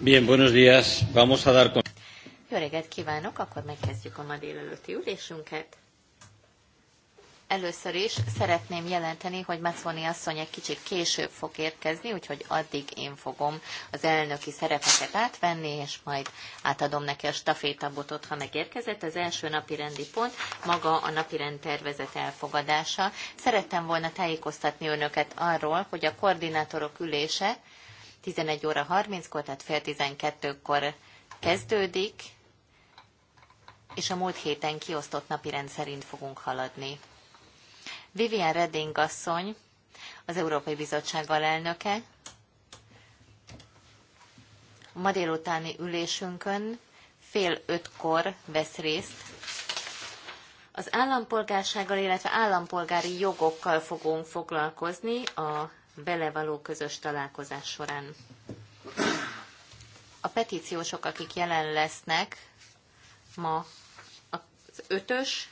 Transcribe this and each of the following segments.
Bien, buenos días. Vamos a dar... Jó reggelt kívánok, akkor megkezdjük a ma délelőtti ülésünket. Először is szeretném jelenteni, hogy Maconi asszony egy kicsit később fog érkezni, úgyhogy addig én fogom az elnöki szerepeket átvenni, és majd átadom neki a stafétabotot, ha megérkezett. Az első napi rendi pont maga a napi tervezet elfogadása. Szerettem volna tájékoztatni önöket arról, hogy a koordinátorok ülése 11 óra 30-kor, tehát fél 12-kor kezdődik, és a múlt héten kiosztott napi rend szerint fogunk haladni. Vivian Redding asszony, az Európai Bizottság alelnöke, a ma délutáni ülésünkön fél ötkor vesz részt. Az állampolgársággal, illetve állampolgári jogokkal fogunk foglalkozni a belevaló közös találkozás során. A petíciósok, akik jelen lesznek ma az ötös,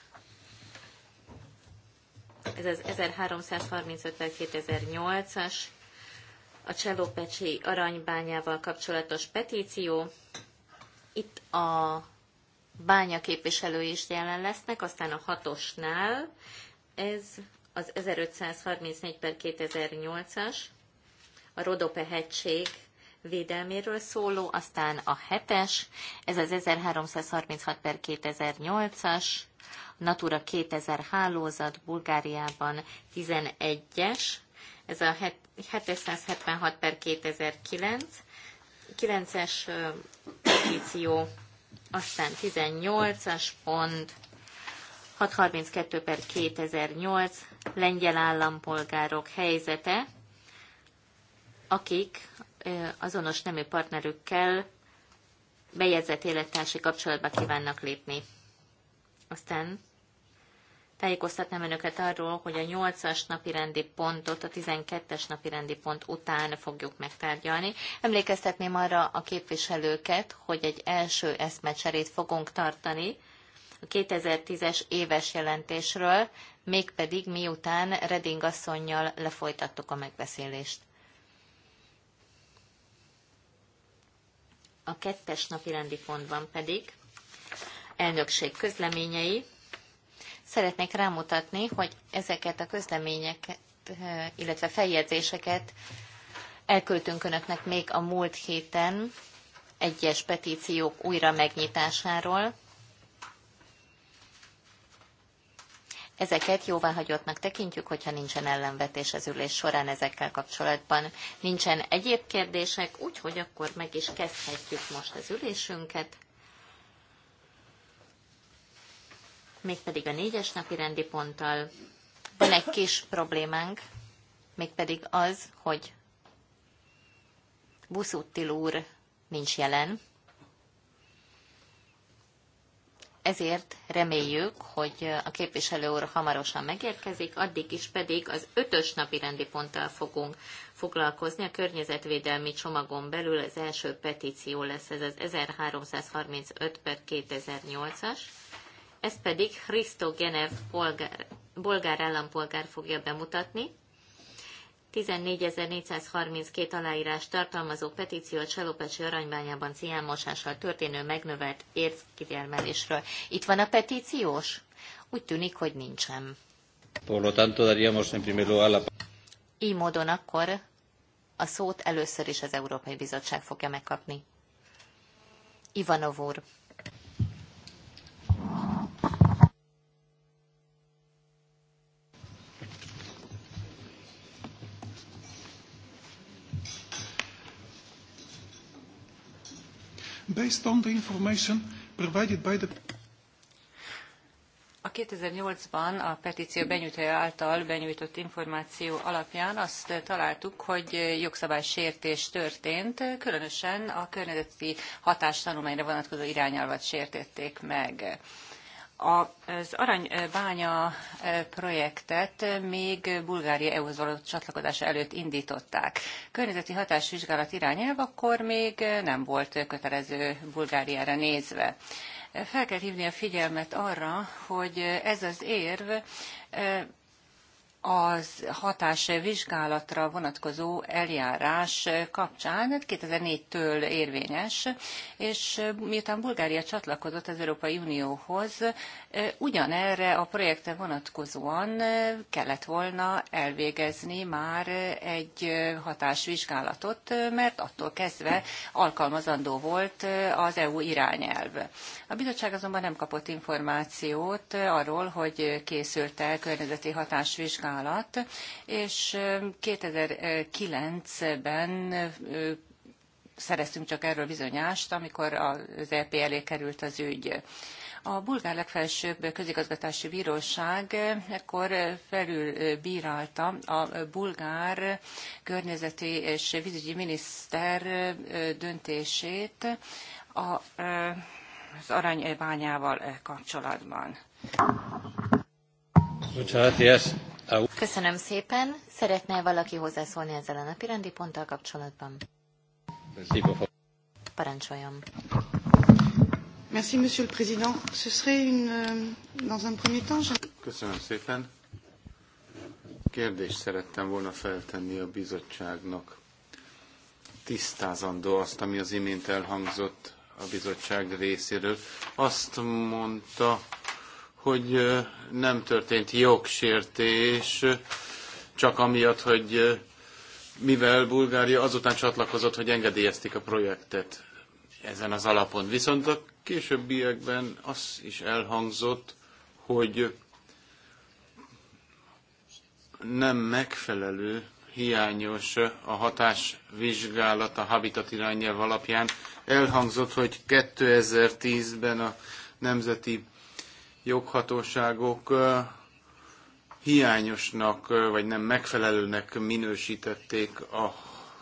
ez az 1335-2008-as, a Cselópecsi aranybányával kapcsolatos petíció. Itt a bánya képviselői is jelen lesznek, aztán a hatosnál ez az 1534 per 2008-as, a Rodope hegység védelméről szóló, aztán a hetes, ez az 1336 per 2008-as, Natura 2000 hálózat Bulgáriában 11-es, ez a 776 per 2009, 9-es petíció, aztán 18-as pont, 632 per 2008, lengyel állampolgárok helyzete, akik azonos nemű partnerükkel bejegyzett élettársi kapcsolatba kívánnak lépni. Aztán tájékoztatnám önöket arról, hogy a 8-as napirendi pontot a 12-es napirendi pont után fogjuk megtárgyalni. Emlékeztetném arra a képviselőket, hogy egy első eszmecserét fogunk tartani a 2010-es éves jelentésről, mégpedig miután Reding asszonynal lefolytattuk a megbeszélést. A kettes napi rendi pontban pedig elnökség közleményei. Szeretnék rámutatni, hogy ezeket a közleményeket, eh, illetve feljegyzéseket elküldtünk Önöknek még a múlt héten egyes petíciók újra megnyitásáról, Ezeket jóváhagyottnak tekintjük, hogyha nincsen ellenvetés az ülés során ezekkel kapcsolatban. Nincsen egyéb kérdések, úgyhogy akkor meg is kezdhetjük most az ülésünket. Mégpedig a négyes napi rendi ponttal van egy kis problémánk, mégpedig az, hogy Buszúttil úr nincs jelen, Ezért reméljük, hogy a képviselő úr hamarosan megérkezik, addig is pedig az ötös napi rendi ponttal fogunk foglalkozni. A környezetvédelmi csomagon belül az első petíció lesz, ez az 1335 per 2008-as. Ezt pedig Hristo Genev bolgár, bolgár állampolgár fogja bemutatni. 14.432 aláírás tartalmazó petíció a Cselopecsi aranybányában ciánmosással történő megnövelt érckitermelésről. Itt van a petíciós? Úgy tűnik, hogy nincsen. Por lo tanto, daríamos en primer lugar la... Így módon akkor a szót először is az Európai Bizottság fogja megkapni. Ivanov úr. based on the information provided by the a 2008-ban a petíció benyújtója által benyújtott információ alapján azt találtuk, hogy jogszabálysértés történt, különösen a környezeti hatástanulmányra vonatkozó irányelvet sértették meg. Az aranybánya eh, eh, projektet még Bulgária EU-hoz való csatlakozása előtt indították. Környezeti hatásvizsgálat irányelv akkor még eh, nem volt kötelező Bulgáriára nézve. Fel kell hívni a figyelmet arra, hogy ez az érv az hatás vizsgálatra vonatkozó eljárás kapcsán 2004-től érvényes, és miután Bulgária csatlakozott az Európai Unióhoz, ugyanerre a projekte vonatkozóan kellett volna elvégezni már egy hatásvizsgálatot, mert attól kezdve alkalmazandó volt az EU irányelv. A bizottság azonban nem kapott információt arról, hogy készült el környezeti hatásvizsgálat vizsgálat, és 2009-ben szereztünk csak erről bizonyást, amikor az EP elé került az ügy. A bulgár legfelsőbb közigazgatási bíróság ekkor felülbírálta a bulgár környezeti és vízügyi miniszter döntését a, az aranybányával kapcsolatban. Bocsánat, yes. Köszönöm szépen. Szeretne valaki hozzászólni ezzel a napirendi ponttal kapcsolatban? Parancsoljon. Merci, Monsieur le Président. Ce serait une, euh, dans un premier temps. Köszönöm szépen. Kérdést szerettem volna feltenni a bizottságnak. Tisztázandó azt, ami az imént elhangzott a bizottság részéről. Azt mondta, hogy nem történt jogsértés, csak amiatt, hogy mivel Bulgária azután csatlakozott, hogy engedélyezték a projektet ezen az alapon. Viszont a későbbiekben az is elhangzott, hogy nem megfelelő, hiányos a hatásvizsgálat a Habitat irányelv alapján. Elhangzott, hogy 2010-ben a Nemzeti joghatóságok hiányosnak vagy nem megfelelőnek minősítették a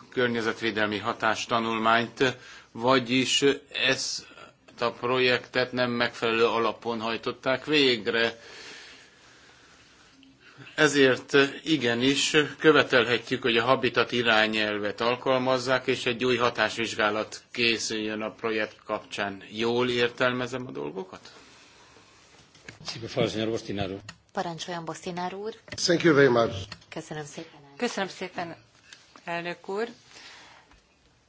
környezetvédelmi hatástanulmányt, vagyis ezt a projektet nem megfelelő alapon hajtották végre. Ezért igenis követelhetjük, hogy a habitat irányelvet alkalmazzák, és egy új hatásvizsgálat készüljön a projekt kapcsán. Jól értelmezem a dolgokat? Parancsoljon, Bostinár úr. Thank you very much. Köszönöm szépen. Köszönöm szépen, elnök úr.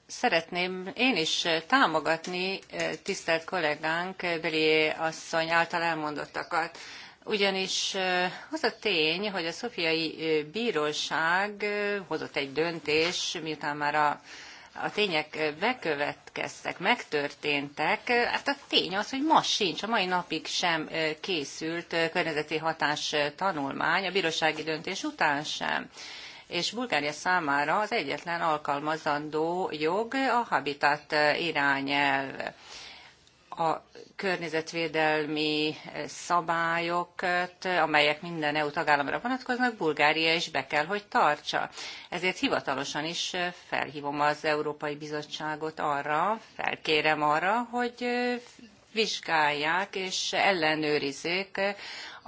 Szeretném én is támogatni eh, tisztelt kollégánk Beli asszony által elmondottakat. Ugyanis eh, az a tény, hogy a Szofiai eh, Bíróság hozott egy döntés, miután már a a tények bekövetkeztek, megtörténtek, hát a tény az, hogy ma sincs, a mai napig sem készült környezeti hatás tanulmány, a bírósági döntés után sem és Bulgária számára az egyetlen alkalmazandó jog a habitat irányelv a környezetvédelmi eh, szabályokat, eh, amelyek minden EU tagállamra vonatkoznak, Bulgária is be kell, hogy tartsa. Ezért hivatalosan is eh, felhívom az Európai Bizottságot arra, felkérem arra, hogy vizsgálják és ellenőrizzék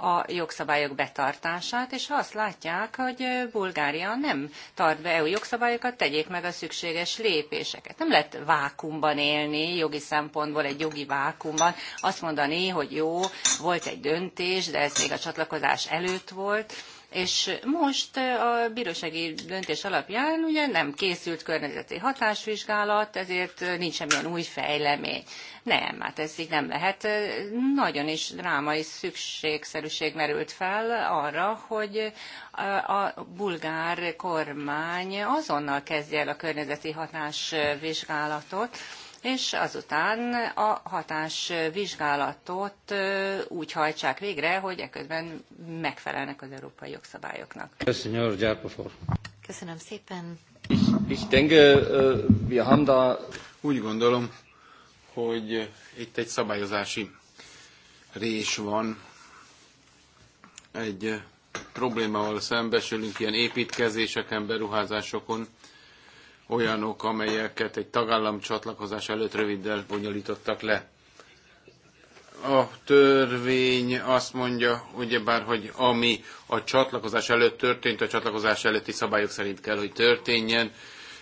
a jogszabályok betartását, és ha azt látják, hogy Bulgária nem tart be EU jogszabályokat, tegyék meg a szükséges lépéseket. Nem lehet vákumban élni, jogi szempontból egy jogi vákumban, azt mondani, hogy jó, volt egy döntés, de ez még a csatlakozás előtt volt, és most a bírósági döntés alapján ugye nem készült környezeti hatásvizsgálat, ezért nincs semmilyen új fejlemény. Nem, hát ez így nem lehet. Nagyon is drámai szükségszerűség merült fel arra, hogy a bulgár kormány azonnal kezdje el a környezeti hatásvizsgálatot, és azután a vizsgálatot úgy hajtsák végre, hogy eközben megfelelnek az európai jogszabályoknak. Köszönöm szépen. Ich, denke, wir haben da... Úgy gondolom, hogy itt egy szabályozási rés van, egy probléma ahol szembesülünk ilyen építkezéseken, beruházásokon, olyanok, amelyeket egy tagállam csatlakozás előtt röviddel bonyolítottak le. A törvény azt mondja, ugyebár, hogy ami a csatlakozás előtt történt, a csatlakozás előtti szabályok szerint kell, hogy történjen,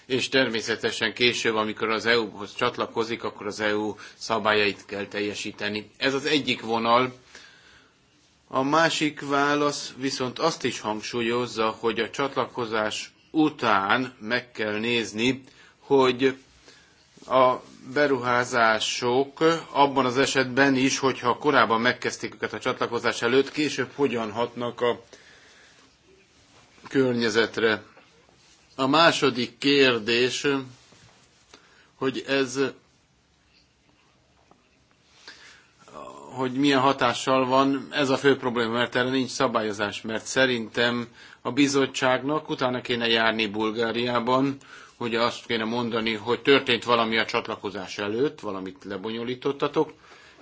és természetesen később, amikor az EU-hoz csatlakozik, akkor az EU szabályait kell teljesíteni. Ez az egyik vonal. A másik válasz viszont azt is hangsúlyozza, hogy a csatlakozás után meg kell nézni, hogy a beruházások abban az esetben is, hogyha korábban megkezdték őket a csatlakozás előtt, később hogyan hatnak a környezetre. A második kérdés, hogy ez hogy milyen hatással van, ez a fő probléma, mert erre nincs szabályozás, mert szerintem a bizottságnak utána kéne járni Bulgáriában, hogy azt kéne mondani, hogy történt valami a csatlakozás előtt, valamit lebonyolítottatok,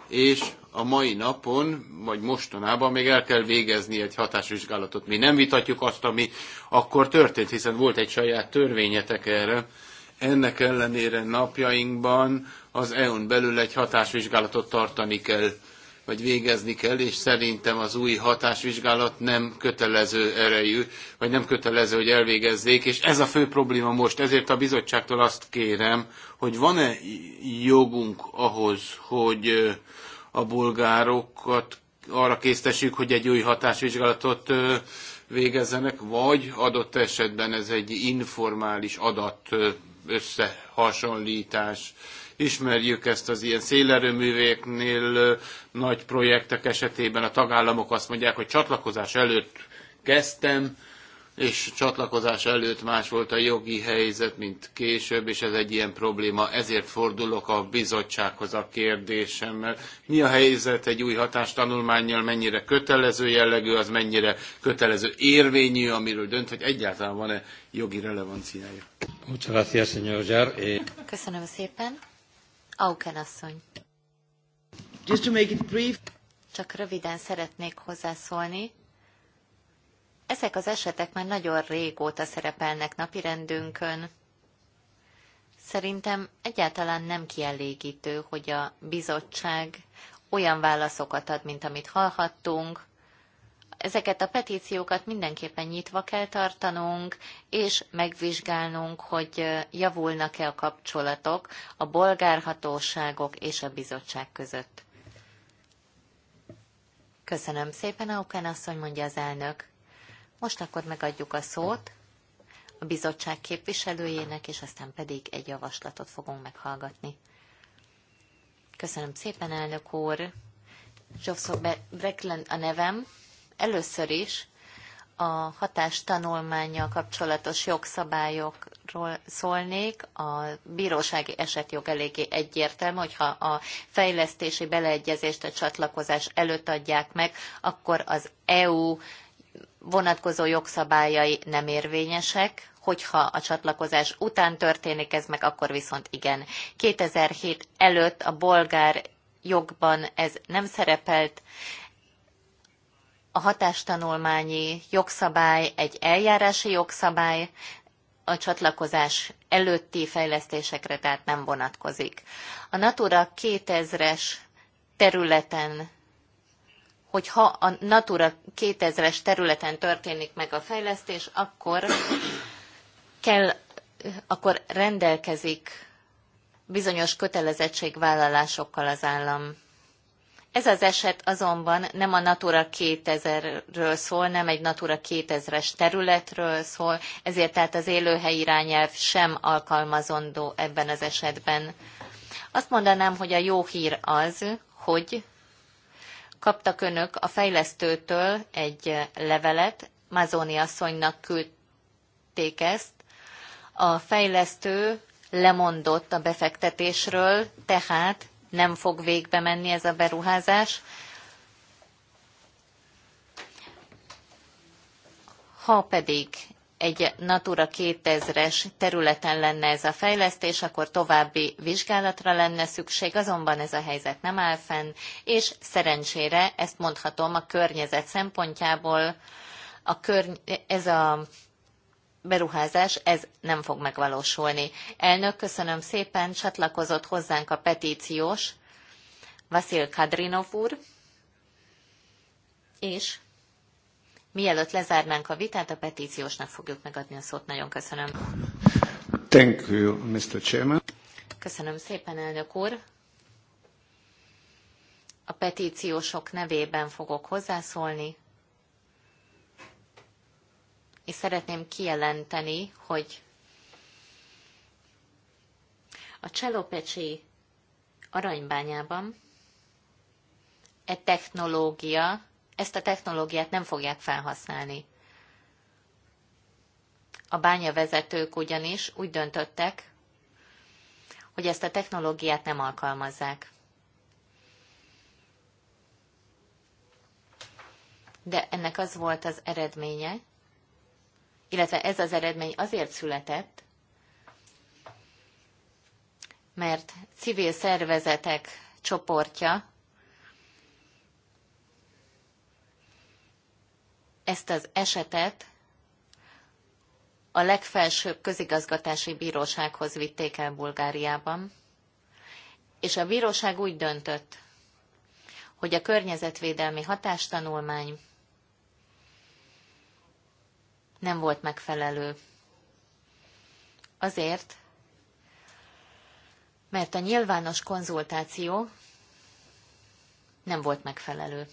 és a mai napon, vagy mostanában még el kell végezni egy hatásvizsgálatot. Mi nem vitatjuk azt, ami akkor történt, hiszen volt egy saját törvényetek erre. Ennek ellenére napjainkban az EU-n belül egy hatásvizsgálatot tartani kell vagy végezni kell, és szerintem az új hatásvizsgálat nem kötelező erejű, vagy nem kötelező, hogy elvégezzék, és ez a fő probléma most. Ezért a bizottságtól azt kérem, hogy van-e jogunk ahhoz, hogy a bulgárokat arra késztessük, hogy egy új hatásvizsgálatot végezzenek, vagy adott esetben ez egy informális adat összehasonlítás, Ismerjük ezt az ilyen szélerőművéknél, nagy projektek esetében a tagállamok azt mondják, hogy csatlakozás előtt kezdtem, és csatlakozás előtt más volt a jogi helyzet, mint később, és ez egy ilyen probléma. Ezért fordulok a bizottsághoz a kérdésemmel. Mi a helyzet egy új hatástanulmányjal, mennyire kötelező jellegű, az mennyire kötelező érvényű, amiről dönt, hogy egyáltalán van-e jogi relevanciája? Eh, Köszönöm szépen. Auken asszony. Just to make it brief. Csak röviden szeretnék hozzászólni. Ezek az esetek már nagyon régóta szerepelnek napirendünkön. Szerintem egyáltalán nem kielégítő, hogy a bizottság olyan válaszokat ad, mint amit hallhattunk, Ezeket a petíciókat mindenképpen nyitva kell tartanunk, és megvizsgálnunk, hogy javulnak-e a kapcsolatok a bolgárhatóságok és a bizottság között. Köszönöm szépen, Auken asszony, mondja az elnök. Most akkor megadjuk a szót a bizottság képviselőjének, és aztán pedig egy javaslatot fogunk meghallgatni. Köszönöm szépen, elnök úr. Zsovszok Breklen a nevem, Először is a hatástanulmányjal kapcsolatos jogszabályokról szólnék. A bírósági esetjog eléggé egyértelmű, hogyha a fejlesztési beleegyezést a csatlakozás előtt adják meg, akkor az EU vonatkozó jogszabályai nem érvényesek, hogyha a csatlakozás után történik ez meg, akkor viszont igen. 2007 előtt a bolgár jogban ez nem szerepelt, a hatástanulmányi jogszabály egy eljárási jogszabály, a csatlakozás előtti fejlesztésekre tehát nem vonatkozik. A Natura 2000-es területen hogyha a Natura 2000-es területen történik meg a fejlesztés, akkor kell, akkor rendelkezik bizonyos kötelezettségvállalásokkal az állam. Ez az eset azonban nem a Natura 2000-ről szól, nem egy Natura 2000-es területről szól, ezért tehát az élőhely irányelv sem alkalmazandó ebben az esetben. Azt mondanám, hogy a jó hír az, hogy kaptak önök a fejlesztőtől egy levelet, Mazoni asszonynak küldték ezt. A fejlesztő lemondott a befektetésről, tehát nem fog végbe menni ez a beruházás. Ha pedig egy Natura 2000-es területen lenne ez a fejlesztés, akkor további vizsgálatra lenne szükség, azonban ez a helyzet nem áll fenn, és szerencsére ezt mondhatom a környezet szempontjából, a körny- ez a beruházás, ez nem fog megvalósulni. Elnök, köszönöm szépen, csatlakozott hozzánk a petíciós Vasil Kadrinov úr, és mielőtt lezárnánk a vitát, a petíciósnak fogjuk megadni a szót. Nagyon köszönöm. Thank you, Mr. Chairman. Köszönöm szépen, elnök úr. A petíciósok nevében fogok hozzászólni és szeretném kijelenteni, hogy a Cselopecsi aranybányában e technológia, ezt a technológiát nem fogják felhasználni. A bányavezetők ugyanis úgy döntöttek, hogy ezt a technológiát nem alkalmazzák. De ennek az volt az eredménye, illetve ez az eredmény azért született, mert civil szervezetek csoportja ezt az esetet a legfelsőbb közigazgatási bírósághoz vitték el Bulgáriában, és a bíróság úgy döntött, hogy a környezetvédelmi hatástanulmány nem volt megfelelő. Azért, mert a nyilvános konzultáció nem volt megfelelő.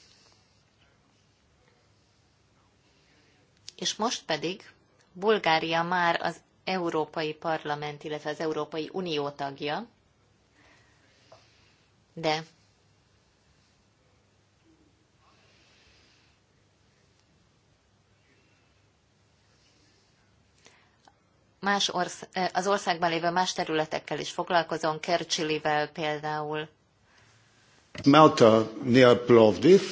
És most pedig Bulgária már az Európai Parlament, illetve az Európai Unió tagja, de más orsz- eh, az országban lévő más területekkel is foglalkozom, Kercsilivel például. Malta near Plovdiv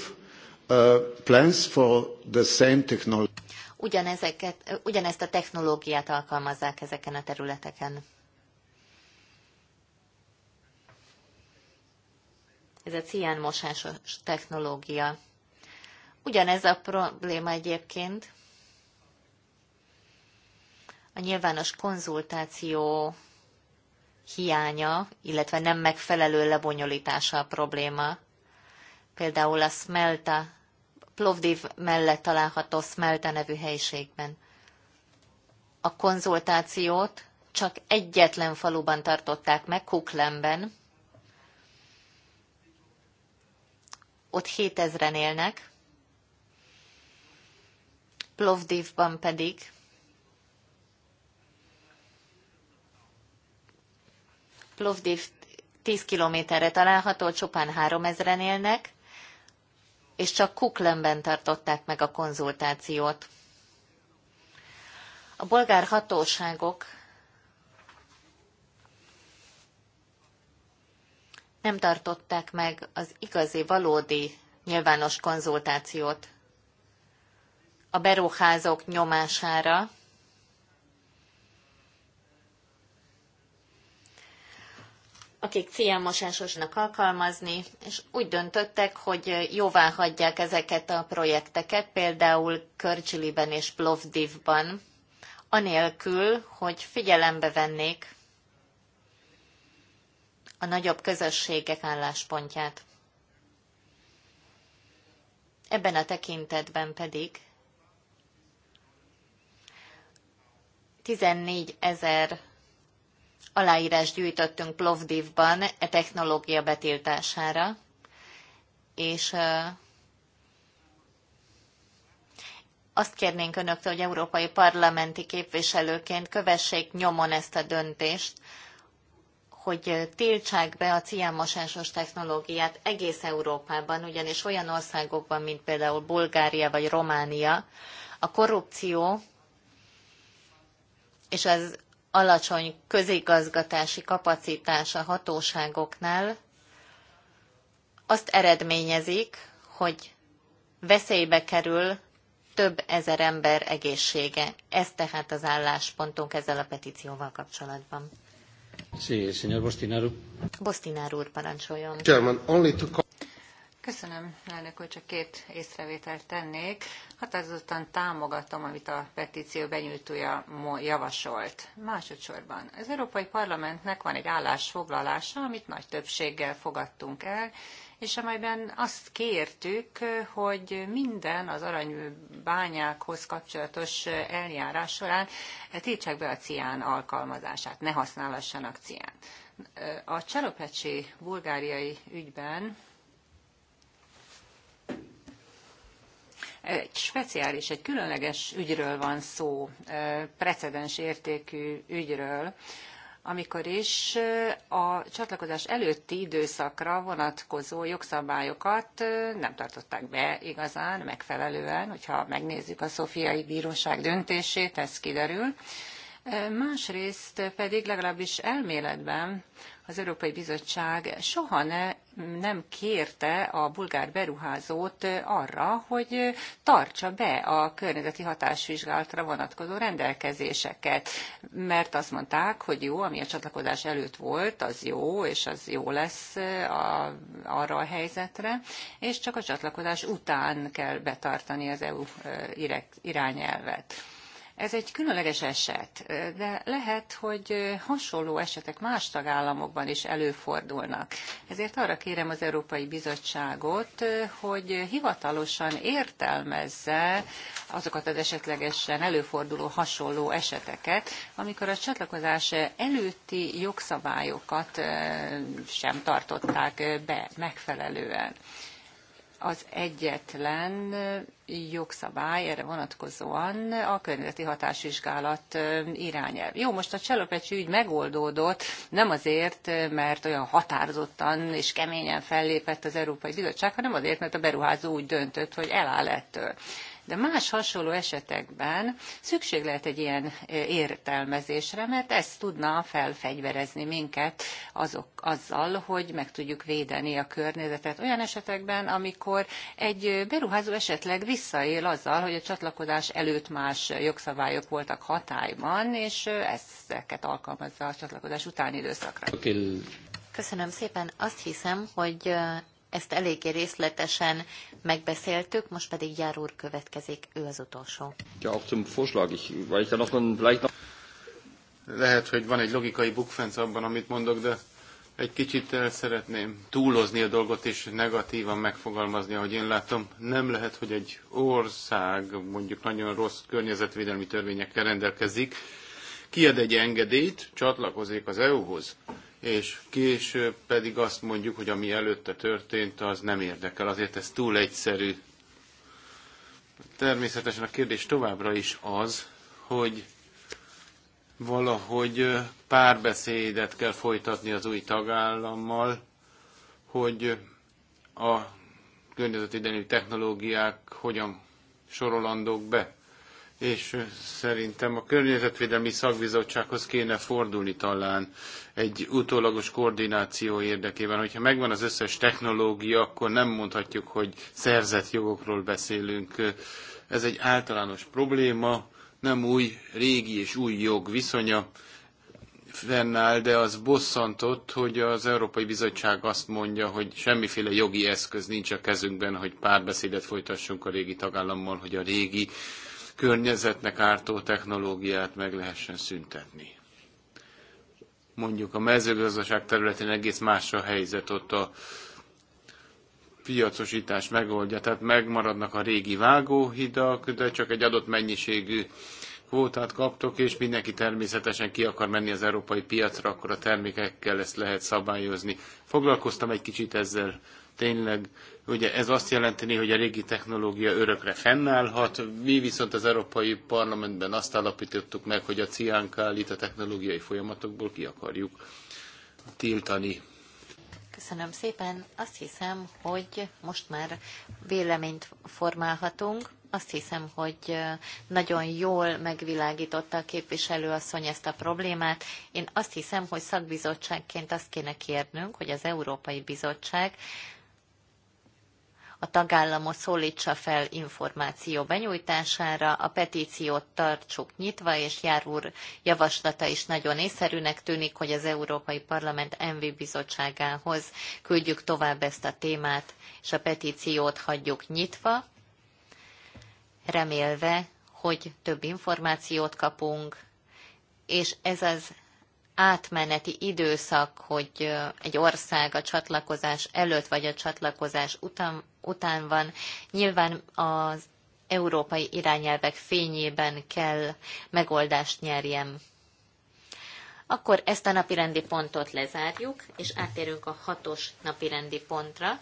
uh, plans for the same technology. Ugyanezeket, eh, ugyanezt a technológiát alkalmazzák ezeken a területeken. Ez a ciánmosásos technológia. Ugyanez a probléma egyébként, a nyilvános konzultáció hiánya, illetve nem megfelelő lebonyolítása a probléma. Például a Smelta, Plovdiv mellett található Smelta nevű helyiségben. A konzultációt csak egyetlen faluban tartották meg, Kuklemben. Ott 7000-en élnek, Plovdivban pedig Plovdiv 10 kilométerre található, csupán 3000-en élnek, és csak Kuklenben tartották meg a konzultációt. A bolgár hatóságok nem tartották meg az igazi, valódi nyilvános konzultációt. A beruházók nyomására akik célmosásosnak alkalmazni, és úgy döntöttek, hogy jóvá hagyják ezeket a projekteket, például Körcsiliben és Plovdivban, anélkül, hogy figyelembe vennék a nagyobb közösségek álláspontját. Ebben a tekintetben pedig 14 ezer aláírás gyűjtöttünk Plovdivban e technológia betiltására, és azt kérnénk önöktől, hogy európai parlamenti képviselőként kövessék nyomon ezt a döntést, hogy tiltsák be a ciánmosásos technológiát egész Európában, ugyanis olyan országokban, mint például Bulgária vagy Románia, a korrupció és az alacsony közigazgatási kapacitás a hatóságoknál azt eredményezik, hogy veszélybe kerül több ezer ember egészsége. Ez tehát az álláspontunk ezzel a petícióval kapcsolatban. Sí, señor Bostinár úr. Bostinár úr, parancsoljon. Chairman, only to... Köszönöm, elnök úr, csak két észrevételt tennék. Határozottan támogatom, amit a petíció benyújtója javasolt. Másodszorban az Európai Parlamentnek van egy állásfoglalása, amit nagy többséggel fogadtunk el, és amelyben azt kértük, hogy minden az aranybányákhoz kapcsolatos eljárás során tiltsák be a cián alkalmazását, ne használassanak cián. A Csalopecsi bulgáriai ügyben Egy speciális, egy különleges ügyről van szó, precedens értékű ügyről, amikor is a csatlakozás előtti időszakra vonatkozó jogszabályokat nem tartották be igazán, megfelelően, hogyha megnézzük a Szofiai Bíróság döntését, ez kiderül. Másrészt pedig legalábbis elméletben az Európai Bizottság soha ne nem kérte a bulgár beruházót arra, hogy tartsa be a környezeti hatásvizsgálatra vonatkozó rendelkezéseket, mert azt mondták, hogy jó, ami a csatlakozás előtt volt, az jó, és az jó lesz a, arra a helyzetre, és csak a csatlakozás után kell betartani az EU irányelvet. Ez egy különleges eset, de lehet, hogy hasonló esetek más tagállamokban is előfordulnak. Ezért arra kérem az Európai Bizottságot, hogy hivatalosan értelmezze azokat az esetlegesen előforduló hasonló eseteket, amikor a csatlakozás előtti jogszabályokat sem tartották be megfelelően az egyetlen jogszabály erre vonatkozóan a környezeti hatásvizsgálat irányelv. Jó, most a cselopecsi ügy megoldódott, nem azért, mert olyan határozottan és keményen fellépett az Európai Bizottság, hanem azért, mert a beruházó úgy döntött, hogy eláll ettől. De más hasonló esetekben szükség lehet egy ilyen értelmezésre, mert ez tudna felfegyverezni minket azok, azzal, hogy meg tudjuk védeni a környezetet olyan esetekben, amikor egy beruházó esetleg visszaél azzal, hogy a csatlakozás előtt más jogszabályok voltak hatályban, és ezeket alkalmazza a csatlakozás utáni időszakra. Köszönöm szépen. Azt hiszem, hogy ezt eléggé részletesen megbeszéltük, most pedig Jár úr következik, ő az utolsó. Ja, auch zum Vorschlag, ich, weil ich da noch, vielleicht noch... Lehet, hogy van egy logikai bukfenc abban, amit mondok, de egy kicsit el szeretném túlozni a dolgot és negatívan megfogalmazni, ahogy én látom. Nem lehet, hogy egy ország mondjuk nagyon rossz környezetvédelmi törvényekkel rendelkezik, kiad egy engedélyt, csatlakozik az EU-hoz és később pedig azt mondjuk, hogy ami előtte történt, az nem érdekel. Azért ez túl egyszerű. Természetesen a kérdés továbbra is az, hogy valahogy párbeszédet kell folytatni az új tagállammal, hogy a környezetvédelmi technológiák hogyan sorolandók be és szerintem a Környezetvédelmi Szakbizottsághoz kéne fordulni talán egy utólagos koordináció érdekében. Hogyha megvan az összes technológia, akkor nem mondhatjuk, hogy szerzett jogokról beszélünk. Ez egy általános probléma, nem új, régi és új jog viszonya fennáll, de az bosszantott, hogy az Európai Bizottság azt mondja, hogy semmiféle jogi eszköz nincs a kezünkben, hogy párbeszédet folytassunk a régi tagállammal, hogy a régi környezetnek ártó technológiát meg lehessen szüntetni. Mondjuk a mezőgazdaság területén egész más a helyzet, ott a piacosítás megoldja, tehát megmaradnak a régi vágóhidak, de csak egy adott mennyiségű kvótát kaptok, és mindenki természetesen ki akar menni az európai piacra, akkor a termékekkel ezt lehet szabályozni. Foglalkoztam egy kicsit ezzel tényleg ugye ez azt jelenteni, hogy a régi technológia örökre fennállhat, mi viszont az Európai Parlamentben azt állapítottuk meg, hogy a ciánkálit a technológiai folyamatokból ki akarjuk tiltani. Köszönöm szépen. Azt hiszem, hogy most már véleményt formálhatunk. Azt hiszem, hogy nagyon jól megvilágította a képviselőasszony ezt a problémát. Én azt hiszem, hogy szakbizottságként azt kéne kérnünk, hogy az Európai Bizottság a tagállamot szólítsa fel információ benyújtására, a petíciót tartsuk nyitva, és Jár úr javaslata is nagyon észszerűnek tűnik, hogy az Európai Parlament MV bizottságához küldjük tovább ezt a témát, és a petíciót hagyjuk nyitva, remélve, hogy több információt kapunk, és ez az átmeneti időszak, hogy egy ország a csatlakozás előtt vagy a csatlakozás után, után van. Nyilván az európai irányelvek fényében kell megoldást nyerjem. Akkor ezt a napirendi pontot lezárjuk, és átérünk a hatos napirendi pontra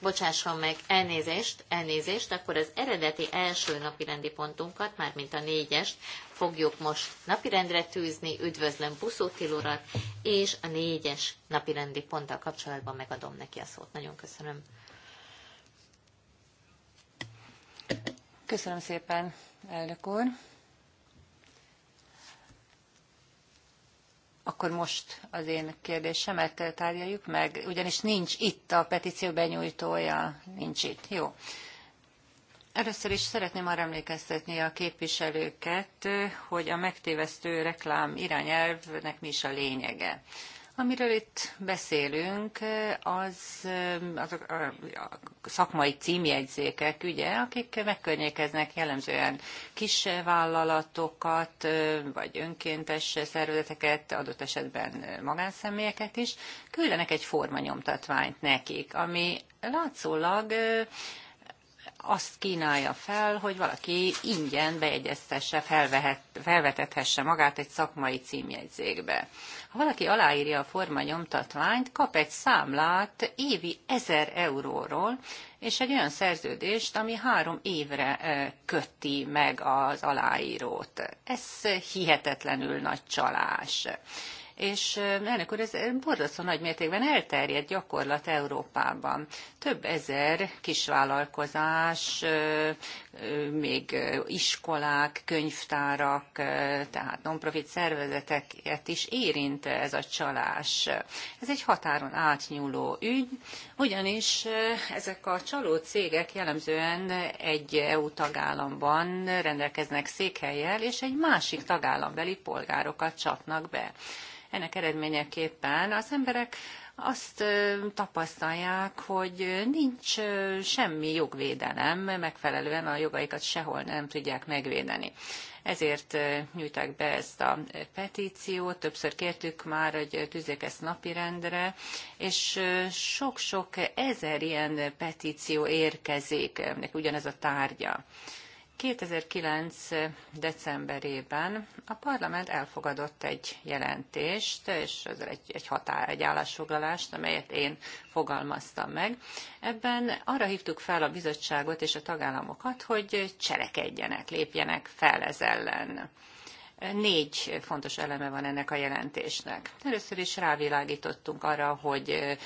bocsásson meg, elnézést, elnézést, akkor az eredeti első napirendi pontunkat, már mint a négyest, fogjuk most napirendre tűzni, üdvözlöm Buszótil urat, és a négyes napirendi ponttal kapcsolatban megadom neki a szót. Nagyon köszönöm. Köszönöm szépen, elnök úr. akkor most az én kérdésemet tárgyaljuk meg, ugyanis nincs itt a petíció benyújtója, nincs itt. Jó. Először is szeretném arra emlékeztetni a képviselőket, hogy a megtévesztő reklám irányelvnek mi is a lényege. Amiről itt beszélünk, az azok a szakmai címjegyzékek, ugye, akik megkörnyékeznek jellemzően kis vállalatokat, vagy önkéntes szervezeteket, adott esetben magánszemélyeket is, küldenek egy formanyomtatványt nekik, ami látszólag azt kínálja fel, hogy valaki ingyen beegyeztesse, felvehet, felvetethesse magát egy szakmai címjegyzékbe. Ha valaki aláírja a forma nyomtatványt, kap egy számlát évi 1000 euróról, és egy olyan szerződést, ami három évre köti meg az aláírót. Ez hihetetlenül nagy csalás és elnök úr, ez borzasztó nagy mértékben elterjedt gyakorlat Európában. Több ezer kisvállalkozás, még iskolák, könyvtárak, tehát nonprofit szervezeteket is érint ez a csalás. Ez egy határon átnyúló ügy, ugyanis ezek a csaló cégek jellemzően egy EU tagállamban rendelkeznek székhelyel, és egy másik tagállambeli polgárokat csapnak be. Ennek eredményeképpen az emberek azt tapasztalják, hogy nincs semmi jogvédelem, megfelelően a jogaikat sehol nem tudják megvédeni. Ezért nyújták be ezt a petíciót, többször kértük már, hogy tűzzék ezt rendre, és sok-sok ezer ilyen petíció érkezik, ugyanez a tárgya. 2009. decemberében a parlament elfogadott egy jelentést, és ez egy, egy, határ, egy állásfoglalást, amelyet én fogalmaztam meg. Ebben arra hívtuk fel a bizottságot és a tagállamokat, hogy cselekedjenek, lépjenek fel ez ellen. Négy fontos eleme van ennek a jelentésnek. Először is rávilágítottunk arra, hogy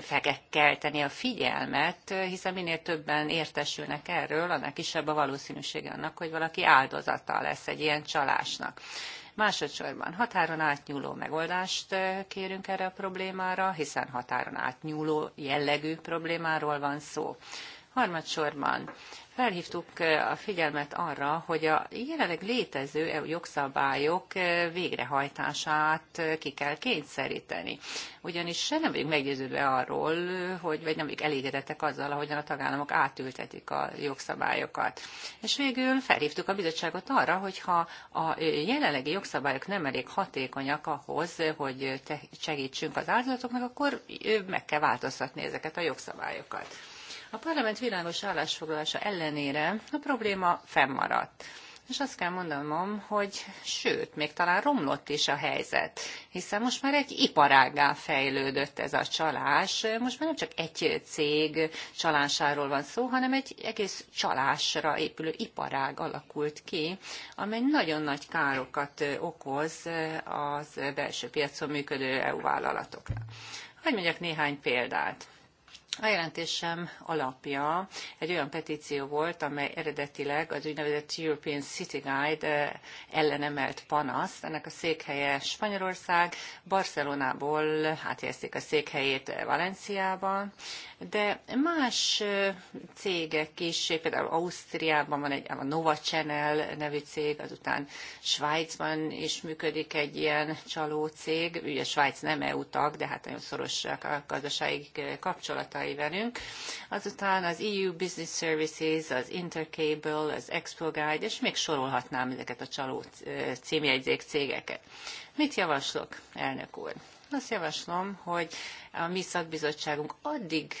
fegek kell tenni a figyelmet, hiszen minél többen értesülnek erről, annál kisebb a valószínűsége annak, hogy valaki áldozata lesz egy ilyen csalásnak. Másodszorban határon átnyúló megoldást kérünk erre a problémára, hiszen határon átnyúló jellegű problémáról van szó. Harmadsorban felhívtuk a figyelmet arra, hogy a jelenleg létező EU jogszabályok végrehajtását ki kell kényszeríteni. Ugyanis nem vagyunk meggyőződve arról, hogy, vagy nem vagyunk elégedettek azzal, ahogyan a tagállamok átültetik a jogszabályokat. És végül felhívtuk a bizottságot arra, hogy ha a jelenlegi jogszabályok nem elég hatékonyak ahhoz, hogy segítsünk az áldozatoknak, akkor meg kell változtatni ezeket a jogszabályokat. A parlament világos állásfoglalása ellenére a probléma fennmaradt. És azt kell mondanom, hogy sőt, még talán romlott is a helyzet, hiszen most már egy iparágá fejlődött ez a csalás. Most már nem csak egy cég csalásáról van szó, hanem egy egész csalásra épülő iparág alakult ki, amely nagyon nagy károkat okoz az belső piacon működő EU vállalatoknak. Hogy mondjak néhány példát. A jelentésem alapja egy olyan petíció volt, amely eredetileg az úgynevezett European City Guide eh, ellen emelt panaszt. Ennek a székhelye Spanyolország, Barcelonából átjezték a székhelyét Valenciába, de más eh, cégek is, például Ausztriában van egy a Nova Channel nevű cég, azután Svájcban is működik egy ilyen csaló cég. Ugye Svájc nem EU tag, de hát nagyon szorosak a gazdasági eh, kapcsolata kollégái velünk. Azután az EU Business Services, az Intercable, az Expo Guide, és még sorolhatnám ezeket a csaló címjegyzék cégeket. Mit javaslok, elnök úr? Azt javaslom, hogy a mi szakbizottságunk addig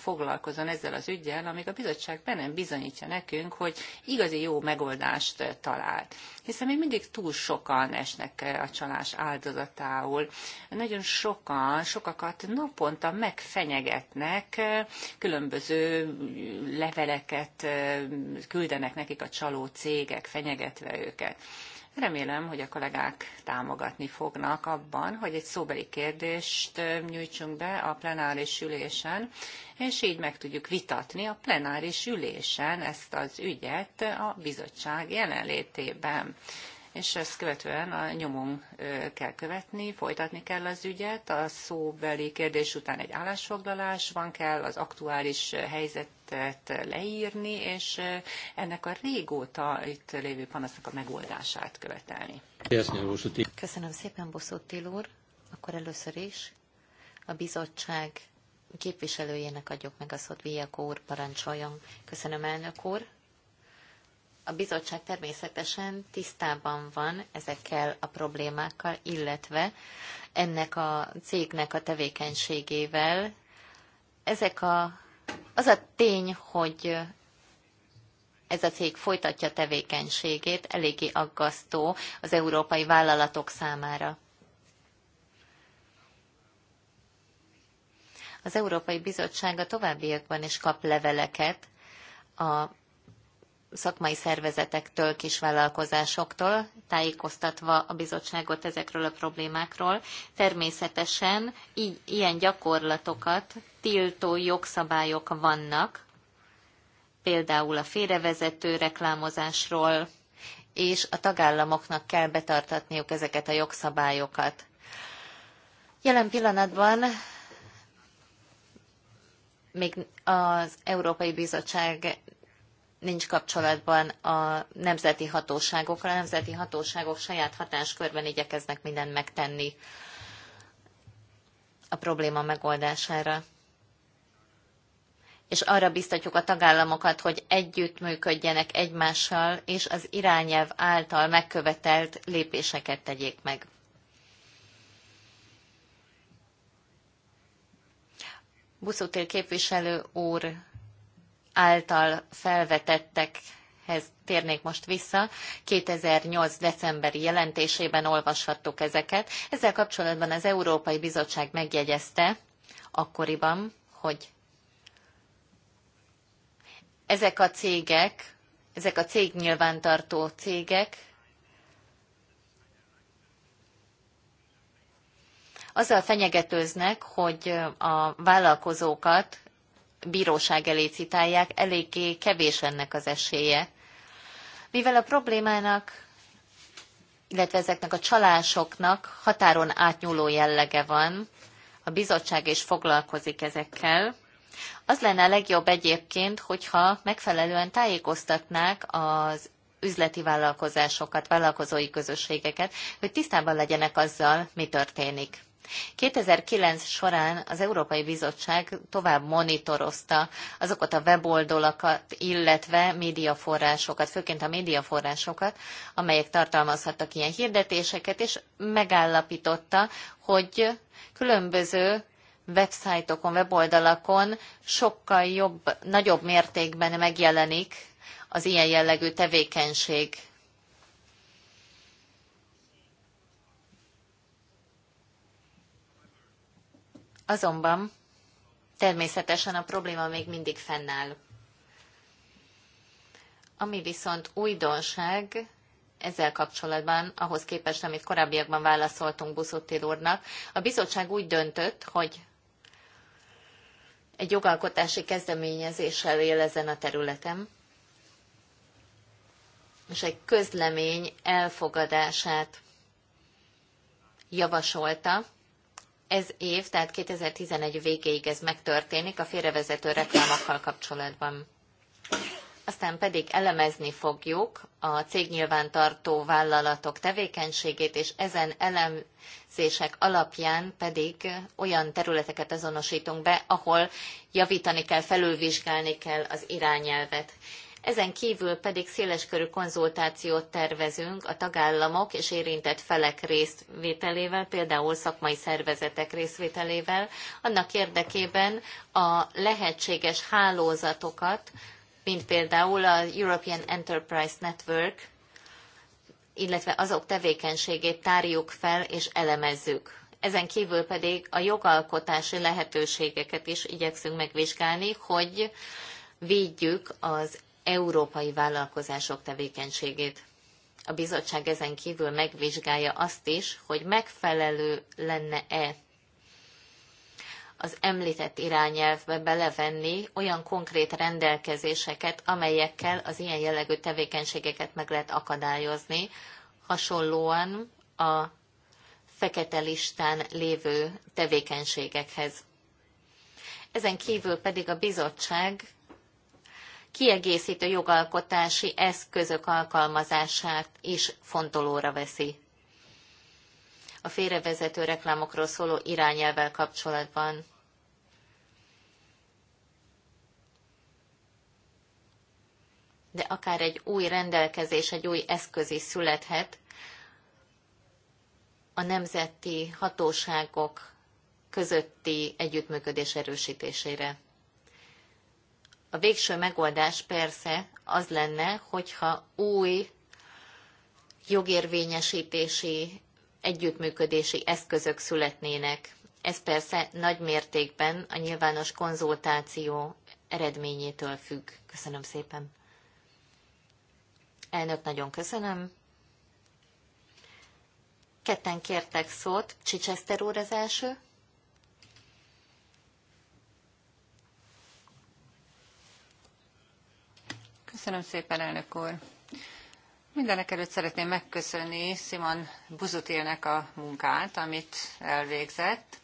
foglalkozon ezzel az ügyel, amíg a bizottság be nem bizonyítja nekünk, hogy igazi jó megoldást talált. Hiszen még mindig túl sokan esnek a csalás áldozatául. Nagyon sokan, sokakat naponta megfenyegetnek, különböző leveleket küldenek nekik a csaló cégek, fenyegetve őket. Remélem, hogy a kollégák támogatni fognak abban, hogy egy szóbeli kérdést nyújtsunk be a plenáris ülésen, és így meg tudjuk vitatni a plenáris ülésen ezt az ügyet a bizottság jelenlétében és ezt követően a nyomon kell követni, folytatni kell az ügyet, a szóbeli kérdés után egy állásfoglalás van kell, az aktuális helyzet helyzetet leírni, és ennek a régóta itt lévő panasznak a megoldását követelni. Köszönöm szépen, Boszottil úr. Akkor először is a bizottság képviselőjének adjuk meg a szót, Vijako úr, parancsoljon. Köszönöm, elnök úr. A bizottság természetesen tisztában van ezekkel a problémákkal, illetve ennek a cégnek a tevékenységével. Ezek a az a tény, hogy ez a cég folytatja tevékenységét, eléggé aggasztó az európai vállalatok számára. Az Európai Bizottság a továbbiakban is kap leveleket a szakmai szervezetektől, kisvállalkozásoktól, tájékoztatva a bizottságot ezekről a problémákról. Természetesen így, ilyen gyakorlatokat tiltó jogszabályok vannak, például a félrevezető reklámozásról, és a tagállamoknak kell betartatniuk ezeket a jogszabályokat. Jelen pillanatban még az Európai Bizottság nincs kapcsolatban a nemzeti hatóságokkal. A nemzeti hatóságok saját hatáskörben igyekeznek mindent megtenni a probléma megoldására. És arra biztatjuk a tagállamokat, hogy együttműködjenek egymással, és az irányelv által megkövetelt lépéseket tegyék meg. Buszutil képviselő úr által felvetettekhez térnék most vissza. 2008. decemberi jelentésében olvashattuk ezeket. Ezzel kapcsolatban az Európai Bizottság megjegyezte akkoriban, hogy ezek a cégek, ezek a cégnyilvántartó cégek azzal fenyegetőznek, hogy a vállalkozókat bíróság elé citálják, eléggé kevés ennek az esélye. Mivel a problémának, illetve ezeknek a csalásoknak határon átnyúló jellege van, a bizottság is foglalkozik ezekkel, az lenne a legjobb egyébként, hogyha megfelelően tájékoztatnák az üzleti vállalkozásokat, vállalkozói közösségeket, hogy tisztában legyenek azzal, mi történik. 2009 során az Európai Bizottság tovább monitorozta azokat a weboldalakat, illetve médiaforrásokat, főként a médiaforrásokat, amelyek tartalmazhattak ilyen hirdetéseket, és megállapította, hogy különböző websájtokon, weboldalakon sokkal jobb, nagyobb mértékben megjelenik az ilyen jellegű tevékenység Azonban természetesen a probléma még mindig fennáll. Ami viszont újdonság ezzel kapcsolatban, ahhoz képest, amit korábbiakban válaszoltunk Buszottil úrnak, a bizottság úgy döntött, hogy egy jogalkotási kezdeményezéssel él ezen a területen, és egy közlemény elfogadását javasolta, ez év, tehát 2011 végéig ez megtörténik a félrevezető reklámokkal kapcsolatban. Aztán pedig elemezni fogjuk a cégnyilvántartó vállalatok tevékenységét, és ezen elemzések alapján pedig olyan területeket azonosítunk be, ahol javítani kell, felülvizsgálni kell az irányelvet. Ezen kívül pedig széleskörű konzultációt tervezünk a tagállamok és érintett felek részvételével, például szakmai szervezetek részvételével, annak érdekében a lehetséges hálózatokat, mint például a European Enterprise Network, illetve azok tevékenységét tárjuk fel és elemezzük. Ezen kívül pedig a jogalkotási lehetőségeket is igyekszünk megvizsgálni, hogy védjük az európai vállalkozások tevékenységét. A bizottság ezen kívül megvizsgálja azt is, hogy megfelelő lenne-e az említett irányelvbe belevenni olyan konkrét rendelkezéseket, amelyekkel az ilyen jellegű tevékenységeket meg lehet akadályozni, hasonlóan a fekete listán lévő tevékenységekhez. Ezen kívül pedig a bizottság kiegészítő jogalkotási eszközök alkalmazását is fontolóra veszi. A félrevezető reklámokról szóló irányelvel kapcsolatban de akár egy új rendelkezés, egy új eszköz is születhet a nemzeti hatóságok közötti együttműködés erősítésére. A végső megoldás persze az lenne, hogyha új jogérvényesítési, együttműködési eszközök születnének. Ez persze nagy mértékben a nyilvános konzultáció eredményétől függ. Köszönöm szépen. Elnök, nagyon köszönöm. Ketten kértek szót. Csicseszter úr az első. Köszönöm szépen, elnök úr. Mindenek előtt szeretném megköszönni Simon Buzutilnek a munkát, amit elvégzett.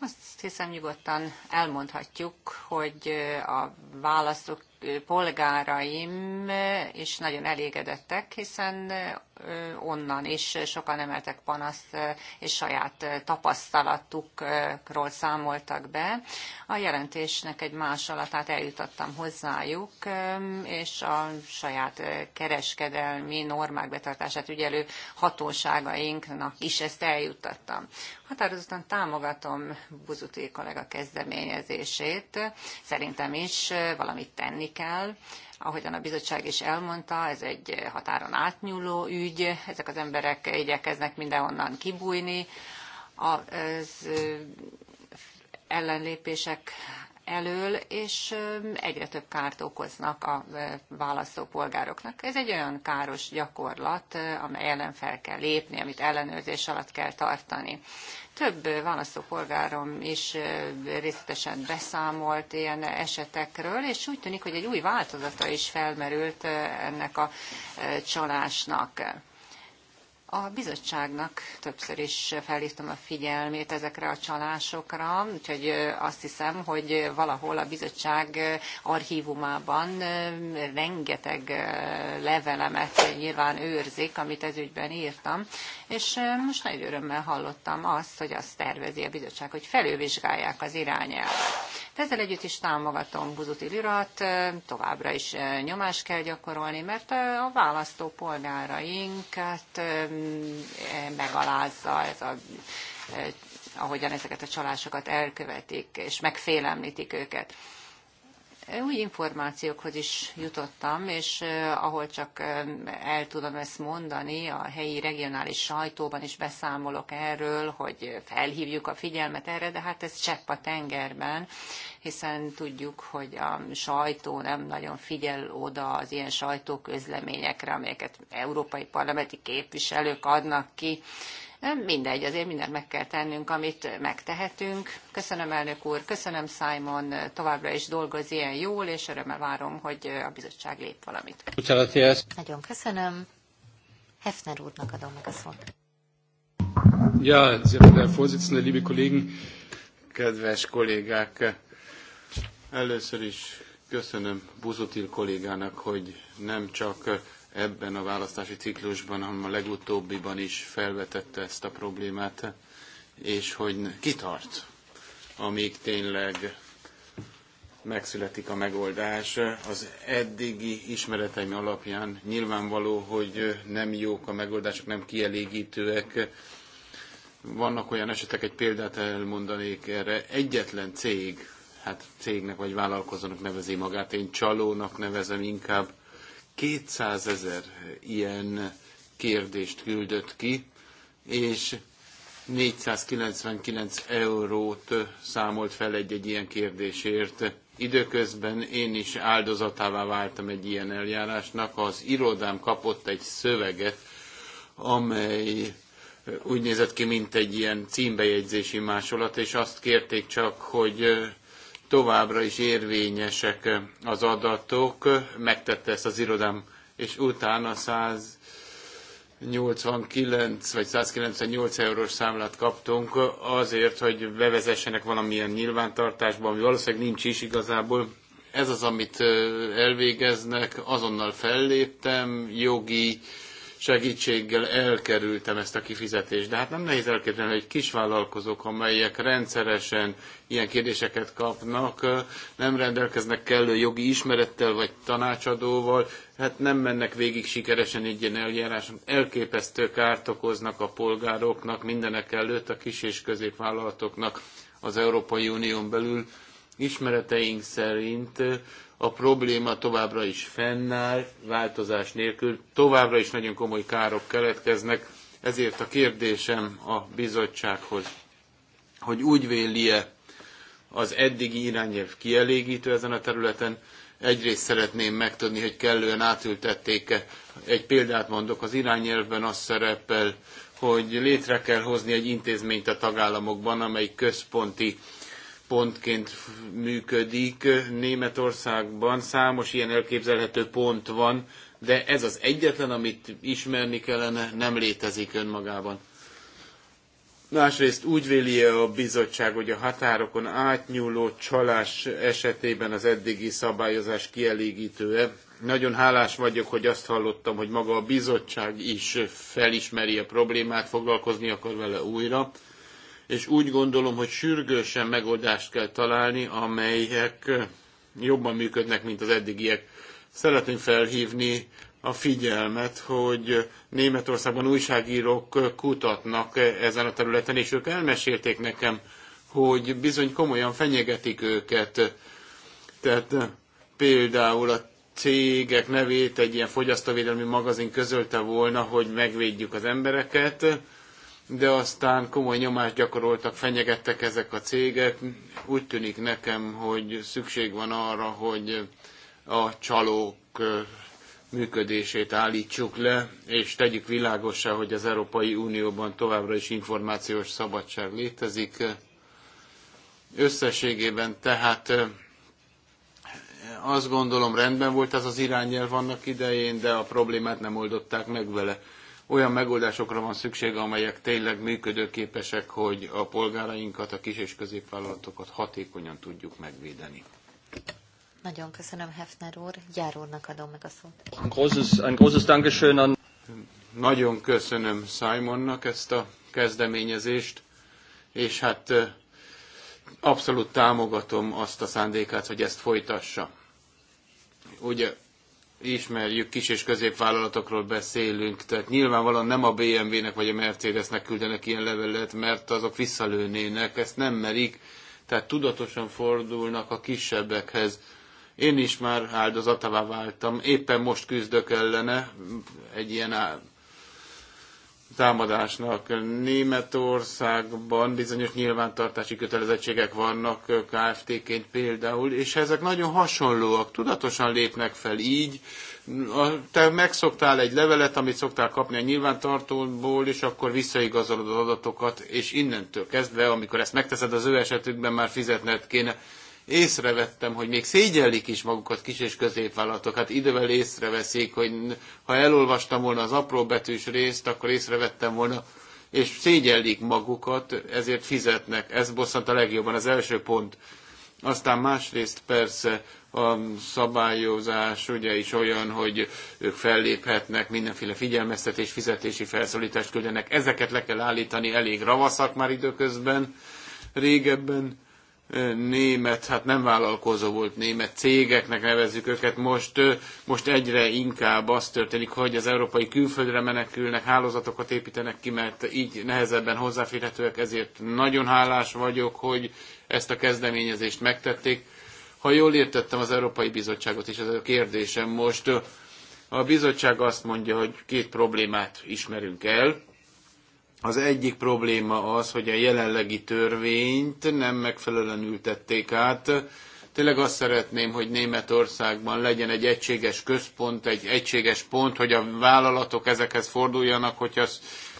Azt hiszem nyugodtan elmondhatjuk, hogy a választók polgáraim is nagyon elégedettek, hiszen onnan is sokan emeltek panaszt, és saját tapasztalatukról számoltak be. A jelentésnek egy másolatát eljutottam hozzájuk, és a saját kereskedelmi normák betartását ügyelő hatóságainknak is ezt eljutottam. Határozottan támogatom Buzuti kollega kezdeményezését. Szerintem is valamit tenni kell. Ahogyan a bizottság is elmondta, ez egy határon átnyúló ügy, ezek az emberek igyekeznek mindenhonnan kibújni. Az ellenlépések elől, és egyre több kárt okoznak a választópolgároknak. Ez egy olyan káros gyakorlat, amely ellen fel kell lépni, amit ellenőrzés alatt kell tartani. Több választópolgárom is részletesen beszámolt ilyen esetekről, és úgy tűnik, hogy egy új változata is felmerült ennek a csalásnak. A bizottságnak többször is felhívtam a figyelmét ezekre a csalásokra, úgyhogy azt hiszem, hogy valahol a bizottság archívumában rengeteg levelemet nyilván őrzik, amit ez ügyben írtam, és most nagy örömmel hallottam azt, hogy azt tervezi a bizottság, hogy felülvizsgálják az irányelvet. Hát ezzel együtt is támogatom Buzuti Lirat, továbbra is nyomást kell gyakorolni, mert a választó polgárainkat megalázza ez a ahogyan ezeket a csalásokat elkövetik, és megfélemlítik őket új információkhoz is jutottam, és ahol csak el tudom ezt mondani, a helyi regionális sajtóban is beszámolok erről, hogy felhívjuk a figyelmet erre, de hát ez csepp a tengerben, hiszen tudjuk, hogy a sajtó nem nagyon figyel oda az ilyen sajtóközleményekre, amelyeket európai parlamenti képviselők adnak ki Mindegy, azért mindent meg kell tennünk, amit megtehetünk. Köszönöm, elnök úr, köszönöm, Simon, továbbra is dolgoz ilyen jól, és örömmel várom, hogy a bizottság lép valamit. Nagyon köszönöm. Hefner úrnak adom meg a szót. Ja, Vorsitzende, liebe Kollegen, kedves kollégák, először is köszönöm Buzutil kollégának, hogy nem csak ebben a választási ciklusban, hanem a legutóbbiban is felvetette ezt a problémát, és hogy kitart, amíg tényleg megszületik a megoldás. Az eddigi ismereteim alapján nyilvánvaló, hogy nem jók a megoldások, nem kielégítőek. Vannak olyan esetek, egy példát elmondanék erre. Egyetlen cég, hát cégnek vagy vállalkozónak nevezi magát, én csalónak nevezem inkább, 200 ezer ilyen kérdést küldött ki, és 499 eurót számolt fel egy-egy ilyen kérdésért. Időközben én is áldozatává váltam egy ilyen eljárásnak. Az irodám kapott egy szöveget, amely úgy nézett ki, mint egy ilyen címbejegyzési másolat, és azt kérték csak, hogy továbbra is érvényesek az adatok, megtette ezt az irodám, és utána 189 vagy 198 eurós számlát kaptunk azért, hogy bevezessenek valamilyen nyilvántartásba, ami valószínűleg nincs is igazából. Ez az, amit elvégeznek, azonnal felléptem, jogi segítséggel elkerültem ezt a kifizetést. De hát nem nehéz elképzelni, hogy kisvállalkozók, amelyek rendszeresen ilyen kérdéseket kapnak, nem rendelkeznek kellő jogi ismerettel vagy tanácsadóval, hát nem mennek végig sikeresen egy ilyen eljáráson. Elképesztő kárt okoznak a polgároknak, mindenek előtt a kis és középvállalatoknak az Európai Unión belül. Ismereteink szerint a probléma továbbra is fennáll, változás nélkül, továbbra is nagyon komoly károk keletkeznek, ezért a kérdésem a bizottsághoz, hogy úgy véli-e az eddigi irányelv kielégítő ezen a területen, egyrészt szeretném megtudni, hogy kellően átültették-e. Egy példát mondok, az irányelvben az szerepel, hogy létre kell hozni egy intézményt a tagállamokban, amely központi pontként működik. Németországban számos ilyen elképzelhető pont van, de ez az egyetlen, amit ismerni kellene, nem létezik önmagában. Másrészt úgy véli -e a bizottság, hogy a határokon átnyúló csalás esetében az eddigi szabályozás kielégítő-e? Nagyon hálás vagyok, hogy azt hallottam, hogy maga a bizottság is felismeri a problémát, foglalkozni akar vele újra és úgy gondolom, hogy sürgősen megoldást kell találni, amelyek jobban működnek, mint az eddigiek. Szeretném felhívni a figyelmet, hogy Németországban újságírók kutatnak ezen a területen, és ők elmesélték nekem, hogy bizony komolyan fenyegetik őket. Tehát például a cégek nevét egy ilyen fogyasztóvédelmi magazin közölte volna, hogy megvédjük az embereket, de aztán komoly nyomást gyakoroltak, fenyegettek ezek a cégek. Úgy tűnik nekem, hogy szükség van arra, hogy a csalók működését állítsuk le, és tegyük világossá, hogy az Európai Unióban továbbra is információs szabadság létezik. Összességében tehát azt gondolom rendben volt ez az irányelv annak idején, de a problémát nem oldották meg vele olyan megoldásokra van szükség, amelyek tényleg működőképesek, hogy a polgárainkat, a kis és középvállalatokat hatékonyan tudjuk megvédeni. Nagyon köszönöm, Hefner úr. úrnak adom meg a szót. Ein großes, ein großes Dankeschön an... Nagyon köszönöm Simonnak ezt a kezdeményezést, és hát abszolút támogatom azt a szándékát, hogy ezt folytassa. Ugye ismerjük, kis- és középvállalatokról beszélünk, tehát nyilvánvalóan nem a BMW-nek vagy a Mercedesnek küldenek ilyen levelet, mert azok visszalőnének, ezt nem merik, tehát tudatosan fordulnak a kisebbekhez. Én is már áldozatává váltam, éppen most küzdök ellene egy ilyen támadásnak. Németországban bizonyos nyilvántartási kötelezettségek vannak KFT-ként például, és ezek nagyon hasonlóak, tudatosan lépnek fel így. Te megszoktál egy levelet, amit szoktál kapni a nyilvántartóból, és akkor visszaigazolod az adatokat, és innentől kezdve, amikor ezt megteszed az ő esetükben, már fizetned kéne észrevettem, hogy még szégyellik is magukat kis és középvállalatok. Hát idővel észreveszik, hogy ha elolvastam volna az apró betűs részt, akkor észrevettem volna, és szégyellik magukat, ezért fizetnek. Ez bosszant a legjobban, az első pont. Aztán másrészt persze a szabályozás ugye is olyan, hogy ők felléphetnek, mindenféle figyelmeztetés, fizetési felszólítást küldenek. Ezeket le kell állítani, elég ravaszak már időközben, régebben német, hát nem vállalkozó volt, német cégeknek nevezzük őket, most, most egyre inkább az történik, hogy az európai külföldre menekülnek, hálózatokat építenek ki, mert így nehezebben hozzáférhetőek, ezért nagyon hálás vagyok, hogy ezt a kezdeményezést megtették. Ha jól értettem az Európai Bizottságot is, ez a kérdésem most, a bizottság azt mondja, hogy két problémát ismerünk el, az egyik probléma az, hogy a jelenlegi törvényt nem megfelelően ültették át. Tényleg azt szeretném, hogy Németországban legyen egy egységes központ, egy egységes pont, hogy a vállalatok ezekhez forduljanak, hogyha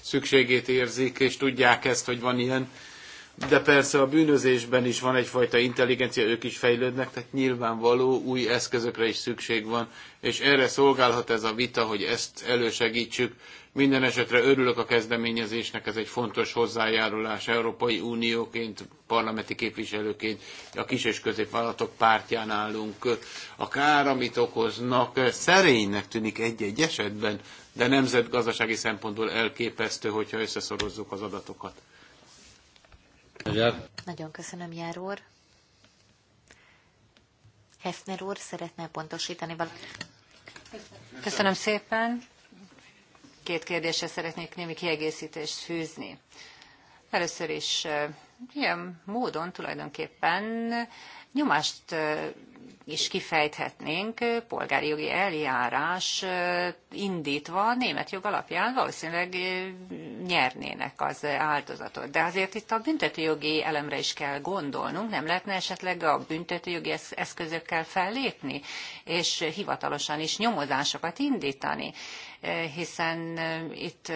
szükségét érzik, és tudják ezt, hogy van ilyen. De persze a bűnözésben is van egyfajta intelligencia, ők is fejlődnek, tehát nyilvánvaló új eszközökre is szükség van, és erre szolgálhat ez a vita, hogy ezt elősegítsük. Minden esetre örülök a kezdeményezésnek, ez egy fontos hozzájárulás Európai Unióként, parlamenti képviselőként, a kis és középvállalatok pártján állunk. A kár, amit okoznak, szerénynek tűnik egy-egy esetben, de nemzetgazdasági szempontból elképesztő, hogyha összeszorozzuk az adatokat. Nagyon köszönöm, Jár úr. Hefner úr szeretne pontosítani valamit. Köszönöm szépen két kérdésre szeretnék némi kiegészítést fűzni. Először is ilyen módon tulajdonképpen nyomást is kifejthetnénk polgári jogi eljárás indítva a német jog alapján valószínűleg nyernének az áldozatot. De azért itt a büntetőjogi elemre is kell gondolnunk, nem lehetne esetleg a büntetőjogi eszközökkel fellépni, és hivatalosan is nyomozásokat indítani hiszen itt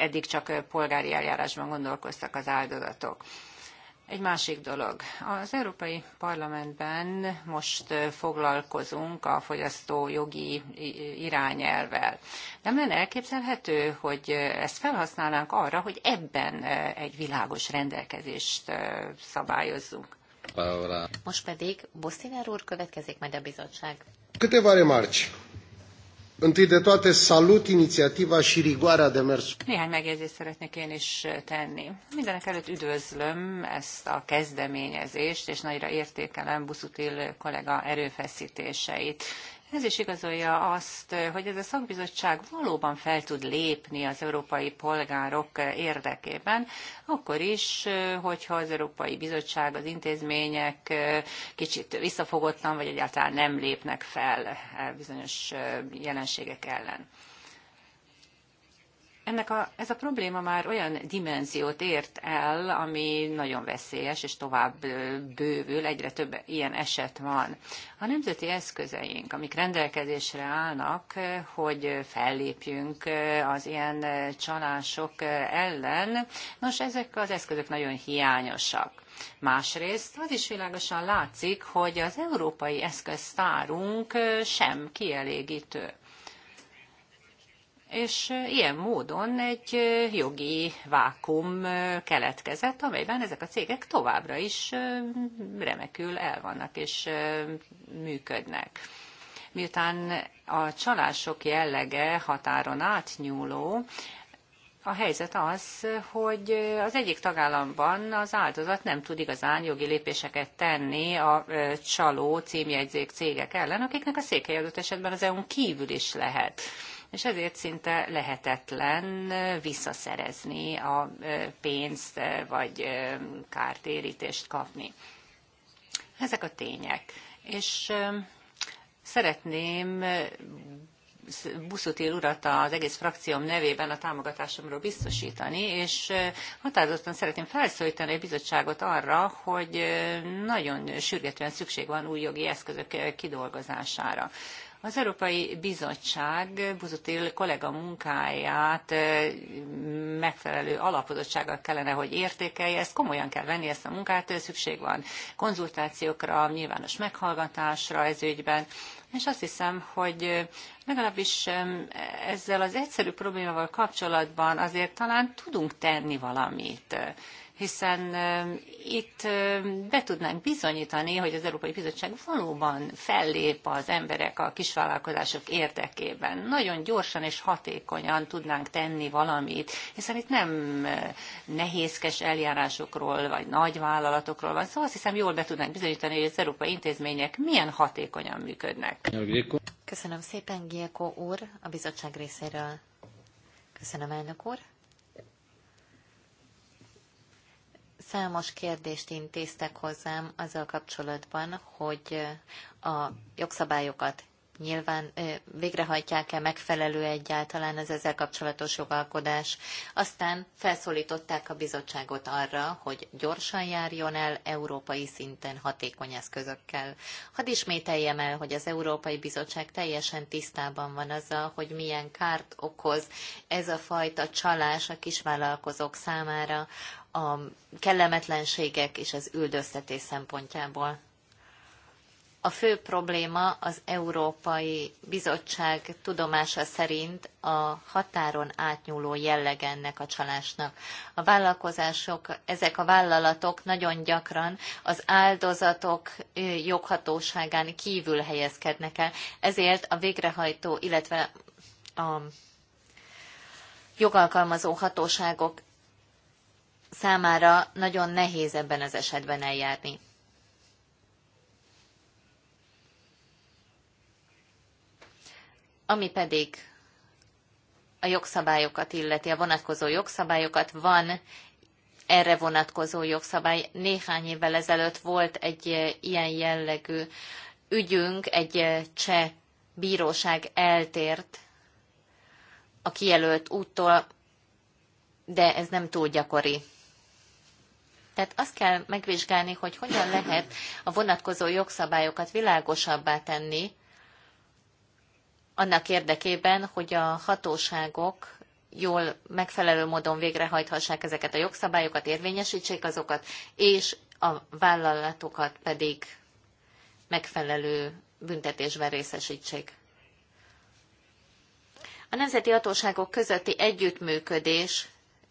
eddig csak polgári eljárásban gondolkoztak az áldozatok. Egy másik dolog. Az Európai Parlamentben most foglalkozunk a fogyasztó jogi irányelvel. Nem lenne elképzelhető, hogy ezt felhasználnánk arra, hogy ebben egy világos rendelkezést szabályozzunk. Most pedig Bosziner úr következik majd a bizottság. Câteva remarci. Întâi de toate, salut inițiativa și rigoarea demersului. Néhány megjegyzést szeretnék én is tenni. Mindenek előtt üdvözlöm ezt a kezdeményezést, és nagyra értékelem Buszutil kollega erőfeszítéseit. Ez is igazolja azt, hogy ez a szakbizottság valóban fel tud lépni az európai polgárok érdekében, akkor is, hogyha az Európai Bizottság, az intézmények kicsit visszafogottan, vagy egyáltalán nem lépnek fel bizonyos jelenségek ellen ennek a, ez a probléma már olyan dimenziót ért el, ami nagyon veszélyes, és tovább bővül, egyre több ilyen eset van. A nemzeti eszközeink, amik rendelkezésre állnak, hogy fellépjünk az ilyen csalások ellen, nos, ezek az eszközök nagyon hiányosak. Másrészt az is világosan látszik, hogy az európai eszköztárunk sem kielégítő és ilyen módon egy jogi vákum keletkezett, amelyben ezek a cégek továbbra is remekül el vannak és működnek. Miután a csalások jellege határon átnyúló, a helyzet az, hogy az egyik tagállamban az áldozat nem tud igazán jogi lépéseket tenni a csaló címjegyzék cégek ellen, akiknek a székely adott esetben az EU-n kívül is lehet és ezért szinte lehetetlen visszaszerezni a pénzt, vagy kártérítést kapni. Ezek a tények. És szeretném Buszutil urat az egész frakcióm nevében a támogatásomról biztosítani, és határozottan szeretném felszólítani a bizottságot arra, hogy nagyon sürgetően szükség van új jogi eszközök kidolgozására. Az Európai Bizottság Buzutil kollega munkáját megfelelő alapozottsággal kellene, hogy értékelje. Ezt komolyan kell venni, ezt a munkát. Szükség van konzultációkra, nyilvános meghallgatásra ez ügyben. És azt hiszem, hogy legalábbis ezzel az egyszerű problémával kapcsolatban azért talán tudunk tenni valamit hiszen itt be tudnánk bizonyítani, hogy az Európai Bizottság valóban fellép az emberek, a kisvállalkozások érdekében. Nagyon gyorsan és hatékonyan tudnánk tenni valamit, hiszen itt nem nehézkes eljárásokról vagy nagy vállalatokról van szó, szóval azt hiszem jól be tudnánk bizonyítani, hogy az európai intézmények milyen hatékonyan működnek. Köszönöm szépen, Gieko úr, a bizottság részéről. Köszönöm, elnök úr. Számos kérdést intéztek hozzám azzal kapcsolatban, hogy a jogszabályokat nyilván végrehajtják-e megfelelő egyáltalán az ezzel kapcsolatos jogalkodás. Aztán felszólították a bizottságot arra, hogy gyorsan járjon el európai szinten hatékony eszközökkel. Hadd ismételjem el, hogy az Európai Bizottság teljesen tisztában van azzal, hogy milyen kárt okoz ez a fajta csalás a kisvállalkozók számára, a kellemetlenségek és az üldöztetés szempontjából. A fő probléma az Európai Bizottság tudomása szerint a határon átnyúló jellege ennek a csalásnak. A vállalkozások, ezek a vállalatok nagyon gyakran az áldozatok joghatóságán kívül helyezkednek el, ezért a végrehajtó, illetve a jogalkalmazó hatóságok számára nagyon nehéz ebben az esetben eljárni. Ami pedig a jogszabályokat illeti, a vonatkozó jogszabályokat, van erre vonatkozó jogszabály. Néhány évvel ezelőtt volt egy eh, ilyen jellegű ügyünk, egy eh, cseh bíróság eltért a kijelölt úttól, de ez nem túl gyakori. Tehát azt kell megvizsgálni, hogy hogyan lehet a vonatkozó jogszabályokat világosabbá tenni, annak érdekében, hogy a hatóságok jól, megfelelő módon végrehajthassák ezeket a jogszabályokat, érvényesítsék azokat, és a vállalatokat pedig megfelelő büntetésben részesítsék. A nemzeti hatóságok közötti együttműködés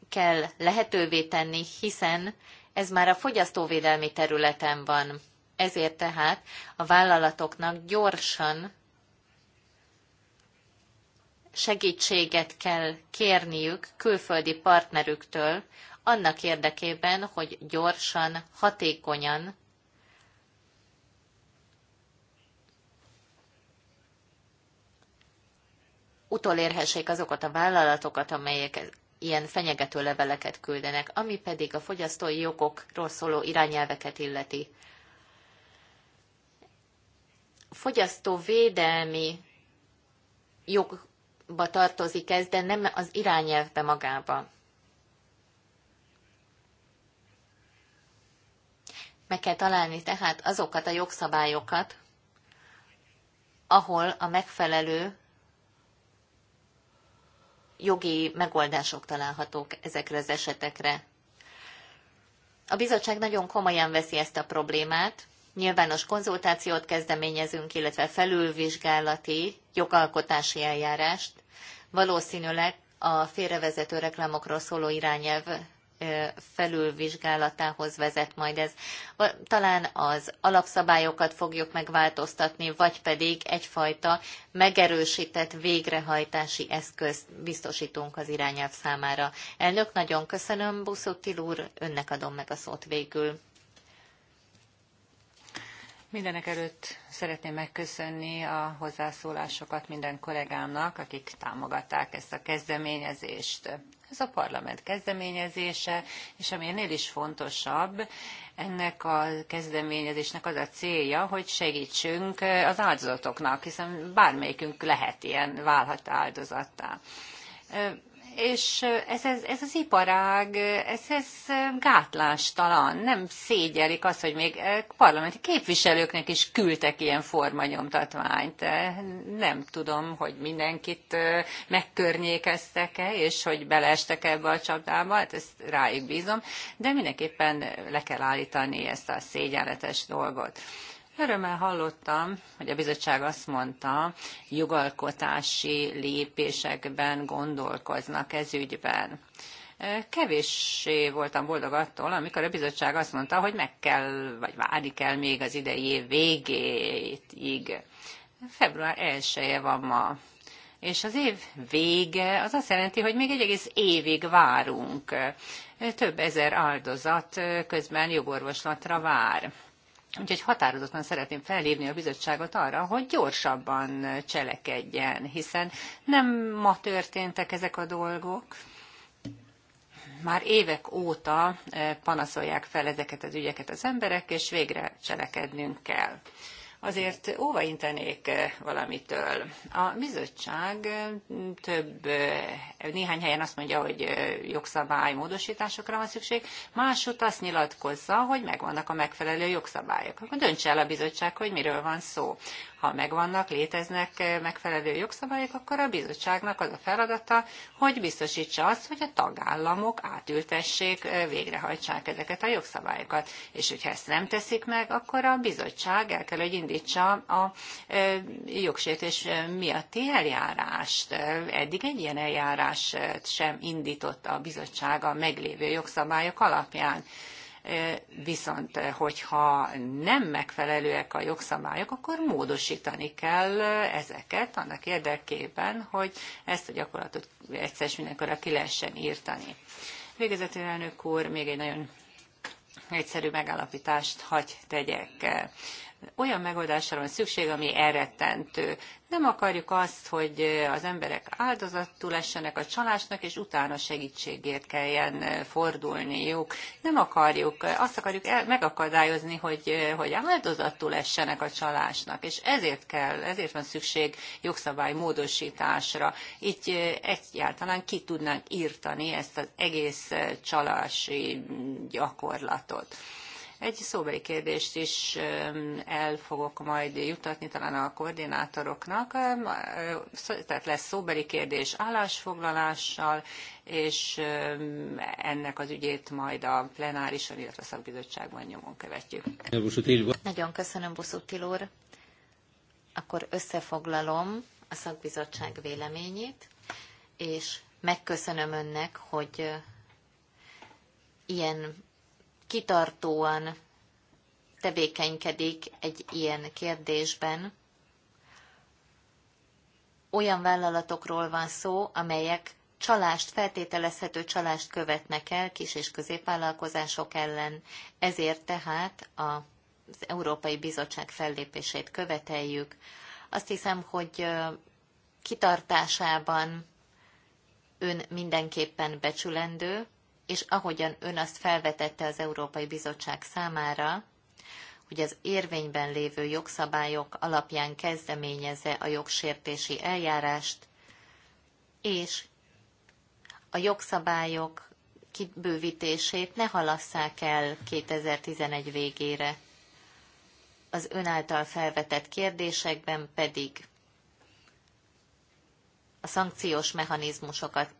kell lehetővé tenni, hiszen ez már a fogyasztóvédelmi területen van. Ezért tehát a vállalatoknak gyorsan segítséget kell kérniük külföldi partnerüktől, annak érdekében, hogy gyorsan, hatékonyan utolérhessék azokat a vállalatokat, amelyek ilyen fenyegető leveleket küldenek, ami pedig a fogyasztói jogokról szóló irányelveket illeti. Fogyasztóvédelmi jogba tartozik ez, de nem az irányelvbe magába. Meg kell találni tehát azokat a jogszabályokat, ahol a megfelelő jogi megoldások találhatók ezekre az esetekre. A bizottság nagyon komolyan veszi ezt a problémát. Nyilvános konzultációt kezdeményezünk, illetve felülvizsgálati, jogalkotási eljárást. Valószínűleg a félrevezető reklámokról szóló irányelv felülvizsgálatához vezet majd ez. Talán az alapszabályokat fogjuk megváltoztatni, vagy pedig egyfajta megerősített végrehajtási eszközt biztosítunk az irányelv számára. Elnök, nagyon köszönöm, Buszutil úr, önnek adom meg a szót végül. Mindenek előtt szeretném megköszönni a hozzászólásokat minden kollégámnak, akik támogatták ezt a kezdeményezést. Ez a parlament kezdeményezése, és ami ennél is fontosabb, ennek a kezdeményezésnek az a célja, hogy segítsünk az áldozatoknak, hiszen bármelyikünk lehet ilyen, válhat áldozattá és ez, ez, ez az iparág, ez, ez gátlástalan. Nem szégyelik az, hogy még parlamenti képviselőknek is küldtek ilyen formanyomtatványt. Nem tudom, hogy mindenkit megkörnyékeztek-e, és hogy beleestek ebbe a csapdába, hát ezt rájuk bízom, de mindenképpen le kell állítani ezt a szégyenletes dolgot. Örömmel hallottam, hogy a bizottság azt mondta, jogalkotási lépésekben gondolkoznak ez ügyben. Kevéssé voltam boldog attól, amikor a bizottság azt mondta, hogy meg kell, vagy várni kell még az idei év végéig. Február 1 -e van ma. És az év vége az azt jelenti, hogy még egy egész évig várunk. Több ezer áldozat közben jogorvoslatra vár. Úgyhogy határozottan szeretném felhívni a bizottságot arra, hogy gyorsabban cselekedjen, hiszen nem ma történtek ezek a dolgok, már évek óta eh, panaszolják fel ezeket az ügyeket az emberek, és végre cselekednünk kell azért óvaintenék eh, valamitől. A bizottság eh, több, eh, néhány helyen azt mondja, hogy jogszabály módosításokra van szükség, másút azt nyilatkozza, hogy megvannak a megfelelő jogszabályok. Akkor döntse el a bizottság, hogy miről van szó. Ha megvannak, léteznek megfelelő jogszabályok, akkor a bizottságnak az a feladata, hogy biztosítsa azt, hogy a tagállamok átültessék, végrehajtsák ezeket a jogszabályokat. És hogyha ezt nem teszik meg, akkor a bizottság el kell, hogy indítsa indítsa a jogsértés miatti eljárást. Eddig egy ilyen eljárás sem indított a bizottság a meglévő jogszabályok alapján viszont hogyha nem megfelelőek a jogszabályok, akkor módosítani kell ezeket annak érdekében, hogy ezt a gyakorlatot egyszer mindenkorra ki lehessen írtani. Végezetül elnök úr, még egy nagyon egyszerű megállapítást hagy tegyek olyan megoldásra van szükség, ami elrettentő. Nem akarjuk azt, hogy az emberek áldozatul essenek a csalásnak, és utána segítségért kelljen fordulniuk. Nem akarjuk, azt akarjuk el, megakadályozni, hogy, hogy áldozatul essenek a csalásnak, és ezért kell, ezért van szükség jogszabály módosításra. Így eh, egyáltalán ki tudnánk írtani ezt az egész csalási gyakorlatot. Egy szóbeli kérdést is el fogok majd jutatni talán a koordinátoroknak, tehát lesz szóbeli kérdés állásfoglalással, és ennek az ügyét majd a plenárison, illetve a szakbizottságban nyomon követjük. Nagyon köszönöm, Buszutil úr. Akkor összefoglalom a szakbizottság véleményét, és megköszönöm önnek, hogy ilyen kitartóan tevékenykedik egy ilyen kérdésben. Olyan vállalatokról van szó, amelyek csalást, feltételezhető csalást követnek el kis- és középvállalkozások ellen. Ezért tehát az Európai Bizottság fellépését követeljük. Azt hiszem, hogy kitartásában ön mindenképpen becsülendő, és ahogyan ön azt felvetette az Európai Bizottság számára, hogy az érvényben lévő jogszabályok alapján kezdeményezze a jogsértési eljárást, és a jogszabályok kibővítését ne halasszák el 2011 végére. Az ön által felvetett kérdésekben pedig a szankciós mechanizmusokat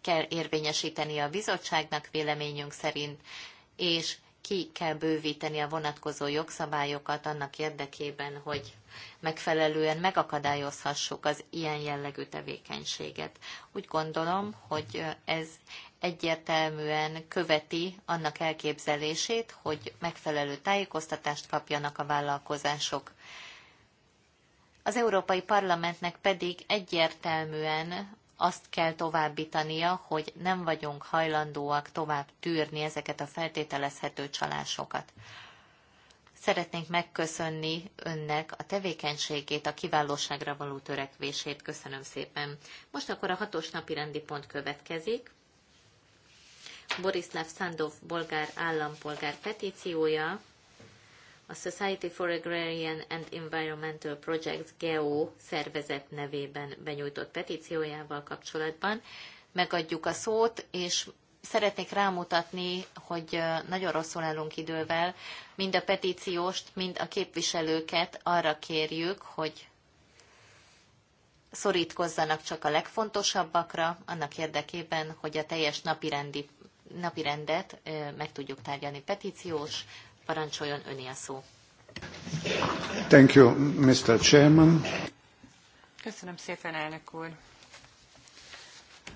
kell érvényesíteni a bizottságnak véleményünk szerint, és ki kell bővíteni a vonatkozó jogszabályokat annak érdekében, hogy megfelelően megakadályozhassuk az ilyen jellegű tevékenységet. Úgy gondolom, hogy ez egyértelműen követi annak elképzelését, hogy megfelelő tájékoztatást kapjanak a vállalkozások. Az Európai Parlamentnek pedig egyértelműen azt kell továbbítania, hogy nem vagyunk hajlandóak tovább tűrni ezeket a feltételezhető csalásokat. Szeretnénk megköszönni önnek a tevékenységét, a kiválóságra való törekvését. Köszönöm szépen. Most akkor a hatos napi rendi pont következik. Borislav Szandov bolgár állampolgár petíciója a Society for Agrarian and Environmental Projects GEO szervezet nevében benyújtott petíciójával kapcsolatban. Megadjuk a szót, és szeretnék rámutatni, hogy nagyon rosszul állunk idővel. Mind a petícióst, mind a képviselőket arra kérjük, hogy szorítkozzanak csak a legfontosabbakra, annak érdekében, hogy a teljes napirendi napirendet meg tudjuk tárgyalni. Petíciós Parancsoljon öné a szó. Thank you, Mr. Chairman. Köszönöm szépen, elnök úr.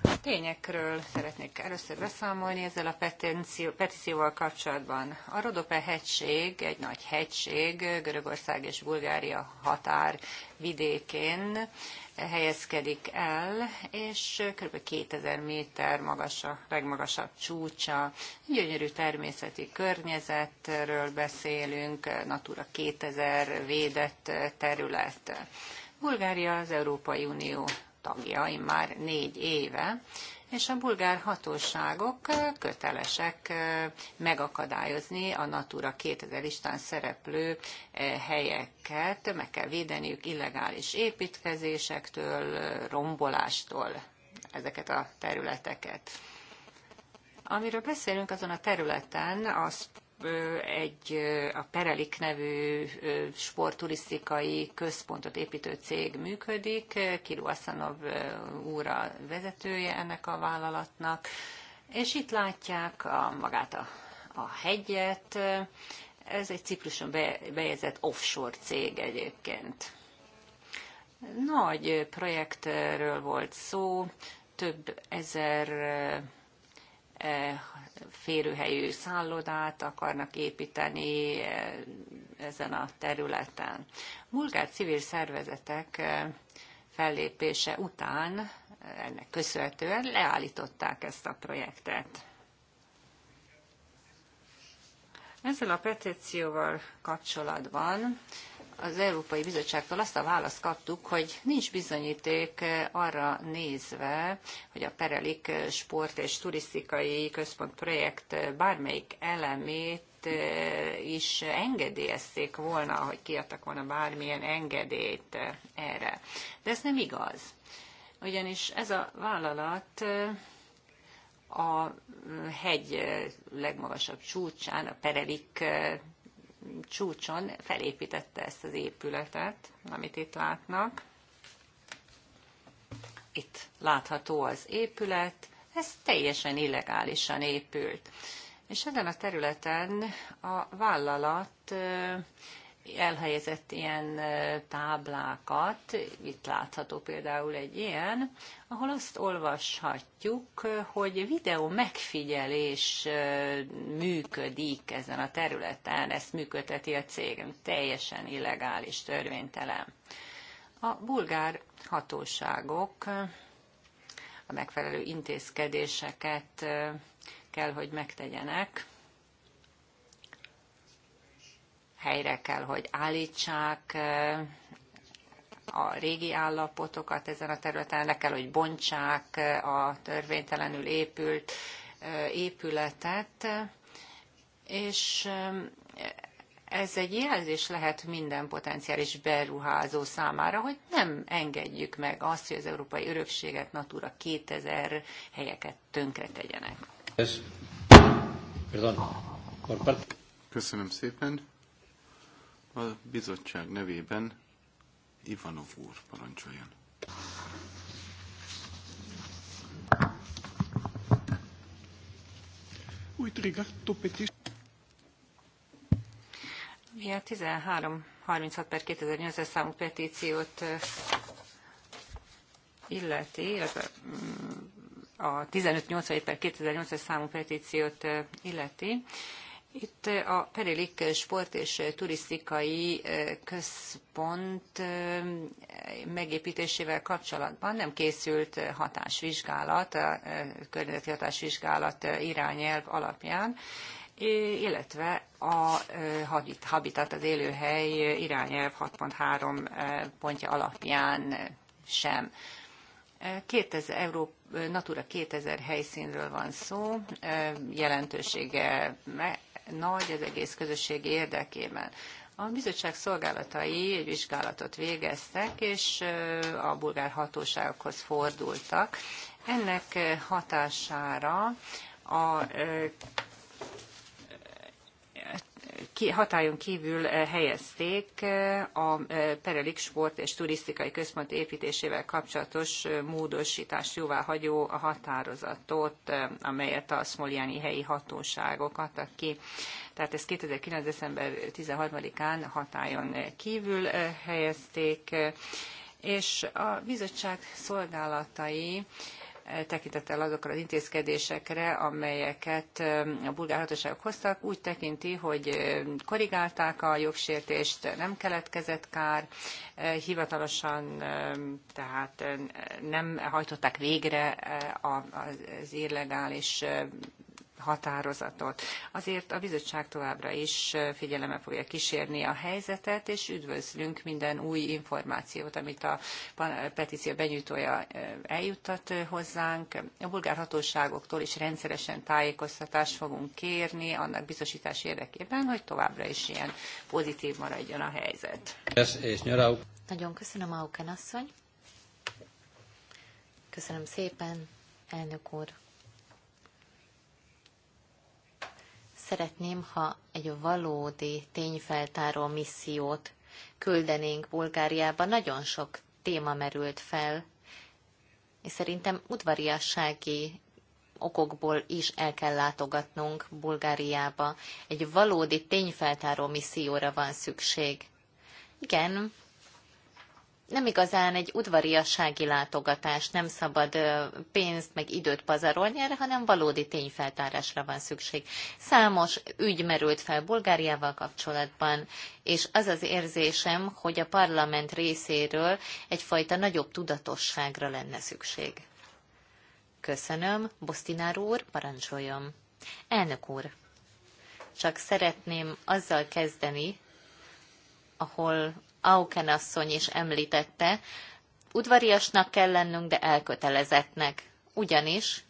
A tényekről szeretnék először beszámolni ezzel a petíció, petícióval kapcsolatban. A Rodope hegység egy nagy hegység Görögország és Bulgária határ vidékén helyezkedik el, és kb. 2000 méter magas a legmagasabb csúcsa. Gyönyörű természeti környezetről beszélünk, Natura 2000 védett terület. Bulgária az Európai Unió tagja, már négy éve, és a bulgár hatóságok kötelesek megakadályozni a Natura 2000 listán szereplő helyeket, meg kell védeniük illegális építkezésektől, rombolástól ezeket a területeket. Amiről beszélünk azon a területen, az egy a Perelik nevű sportturisztikai központot építő cég működik. Kiru Asanov úr a vezetője ennek a vállalatnak. És itt látják a, magát a, a hegyet. Ez egy Cipruson be, bejegyzett offshore cég egyébként. Nagy projektről volt szó, több ezer férőhelyű szállodát akarnak építeni eh, ezen a területen. Bulgár civil szervezetek eh, fellépése után, eh, ennek köszönhetően leállították ezt a projektet. Ezzel a petícióval kapcsolatban az Európai Bizottságtól azt a választ kaptuk, hogy nincs bizonyíték eh, arra nézve, hogy a Perelik eh, Sport és Turisztikai Központ projekt eh, bármelyik elemét is engedélyezték volna, hogy kiadtak volna bármilyen engedélyt erre. De ez nem igaz. Ugyanis ez a vállalat a mm, hegy legmagasabb csúcsán, a Perelik csúcson felépítette ezt az épületet, amit itt látnak. Itt látható az épület, ez teljesen illegálisan épült. És ezen a területen a vállalat elhelyezett ilyen táblákat, itt látható például egy ilyen, ahol azt olvashatjuk, hogy videó megfigyelés működik ezen a területen, ezt működteti a cég, teljesen illegális, törvénytelen. A bulgár hatóságok a megfelelő intézkedéseket kell, hogy megtegyenek, helyre kell, hogy állítsák a régi állapotokat ezen a területen, le kell, hogy bontsák a törvénytelenül épült épületet, és ez egy jelzés lehet minden potenciális beruházó számára, hogy nem engedjük meg azt, hogy az európai örökséget Natura 2000 helyeket tönkre tegyenek. Köszönöm szépen. A bizottság nevében Ivanov úr parancsoljon. Új regard to petition... Mi a 1336 per 2008 es számú petíciót illeti, illetve mm, a 1587 per 2008 es számú petíciót illeti. Itt eh, a Perilik Sport és eh, Turisztikai eh, Központ megépítésével kapcsolatban nem készült hatásvizsgálat, a környezeti hatásvizsgálat irányelv alapján, illetve a habitat, az élőhely irányelv 6.3 pontja alapján sem. 2000 Euró, Natura 2000 helyszínről van szó, jelentősége nagy az egész közösség érdekében. A bizottság szolgálatai egy vizsgálatot végeztek, és a bulgár hatóságokhoz fordultak. Ennek hatására a hatályon kívül eh, helyezték eh, a eh, Perelik Sport és Turisztikai Központ építésével kapcsolatos módosítás jóváhagyó a határozatot, amelyet a szmoljáni helyi hatóságok adtak ki. Tehát ezt 2009. december 13-án hatályon kívül helyezték, és a bizottság szolgálatai tekintettel azokra az intézkedésekre, amelyeket um, a bulgár hatóságok hoztak, úgy tekinti, hogy um, korrigálták a jogsértést, nem keletkezett kár, eh, hivatalosan um, tehát eh, nem hajtották végre eh, az illegális határozatot. Azért a bizottság továbbra is figyelemmel fogja kísérni a helyzetet, és üdvözlünk minden új információt, amit a petíció benyújtója eljuttat hozzánk. A bulgár hatóságoktól is rendszeresen tájékoztatást fogunk kérni, annak biztosítás érdekében, hogy továbbra is ilyen pozitív maradjon a helyzet. és Nagyon köszönöm, Auken asszony. Köszönöm szépen, elnök úr. Szeretném, ha egy valódi tényfeltáró missziót küldenénk Bulgáriába. Nagyon sok téma merült fel, és szerintem udvariassági okokból is el kell látogatnunk Bulgáriába. Egy valódi tényfeltáró misszióra van szükség. Igen, nem igazán egy udvariassági látogatás, nem szabad pénzt meg időt pazarolni erre, hanem valódi tényfeltárásra van szükség. Számos ügy merült fel Bulgáriával kapcsolatban, és az az érzésem, hogy a parlament részéről egyfajta nagyobb tudatosságra lenne szükség. Köszönöm, Bosztinár úr, parancsoljon. Elnök úr, csak szeretném azzal kezdeni, ahol Auken asszony is említette, udvariasnak kell lennünk, de elkötelezettnek. Ugyanis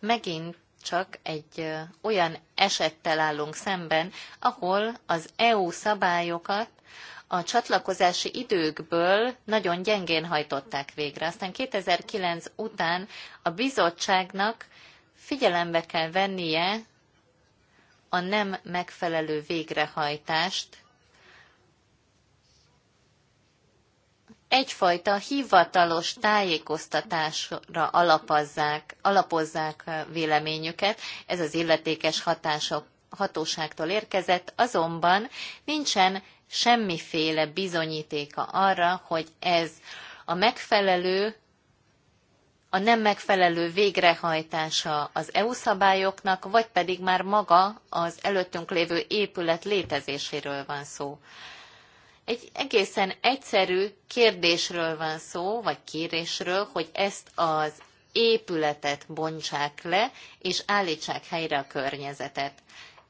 megint csak egy olyan esettel állunk szemben, ahol az EU szabályokat a csatlakozási időkből nagyon gyengén hajtották végre. Aztán 2009 után a bizottságnak figyelembe kell vennie a nem megfelelő végrehajtást egyfajta hivatalos tájékoztatásra alapozzák, alapozzák véleményüket. Ez az illetékes hatások, hatóságtól érkezett, azonban nincsen semmiféle bizonyítéka arra, hogy ez a megfelelő, a nem megfelelő végrehajtása az EU szabályoknak, vagy pedig már maga az előttünk lévő épület létezéséről van szó. Egy egészen egyszerű kérdésről van szó, vagy kérésről, hogy ezt az épületet bontsák le, és állítsák helyre a környezetet.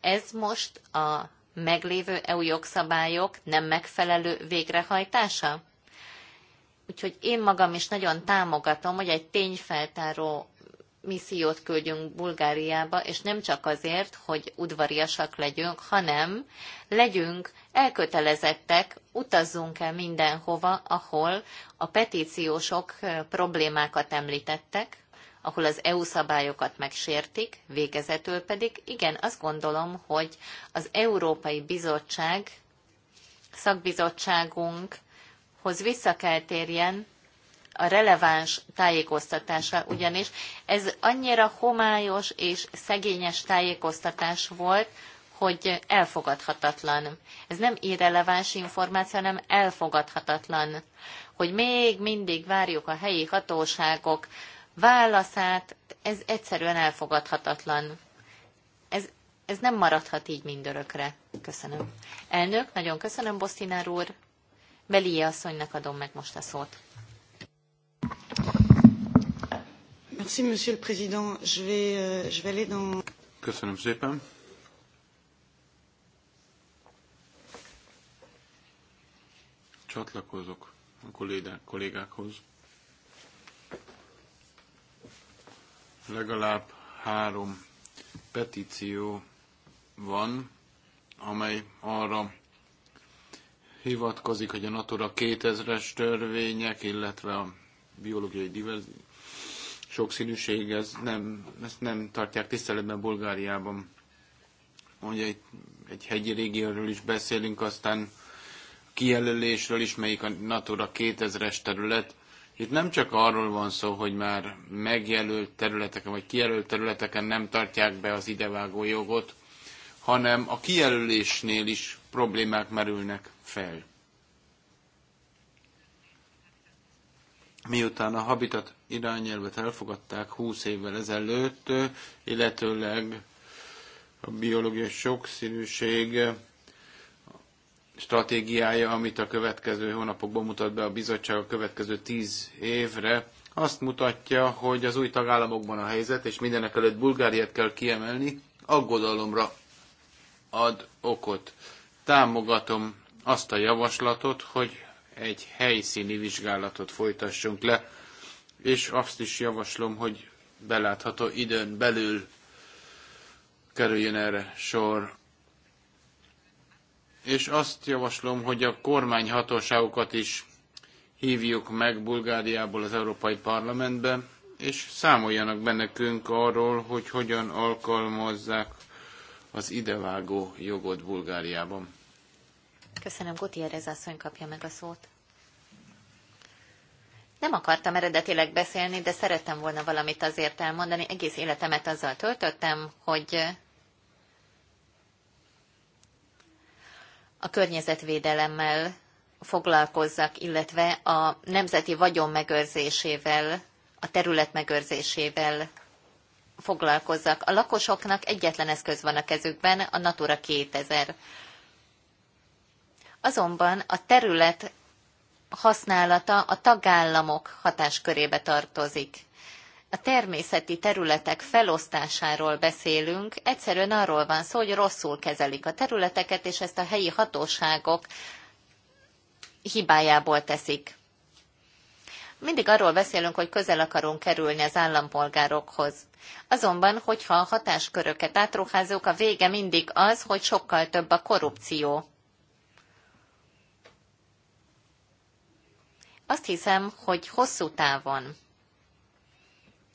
Ez most a meglévő EU jogszabályok nem megfelelő végrehajtása? Úgyhogy én magam is nagyon támogatom, hogy egy tényfeltáró missziót küldjünk Bulgáriába, és nem csak azért, hogy udvariasak legyünk, hanem legyünk elkötelezettek, utazzunk el mindenhova, ahol a petíciósok problémákat említettek, ahol az EU szabályokat megsértik, végezetül pedig igen, azt gondolom, hogy az Európai Bizottság, szakbizottságunkhoz vissza kell térjen, a releváns tájékoztatása, ugyanis ez annyira homályos és szegényes tájékoztatás volt, hogy elfogadhatatlan. Ez nem irreleváns információ, hanem elfogadhatatlan, hogy még mindig várjuk a helyi hatóságok válaszát, ez egyszerűen elfogadhatatlan. Ez, ez nem maradhat így mindörökre. Köszönöm. Elnök, nagyon köszönöm, Bosztinár úr. Belie asszonynak adom meg most a szót. Merci, Monsieur le Président. Je vais, euh, je vais aller dans... Köszönöm szépen. Csatlakozok a kollégákhoz. Legalább három petíció van, amely arra hivatkozik, hogy a Natura 2000-es törvények, illetve a biológiai diverzitás sokszínűség, ez nem, ezt nem tartják tiszteletben Bulgáriában. Ugye egy, egy hegyi régióról is beszélünk, aztán kijelölésről is, melyik a Natura 2000-es terület. Itt nem csak arról van szó, hogy már megjelölt területeken, vagy kijelölt területeken nem tartják be az idevágó jogot, hanem a kijelölésnél is problémák merülnek fel. miután a Habitat irányelvet elfogadták 20 évvel ezelőtt, illetőleg a biológiai sokszínűség stratégiája, amit a következő hónapokban mutat be a bizottság a következő 10 évre, azt mutatja, hogy az új tagállamokban a helyzet, és mindenek előtt Bulgáriát kell kiemelni, aggodalomra ad okot. Támogatom azt a javaslatot, hogy egy helyszíni vizsgálatot folytassunk le, és azt is javaslom, hogy belátható időn belül kerüljön erre sor. És azt javaslom, hogy a kormányhatóságokat is hívjuk meg Bulgáriából az Európai Parlamentbe, és számoljanak be nekünk arról, hogy hogyan alkalmazzák az idevágó jogot Bulgáriában. Köszönöm, Gutierrez asszony kapja meg a szót. Nem akartam eredetileg beszélni, de szerettem volna valamit azért elmondani. Egész életemet azzal töltöttem, hogy a környezetvédelemmel foglalkozzak, illetve a nemzeti vagyon megőrzésével, a terület megőrzésével foglalkozzak. A lakosoknak egyetlen eszköz van a kezükben, a Natura 2000. Azonban a terület használata a tagállamok hatáskörébe tartozik. A természeti területek felosztásáról beszélünk, egyszerűen arról van szó, hogy rosszul kezelik a területeket, és ezt a helyi hatóságok hibájából teszik. Mindig arról beszélünk, hogy közel akarunk kerülni az állampolgárokhoz. Azonban, hogyha a hatásköröket átruházunk, a vége mindig az, hogy sokkal több a korrupció. Azt hiszem, hogy hosszú távon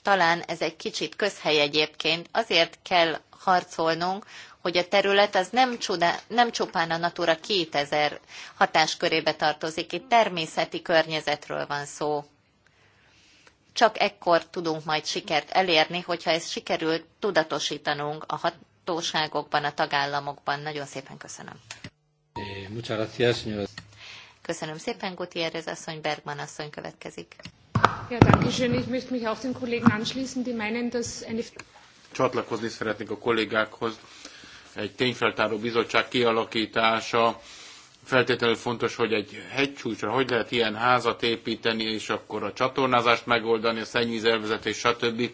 talán ez egy kicsit közhely egyébként, azért kell harcolnunk, hogy a terület az nem, csuda, nem csupán a Natura 2000 hatáskörébe tartozik, itt természeti környezetről van szó. Csak ekkor tudunk majd sikert elérni, hogyha ez sikerül tudatosítanunk a hatóságokban, a tagállamokban. Nagyon szépen köszönöm. Eh, Köszönöm szépen, Gutierrez asszony, Bergman asszony következik. Ja, danke schön. Ich möchte mich auch den Kollegen anschließen, die meinen, dass eine... Csatlakozni szeretnék a kollégákhoz. Egy tényfeltáró bizottság kialakítása feltétlenül fontos, hogy egy hegycsúcsra hogy lehet ilyen házat építeni, és akkor a csatornázást megoldani, a szennyvízelvezetés, stb.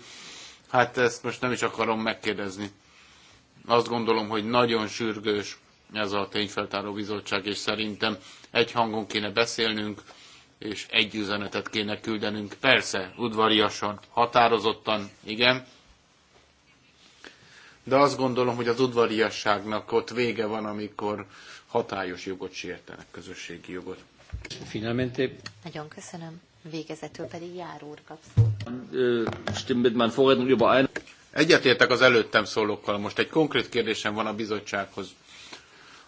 Hát ezt most nem is akarom megkérdezni. Azt gondolom, hogy nagyon sürgős ez a tényfeltáró bizottság, és szerintem egy hangon kéne beszélnünk, és egy üzenetet kéne küldenünk. Persze, udvariasan, határozottan, igen, de azt gondolom, hogy az udvariasságnak ott vége van, amikor hatályos jogot sértenek, közösségi jogot. Finalmente. Nagyon köszönöm. Végezetül pedig jár úr kapszó. Äh, Egyetértek az előttem szólókkal. Most egy konkrét kérdésem van a bizottsághoz.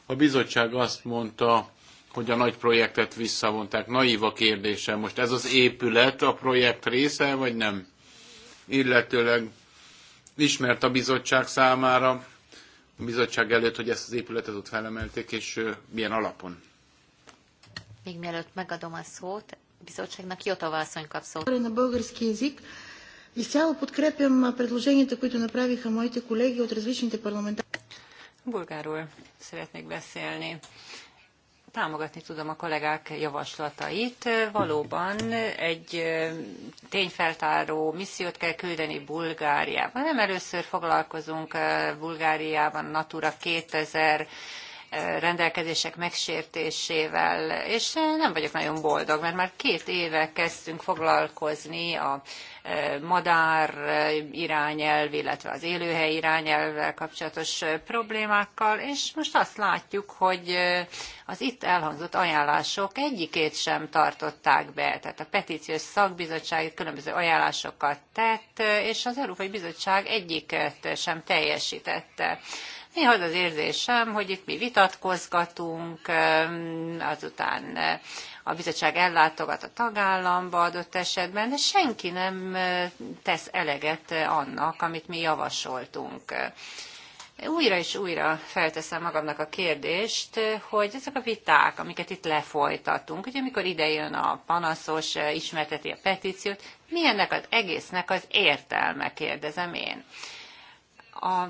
A bizottság azt mondta, hogy a nagy projektet visszavonták. Naív a kérdése. Most ez az épület a projekt része, vagy nem? Illetőleg ismert a bizottság számára, a bizottság előtt, hogy ezt az épületet ott felemelték, és milyen alapon. Még mielőtt megadom a szót, a bizottságnak Jotova asszony kap szót. Изцяло подкрепям предложенията, които направиха моите колеги от различните парламентарни Bulgáról szeretnék beszélni. Támogatni tudom a kollégák javaslatait. Valóban egy tényfeltáró missziót kell küldeni Bulgáriában. Nem először foglalkozunk Bulgáriában Natura 2000 rendelkezések megsértésével, és nem vagyok nagyon boldog, mert már két éve kezdtünk foglalkozni a madár irányelv, illetve az élőhely irányelvvel kapcsolatos problémákkal, és most azt látjuk, hogy az itt elhangzott ajánlások egyikét sem tartották be. Tehát a petíciós szakbizottság különböző ajánlásokat tett, és az Európai Bizottság egyiket sem teljesítette. Néha az az érzésem, hogy itt mi vitatkozgatunk, azután eh, a bizottság ellátogat a tagállamba adott esetben, de senki nem eh, tesz eleget eh, annak, amit mi javasoltunk. Újra és újra felteszem magamnak a kérdést, hogy ezek a viták, amiket itt lefolytatunk, hogy amikor idejön a panaszos, ismerteti a petíciót, mi ennek az egésznek az értelme, kérdezem én a,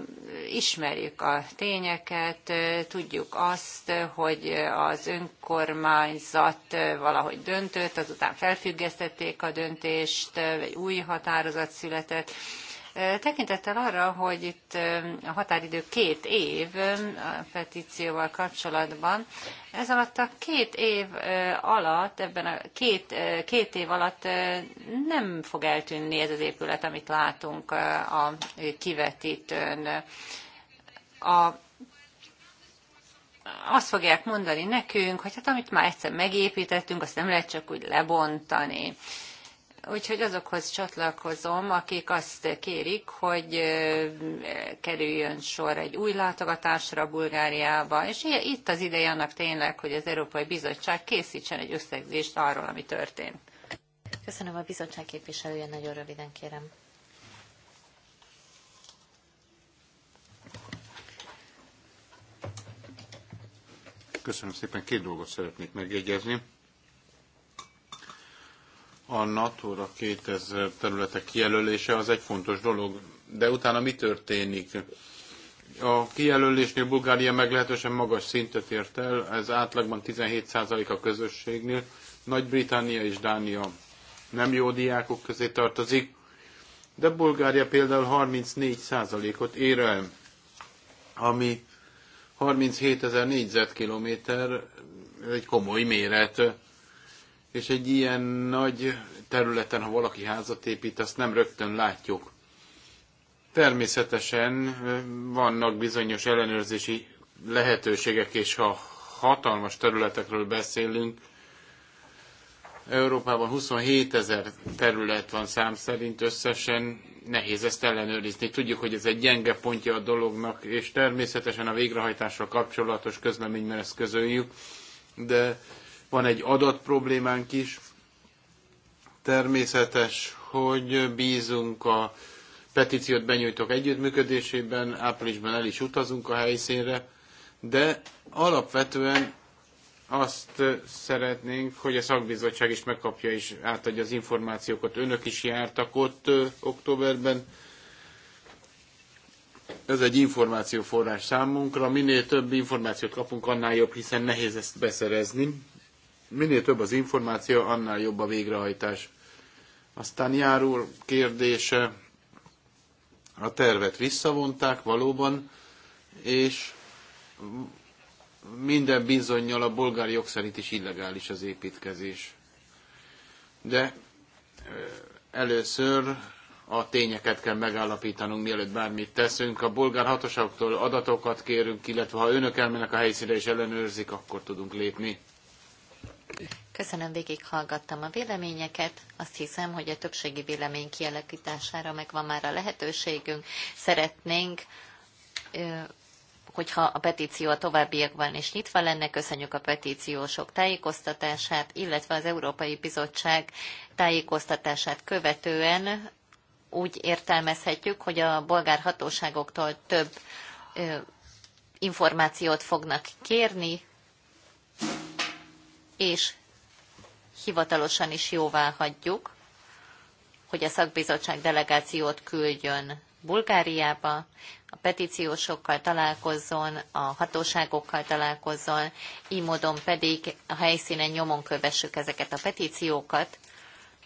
ismerjük a tényeket, tudjuk azt, hogy az önkormányzat valahogy döntött, azután felfüggesztették a döntést, egy új határozat született, Tekintettel arra, hogy itt a határidő két év a petícióval kapcsolatban, ez alatt a két év alatt, ebben a két, két év alatt nem fog eltűnni ez az épület, amit látunk a kivetítőn. A azt fogják mondani nekünk, hogy hát amit már egyszer megépítettünk, azt nem lehet csak úgy lebontani. Úgyhogy azokhoz csatlakozom, akik azt kérik, hogy kerüljön sor egy új látogatásra Bulgáriába, és itt az ideje annak tényleg, hogy az Európai Bizottság készítsen egy összegzést arról, ami történt. Köszönöm a bizottság képviselője, nagyon röviden kérem. Köszönöm szépen, két dolgot szeretnék megjegyezni a Natura 2000 területek kijelölése az egy fontos dolog. De utána mi történik? A kijelölésnél Bulgária meglehetősen magas szintet ért el, ez átlagban 17% a közösségnél. Nagy-Britannia és Dánia nem jó diákok közé tartozik, de Bulgária például 34%-ot ér el, ami 37 ezer négyzetkilométer, egy komoly méret és egy ilyen nagy területen, ha valaki házat épít, azt nem rögtön látjuk. Természetesen vannak bizonyos ellenőrzési lehetőségek, és ha hatalmas területekről beszélünk, Európában 27 ezer terület van szám szerint összesen, nehéz ezt ellenőrizni. Tudjuk, hogy ez egy gyenge pontja a dolognak, és természetesen a végrehajtással kapcsolatos közleményben ezt közöljük, de van egy adat problémánk is. Természetes, hogy bízunk a petíciót benyújtok együttműködésében, áprilisban el is utazunk a helyszínre, de alapvetően azt szeretnénk, hogy a szakbizottság is megkapja és átadja az információkat. Önök is jártak ott ö, októberben. Ez egy információforrás számunkra. Minél több információt kapunk, annál jobb, hiszen nehéz ezt beszerezni minél több az információ, annál jobb a végrehajtás. Aztán járul kérdése, a tervet visszavonták valóban, és minden bizonyal a bolgári jog szerint is illegális az építkezés. De először a tényeket kell megállapítanunk, mielőtt bármit teszünk. A bolgár hatóságoktól adatokat kérünk, illetve ha önök elmennek a helyszínre és ellenőrzik, akkor tudunk lépni. Köszönöm, végighallgattam a véleményeket. Azt hiszem, hogy a többségi vélemény kialakítására megvan már a lehetőségünk. Szeretnénk hogyha a petíció a továbbiakban is nyitva lenne, köszönjük a petíciósok tájékoztatását, illetve az Európai Bizottság tájékoztatását követően úgy értelmezhetjük, hogy a bolgár hatóságoktól több információt fognak kérni, és hivatalosan is jóvá hagyjuk, hogy a szakbizottság delegációt küldjön Bulgáriába, a petíciósokkal találkozzon, a hatóságokkal találkozzon, így módon pedig a helyszínen nyomon kövessük ezeket a petíciókat,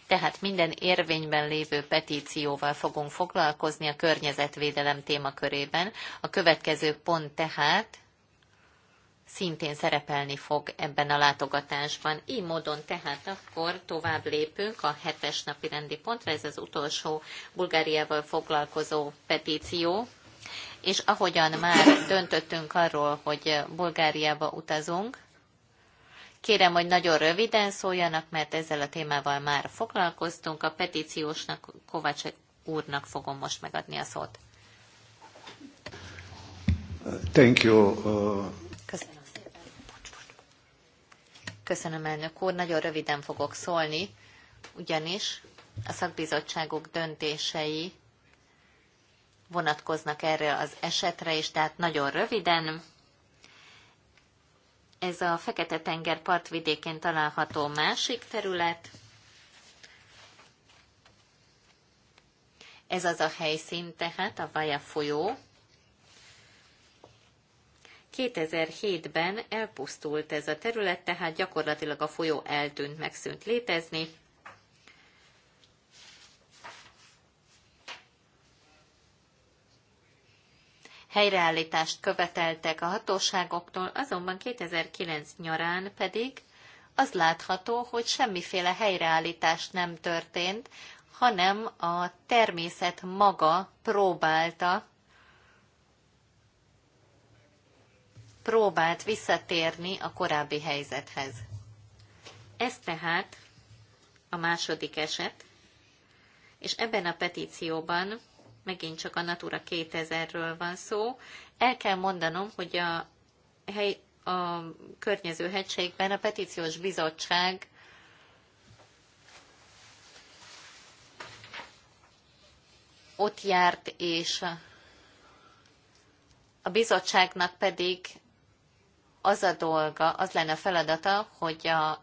tehát minden érvényben lévő petícióval fogunk foglalkozni a környezetvédelem témakörében. A következő pont tehát szintén szerepelni fog ebben a látogatásban. Így módon tehát akkor tovább lépünk a hetes napi rendi pontra, ez az utolsó Bulgáriával foglalkozó petíció, és ahogyan már döntöttünk arról, hogy Bulgáriába utazunk, Kérem, hogy nagyon röviden szóljanak, mert ezzel a témával már foglalkoztunk. A petíciósnak, Kovács úrnak fogom most megadni a szót. Thank you. Uh, Köszönöm Köszönöm, elnök úr. Nagyon röviden fogok szólni, ugyanis a szakbizottságok döntései vonatkoznak erre az esetre is, tehát nagyon röviden. Ez a Fekete-tenger partvidékén található másik terület. Ez az a helyszín tehát, a Vaja folyó, 2007-ben elpusztult ez a terület, tehát gyakorlatilag a folyó eltűnt, megszűnt létezni. Helyreállítást követeltek a hatóságoktól, azonban 2009 nyarán pedig az látható, hogy semmiféle helyreállítás nem történt, hanem a természet maga próbálta próbált visszatérni a korábbi helyzethez. Ez tehát a második eset, és ebben a petícióban megint csak a Natura 2000-ről van szó. El kell mondanom, hogy a, hely, a környező hegységben a petíciós bizottság ott járt, és a bizottságnak pedig az a dolga, az lenne a feladata, hogy a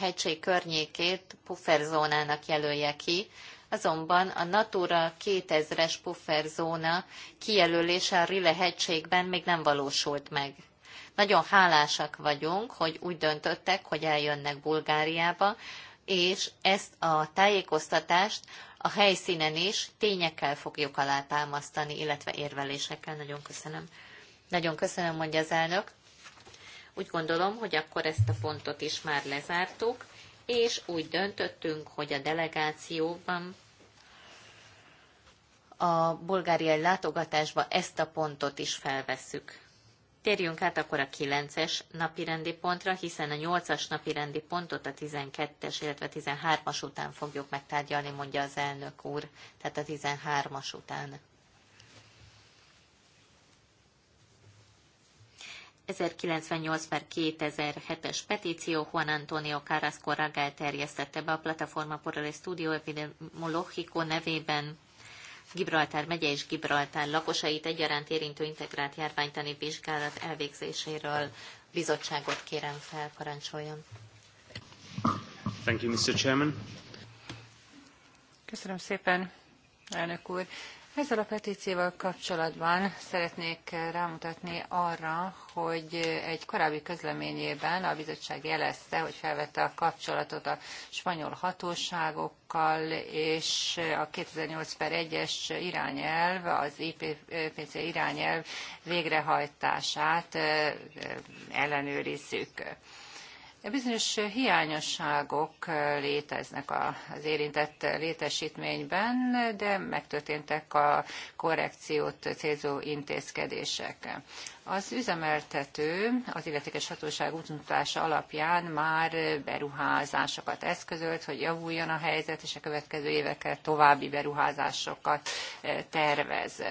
hegység környékét pufferzónának jelölje ki, azonban a Natura 2000-es pufferzóna kijelölése a Rille hegységben még nem valósult meg. Nagyon hálásak vagyunk, hogy úgy döntöttek, hogy eljönnek Bulgáriába, és ezt a tájékoztatást a helyszínen is tényekkel fogjuk alátámasztani, illetve érvelésekkel. Nagyon köszönöm. Nagyon köszönöm, mondja az elnök. Úgy gondolom, hogy akkor ezt a pontot is már lezártuk, és úgy döntöttünk, hogy a delegációban a bulgáriai látogatásba ezt a pontot is felvesszük. Térjünk át akkor a 9-es napirendi pontra, hiszen a 8-as napirendi pontot a 12-es, illetve 13-as után fogjuk megtárgyalni, mondja az elnök úr, tehát a 13-as után. 1098 per 2007-es petíció Juan Antonio Carrasco Ragel terjesztette be a Plataforma por el Estudio Epidemiológico nevében Gibraltár megye és Gibraltár lakosait egyaránt érintő integrált járványtani vizsgálat elvégzéséről bizottságot kérem fel, parancsoljon. Thank you, Mr. Chairman. Köszönöm szépen, elnök úr. Ezzel a petícióval kapcsolatban szeretnék rámutatni arra, hogy egy korábbi közleményében a bizottság jelezte, hogy felvette a kapcsolatot a spanyol hatóságokkal, és a 2008 per 1-es irányelv, az IPC irányelv végrehajtását eh, ellenőrizzük. Bizonyos hiányosságok léteznek az érintett létesítményben, de megtörténtek a korrekciót célzó intézkedések. Az üzemeltető az illetékes hatóság útmutatása alapján már beruházásokat eszközölt, hogy javuljon a helyzet, és a következő évekkel további beruházásokat e, tervez.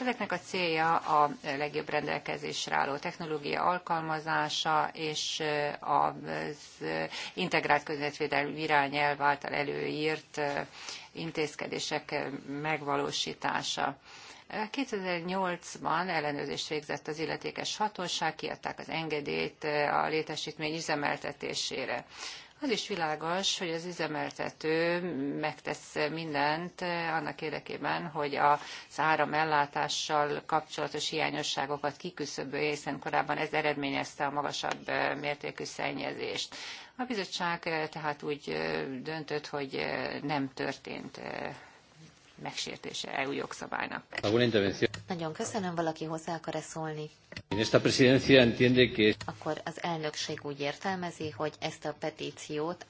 Ezeknek a célja a legjobb rendelkezésre álló technológia alkalmazása és e, az integrált közvetvédelmi irányelv által előírt e, intézkedések megvalósítása. 2008-ban ellenőrzést végzett az illetékes hatóság, kiadták az engedélyt eh, a létesítmény üzemeltetésére. Az is világos, hogy az üzemeltető megtesz mindent eh, annak érdekében, hogy az áramellátással kapcsolatos hiányosságokat kiküszöbölje, hiszen korábban ez eredményezte a magasabb eh, mértékű szennyezést. A bizottság tehát úgy döntött, hogy nem történt megsértése EU jogszabálynak. Nagyon köszönöm, valaki hozzá akar-e szólni? Akkor az elnökség úgy értelmezi, hogy ezt a petíciót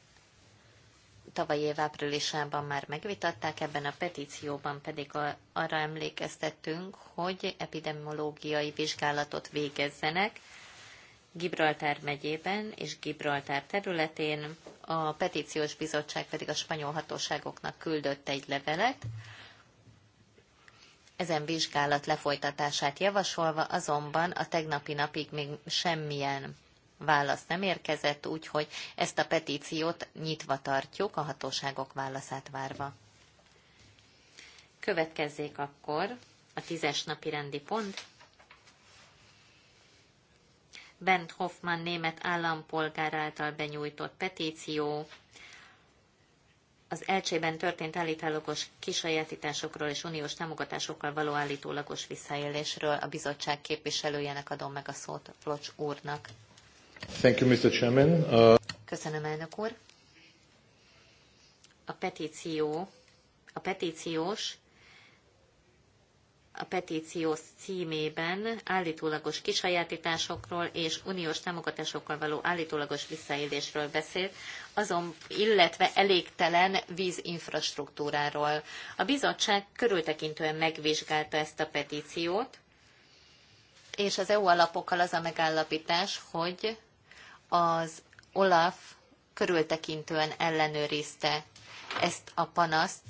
tavaly év áprilisában már megvitatták, ebben a petícióban pedig arra emlékeztettünk, hogy epidemiológiai vizsgálatot végezzenek Gibraltár megyében és Gibraltár területén. A petíciós bizottság pedig a spanyol hatóságoknak küldött egy levelet, ezen vizsgálat lefolytatását javasolva azonban a tegnapi napig még semmilyen válasz nem érkezett, úgyhogy ezt a petíciót nyitva tartjuk, a hatóságok válaszát várva. Következzék akkor a tízes napi rendi pont. Bent Hoffman német állampolgár által benyújtott petíció az Elcsében történt állítólagos kisajátításokról és uniós támogatásokkal való állítólagos visszaélésről a bizottság képviselőjének adom meg a szót Flocs úrnak. Thank you, Mr. Chairman. Uh... Köszönöm, elnök úr. A petíció, a petíciós a petíció címében állítólagos kisajátításokról és uniós támogatásokkal való állítólagos visszaélésről beszélt, azon, illetve elégtelen vízinfrastruktúráról. A bizottság körültekintően megvizsgálta ezt a petíciót, és az EU alapokkal az a megállapítás, hogy az OLAF körültekintően ellenőrizte ezt a panaszt,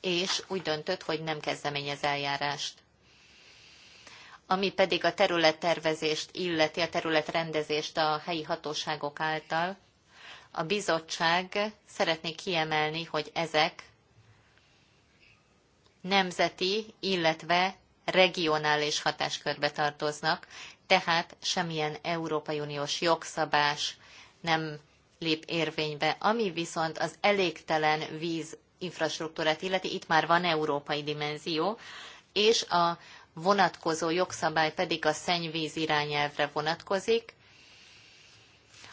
és úgy döntött, hogy nem kezdeményez eljárást. Ami pedig a területtervezést illeti, a területrendezést a helyi hatóságok által, a bizottság szeretné kiemelni, hogy ezek nemzeti, illetve regionális hatáskörbe tartoznak, tehát semmilyen Európai Uniós jogszabás nem lép érvénybe. Ami viszont az elégtelen víz infrastruktúrát illeti, itt már van európai dimenzió, és a vonatkozó jogszabály pedig a szennyvíz irányelvre vonatkozik,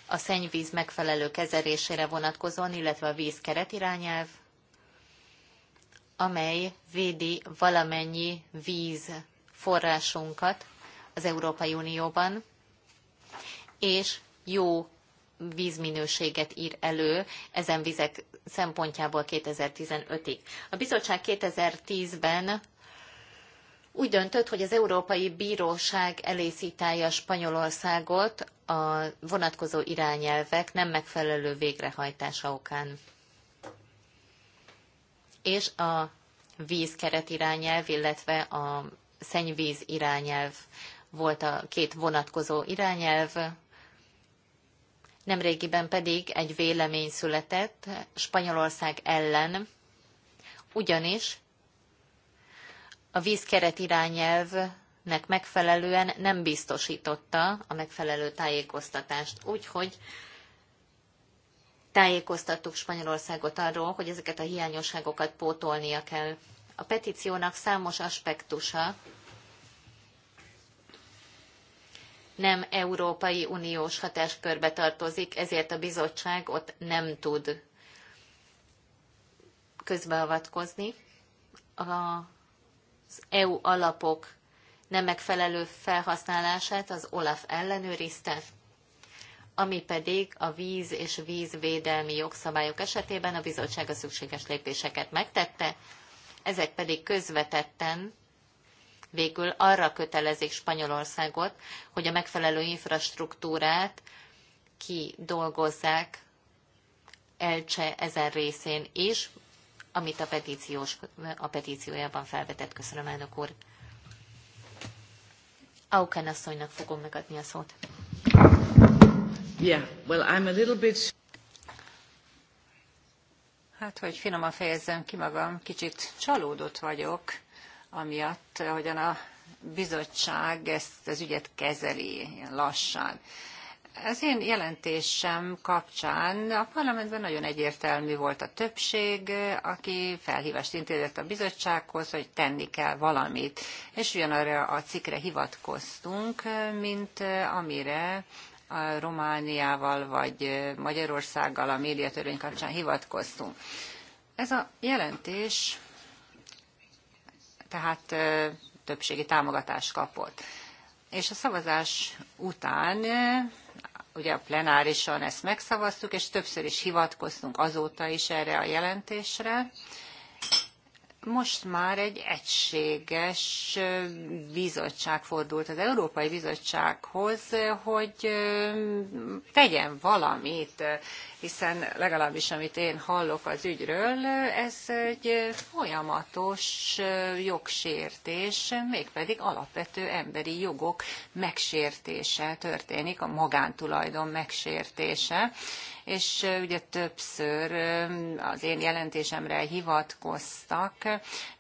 a szennyvíz megfelelő kezelésére vonatkozóan, illetve a vízkeret keretirányelv, amely védi valamennyi víz forrásunkat az Európai Unióban, és jó vízminőséget ír elő ezen vizek szempontjából 2015-ig. A bizottság 2010-ben úgy döntött, hogy az Európai Bíróság elé a Spanyolországot a vonatkozó irányelvek nem megfelelő végrehajtása okán. És a vízkeret irányelv, illetve a szennyvíz irányelv volt a két vonatkozó irányelv, Nemrégiben pedig egy vélemény született Spanyolország ellen, ugyanis a vízkeret ...nek megfelelően nem biztosította a megfelelő tájékoztatást. Úgyhogy tájékoztattuk Spanyolországot arról, hogy ezeket a hiányosságokat pótolnia kell. A petíciónak számos aspektusa nem Európai Uniós hatáskörbe tartozik, ezért a bizottság ott nem tud közbeavatkozni. Az EU alapok nem megfelelő felhasználását az OLAF ellenőrizte, ami pedig a víz és vízvédelmi jogszabályok esetében a bizottság a szükséges lépéseket megtette, ezek pedig közvetetten végül arra kötelezik Spanyolországot, hogy a megfelelő infrastruktúrát kidolgozzák Elcse ezen részén is, amit a, petíciós, a petíciójában felvetett. Köszönöm, elnök úr. Auken asszonynak fogom megadni a szót. Yeah, well, I'm a little bit... Hát, hogy finoman fejezzem ki magam, kicsit csalódott vagyok amiatt, hogyan a bizottság ezt az ügyet kezeli, ilyen lassan. Az én jelentésem kapcsán a parlamentben nagyon egyértelmű volt a többség, aki felhívást intézett a bizottsághoz, hogy tenni kell valamit. És ugyanarra a cikkre hivatkoztunk, mint amire a Romániával vagy Magyarországgal a médiatörvény kapcsán hivatkoztunk. Ez a jelentés tehát többségi támogatást kapott. És a szavazás után ugye a plenárison ezt megszavaztuk, és többször is hivatkoztunk azóta is erre a jelentésre, most már egy egységes bizottság fordult az Európai Bizottsághoz, hogy tegyen valamit, hiszen legalábbis amit én hallok az ügyről, ez egy folyamatos jogsértés, mégpedig alapvető emberi jogok megsértése történik, a magántulajdon megsértése, és ugye többször az én jelentésemre hivatkoztak.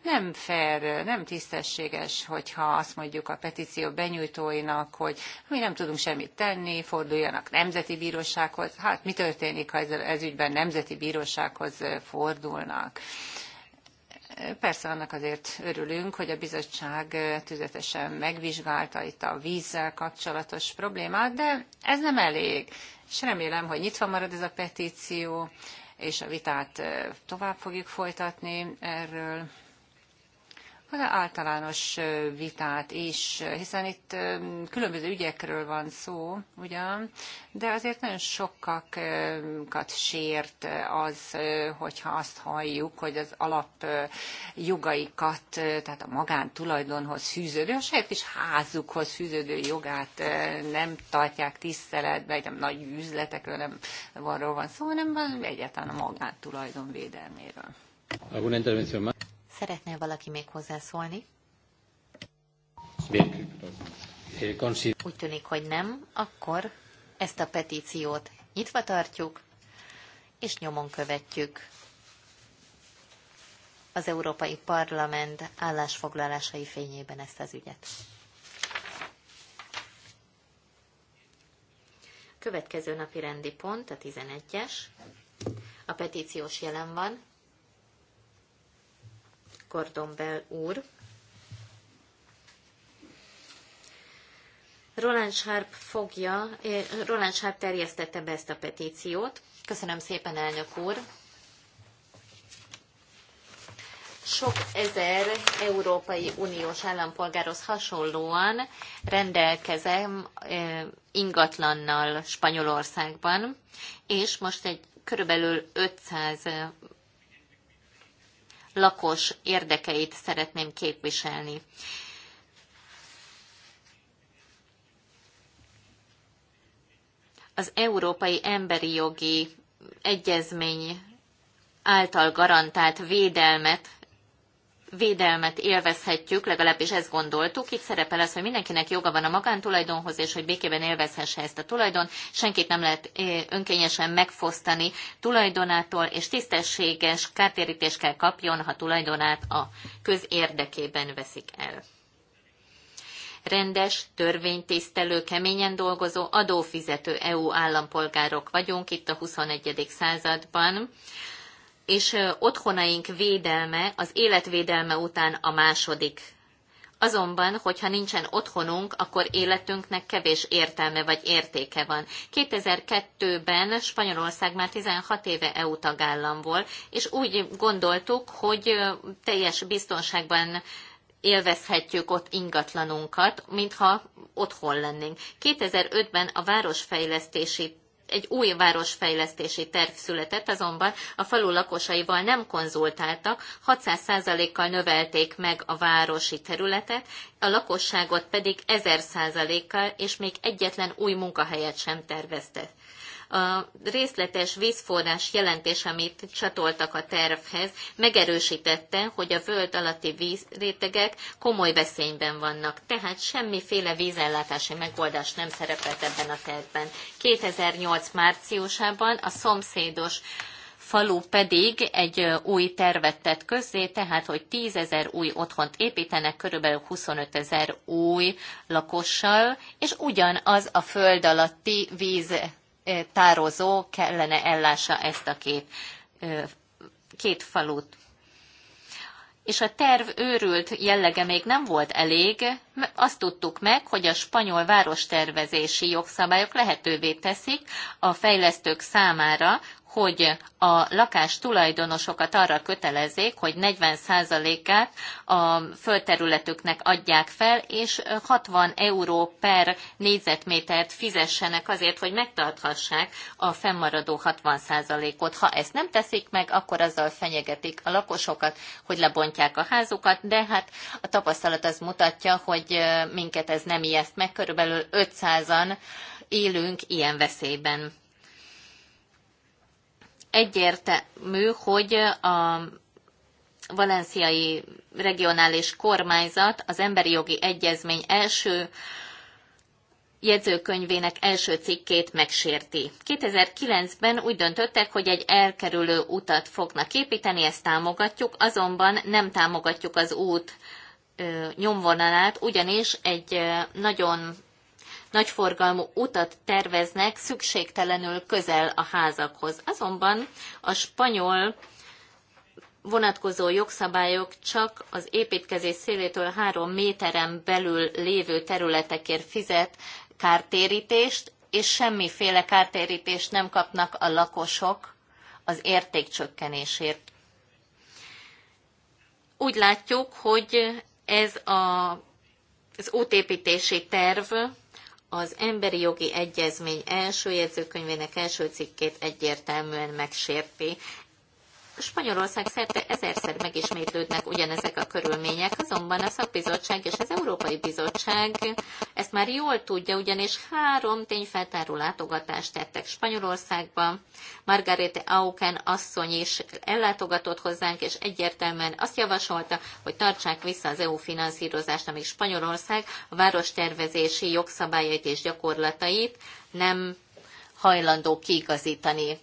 Nem fair, nem tisztességes, hogyha azt mondjuk a petíció benyújtóinak, hogy mi nem tudunk semmit tenni, forduljanak nemzeti bírósághoz. Hát mi történik, ha ez, ez ügyben nemzeti bírósághoz fordulnak? Persze annak azért örülünk, hogy a bizottság tüzetesen megvizsgálta itt a vízzel kapcsolatos problémát, de ez nem elég és remélem, hogy nyitva marad ez a petíció, és a vitát tovább fogjuk folytatni erről általános vitát is, hiszen itt különböző ügyekről van szó, ugyan, de azért nagyon sokakat sért az, hogyha azt halljuk, hogy az alap jogaikat, tehát a magántulajdonhoz fűződő, a saját kis házukhoz fűződő jogát nem tartják tiszteletbe, egy nagy üzletekről nem van szó, hanem egyáltalán a magántulajdon védelméről. Alguna intervención más? Szeretné valaki még hozzászólni? Úgy tűnik, hogy nem, akkor ezt a petíciót nyitva tartjuk, és nyomon követjük az Európai Parlament állásfoglalásai fényében ezt az ügyet. Következő napi rendi pont, a 11-es. A petíciós jelen van, Gordonbel úr. Roland Sharp fogja, eh, Roland Sharp terjesztette be ezt a petíciót. Köszönöm szépen, elnök úr. Sok ezer Európai Uniós állampolgárhoz hasonlóan rendelkezem eh, ingatlannal Spanyolországban, és most egy körülbelül 500 lakos érdekeit szeretném képviselni. Az Európai Emberi Jogi Egyezmény által garantált védelmet védelmet élvezhetjük, legalábbis ezt gondoltuk. Itt szerepel az, hogy mindenkinek joga van a magántulajdonhoz, és hogy békében élvezhesse ezt a tulajdon. Senkit nem lehet eh, önkényesen megfosztani tulajdonától, és tisztességes kártérítést kell kapjon, ha tulajdonát a közérdekében veszik el. Rendes, törvénytisztelő, keményen dolgozó, adófizető EU állampolgárok vagyunk itt a 21. században és otthonaink védelme az életvédelme után a második. Azonban, hogyha nincsen otthonunk, akkor életünknek kevés értelme vagy értéke van. 2002-ben Spanyolország már 16 éve EU tagállam volt, és úgy gondoltuk, hogy teljes biztonságban élvezhetjük ott ingatlanunkat, mintha otthon lennénk. 2005-ben a városfejlesztési egy új városfejlesztési terv született, azonban a falu lakosaival nem konzultáltak, 600%-kal növelték meg a városi területet, a lakosságot pedig 1000%-kal, és még egyetlen új munkahelyet sem terveztek. A részletes vízforrás jelentés, amit csatoltak a tervhez, megerősítette, hogy a völd alatti vízrétegek komoly veszélyben vannak, tehát semmiféle vízellátási megoldás nem szerepelt ebben a tervben. 2008 márciusában a szomszédos falu pedig egy új tervet tett közzé, tehát hogy 10 ezer új otthont építenek, körülbelül 25 ezer új lakossal, és ugyanaz a föld alatti víz tározó kellene ellássa ezt a két, két falut. És a terv őrült jellege még nem volt elég, azt tudtuk meg, hogy a spanyol várostervezési jogszabályok lehetővé teszik a fejlesztők számára, hogy a lakás tulajdonosokat arra kötelezzék, hogy 40%-át a földterületüknek adják fel, és 60 euró per négyzetmétert fizessenek azért, hogy megtarthassák a fennmaradó 60%-ot. Ha ezt nem teszik meg, akkor azzal fenyegetik a lakosokat, hogy lebontják a házukat, de hát a tapasztalat az mutatja, hogy hogy minket ez nem ijeszt meg. Körülbelül 500-an élünk ilyen veszélyben. Egyértelmű, hogy a valenciai regionális kormányzat az emberi jogi egyezmény első jegyzőkönyvének első cikkét megsérti. 2009-ben úgy döntöttek, hogy egy elkerülő utat fognak építeni, ezt támogatjuk, azonban nem támogatjuk az út nyomvonalát, ugyanis egy nagyon nagyforgalmú utat terveznek szükségtelenül közel a házakhoz. Azonban a spanyol vonatkozó jogszabályok csak az építkezés szélétől három méteren belül lévő területekért fizet kártérítést, és semmiféle kártérítést nem kapnak a lakosok az értékcsökkenésért. Úgy látjuk, hogy ez a, az útépítési terv az emberi jogi egyezmény első jegyzőkönyvének első cikkét egyértelműen megsérti. Spanyolország szerte ezerszer megismétlődnek ugyanezek a körülmények, azonban a szakbizottság és az Európai Bizottság ezt már jól tudja, ugyanis három tényfeltáró látogatást tettek Spanyolországba. Margarete Auken asszony is ellátogatott hozzánk, és egyértelműen azt javasolta, hogy tartsák vissza az EU finanszírozást, amíg Spanyolország a várostervezési jogszabályait és gyakorlatait nem hajlandó kiigazítani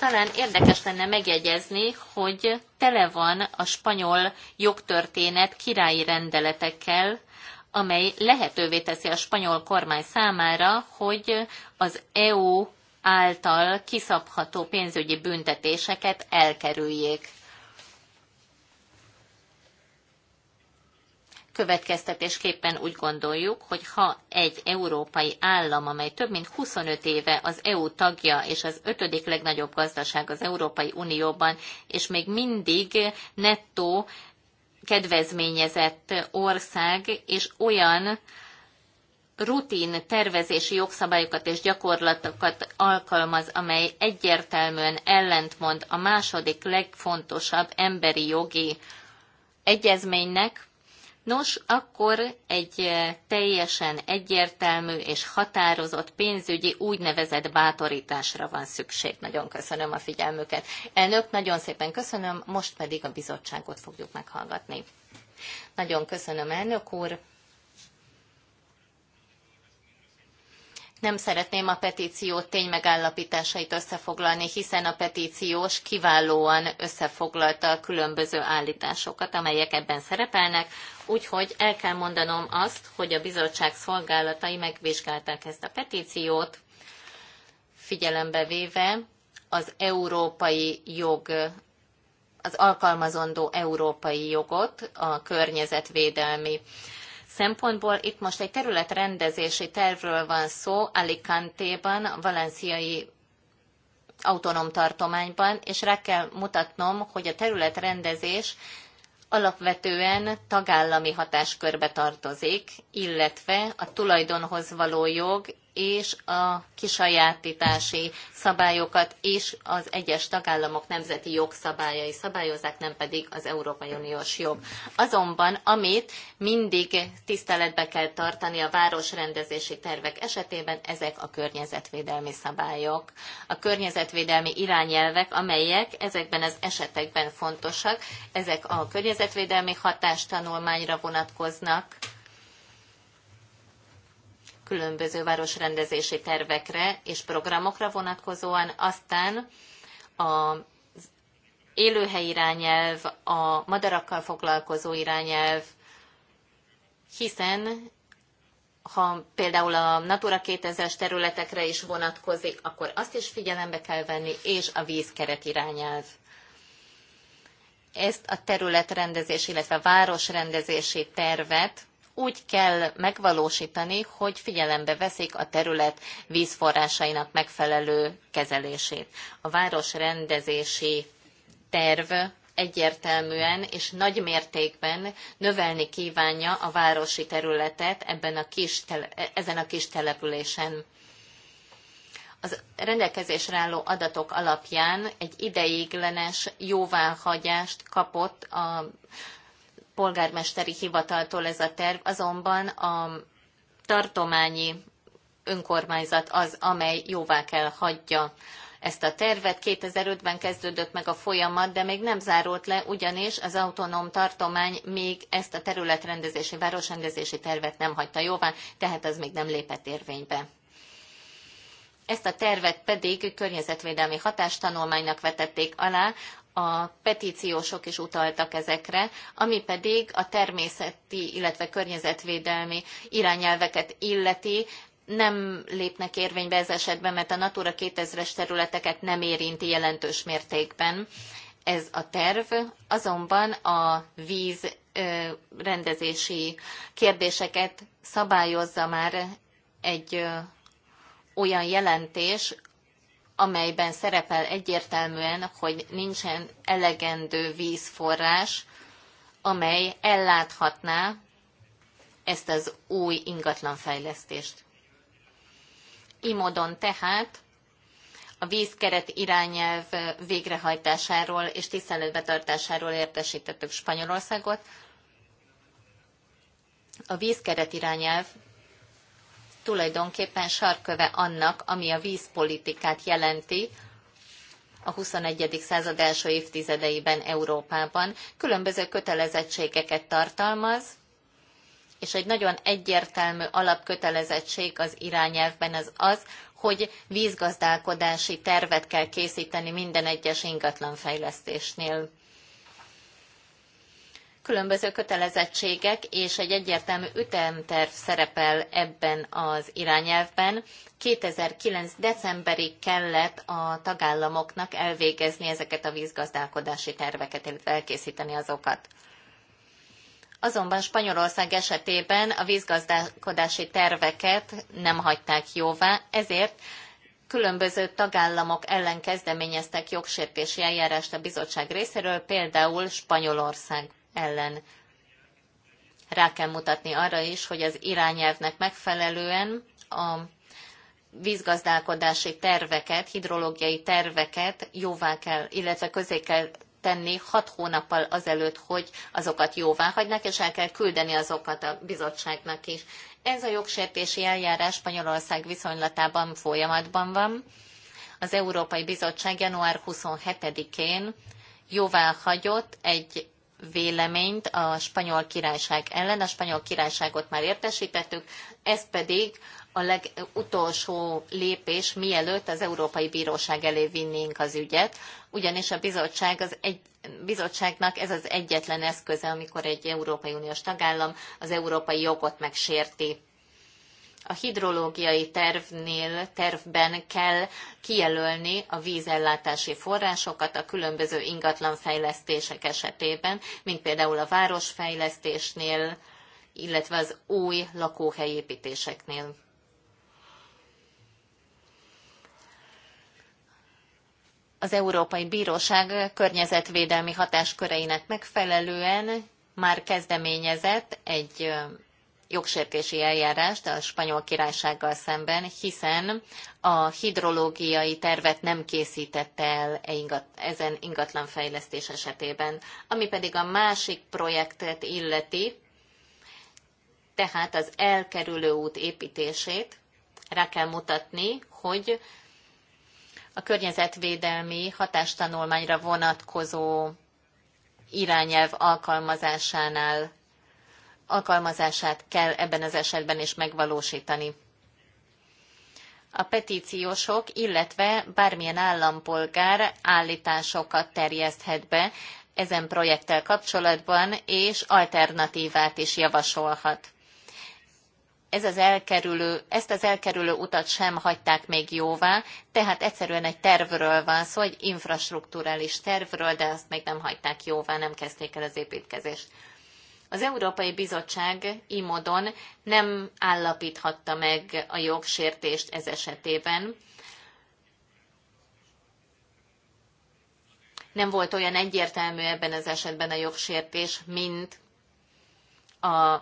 talán érdekes lenne megjegyezni, hogy tele van a spanyol jogtörténet királyi rendeletekkel, amely lehetővé teszi a spanyol kormány számára, hogy az EU által kiszabható pénzügyi büntetéseket elkerüljék. Következtetésképpen úgy gondoljuk, hogy ha egy európai állam, amely több mint 25 éve az EU tagja és az ötödik legnagyobb gazdaság az Európai Unióban, és még mindig nettó kedvezményezett ország, és olyan rutin tervezési jogszabályokat és gyakorlatokat alkalmaz, amely egyértelműen ellentmond a második legfontosabb emberi jogi egyezménynek, Nos, akkor egy teljesen egyértelmű és határozott pénzügyi úgynevezett bátorításra van szükség. Nagyon köszönöm a figyelmüket. Elnök, nagyon szépen köszönöm, most pedig a bizottságot fogjuk meghallgatni. Nagyon köszönöm, elnök úr. nem szeretném a petíció ténymegállapításait összefoglalni, hiszen a petíciós kiválóan összefoglalta a különböző állításokat, amelyek ebben szerepelnek, úgyhogy el kell mondanom azt, hogy a bizottság szolgálatai megvizsgálták ezt a petíciót, figyelembe véve az európai jog az alkalmazandó európai jogot, a környezetvédelmi szempontból itt most egy területrendezési tervről van szó Alicante-ban, a valenciai autonóm tartományban, és rá kell mutatnom, hogy a területrendezés alapvetően tagállami hatáskörbe tartozik, illetve a tulajdonhoz való jog és a kisajátítási szabályokat is az egyes tagállamok nemzeti jogszabályai szabályozzák, nem pedig az Európai Uniós jog. Azonban, amit mindig tiszteletbe kell tartani a városrendezési tervek esetében, ezek a környezetvédelmi szabályok. A környezetvédelmi irányelvek, amelyek ezekben az esetekben fontosak, ezek a környezetvédelmi hatástanulmányra vonatkoznak, különböző városrendezési tervekre és programokra vonatkozóan, aztán a élőhely irányelv, a madarakkal foglalkozó irányelv, hiszen ha például a Natura 2000-es területekre is vonatkozik, akkor azt is figyelembe kell venni, és a vízkeret irányelv. Ezt a területrendezés, illetve a városrendezési tervet úgy kell megvalósítani, hogy figyelembe veszik a terület vízforrásainak megfelelő kezelését. A városrendezési terv egyértelműen és nagy mértékben növelni kívánja a városi területet ebben a kis ezen a kis településen. Az rendelkezésre álló adatok alapján egy ideiglenes jóváhagyást kapott a polgármesteri hivataltól ez a terv, azonban a tartományi önkormányzat az, amely jóvá kell hagyja ezt a tervet. 2005-ben kezdődött meg a folyamat, de még nem zárult le, ugyanis az autonóm tartomány még ezt a területrendezési, városrendezési tervet nem hagyta jóvá, tehát az még nem lépett érvénybe. Ezt a tervet pedig környezetvédelmi hatástanulmánynak vetették alá, a petíciósok is utaltak ezekre, ami pedig a természeti, illetve környezetvédelmi irányelveket illeti, nem lépnek érvénybe ez esetben, mert a Natura 2000-es területeket nem érinti jelentős mértékben ez a terv, azonban a víz rendezési kérdéseket szabályozza már egy olyan jelentés, amelyben szerepel egyértelműen, hogy nincsen elegendő vízforrás, amely elláthatná ezt az új ingatlanfejlesztést. Így módon tehát a vízkeret irányelv végrehajtásáról és tiszteletbe tartásáról értesítettük Spanyolországot. A vízkeret irányelv tulajdonképpen sarköve annak, ami a vízpolitikát jelenti, a 21. század első évtizedeiben Európában különböző kötelezettségeket tartalmaz, és egy nagyon egyértelmű alapkötelezettség az irányelvben az az, hogy vízgazdálkodási tervet kell készíteni minden egyes ingatlanfejlesztésnél. Különböző kötelezettségek és egy egyértelmű ütemterv szerepel ebben az irányelvben. 2009. decemberig kellett a tagállamoknak elvégezni ezeket a vízgazdálkodási terveket, illetve elkészíteni azokat. Azonban Spanyolország esetében a vízgazdálkodási terveket nem hagyták jóvá, ezért különböző tagállamok ellen kezdeményeztek jogsértési eljárást a bizottság részéről, például Spanyolország ellen. Rá kell mutatni arra is, hogy az irányelvnek megfelelően a vízgazdálkodási terveket, hidrológiai terveket jóvá kell, illetve közé kell tenni hat hónappal azelőtt, hogy azokat jóvá hagynak, és el kell küldeni azokat a bizottságnak is. Ez a jogsértési eljárás Spanyolország viszonylatában folyamatban van. Az Európai Bizottság január 27-én jóvá hagyott egy véleményt a spanyol királyság ellen, a spanyol királyságot már értesítettük, ez pedig a legutolsó lépés, mielőtt az Európai Bíróság elé vinnénk az ügyet, ugyanis a bizottság az egy, bizottságnak ez az egyetlen eszköze, amikor egy Európai Uniós tagállam az európai jogot megsérti a hidrológiai tervnél, tervben kell kijelölni a vízellátási forrásokat a különböző ingatlanfejlesztések esetében, mint például a városfejlesztésnél, illetve az új lakóhelyépítéseknél. Az Európai Bíróság környezetvédelmi hatásköreinek megfelelően már kezdeményezett egy jogsértési eljárást a spanyol királysággal szemben, hiszen a hidrológiai tervet nem készítette el ezen ingatlanfejlesztés esetében. Ami pedig a másik projektet illeti, tehát az elkerülő út építését, rá kell mutatni, hogy a környezetvédelmi hatástanulmányra vonatkozó irányelv alkalmazásánál alkalmazását kell ebben az esetben is megvalósítani. A petíciósok, illetve bármilyen állampolgár állításokat terjeszthet be ezen projekttel kapcsolatban, és alternatívát is javasolhat ez az elkerülő, ezt az elkerülő utat sem hagyták még jóvá, tehát egyszerűen egy tervről van szó, egy infrastruktúrális tervről, de azt még nem hagyták jóvá, nem kezdték el az építkezést. Az Európai Bizottság imodon nem állapíthatta meg a jogsértést ez esetében. Nem volt olyan egyértelmű ebben az esetben a jogsértés, mint a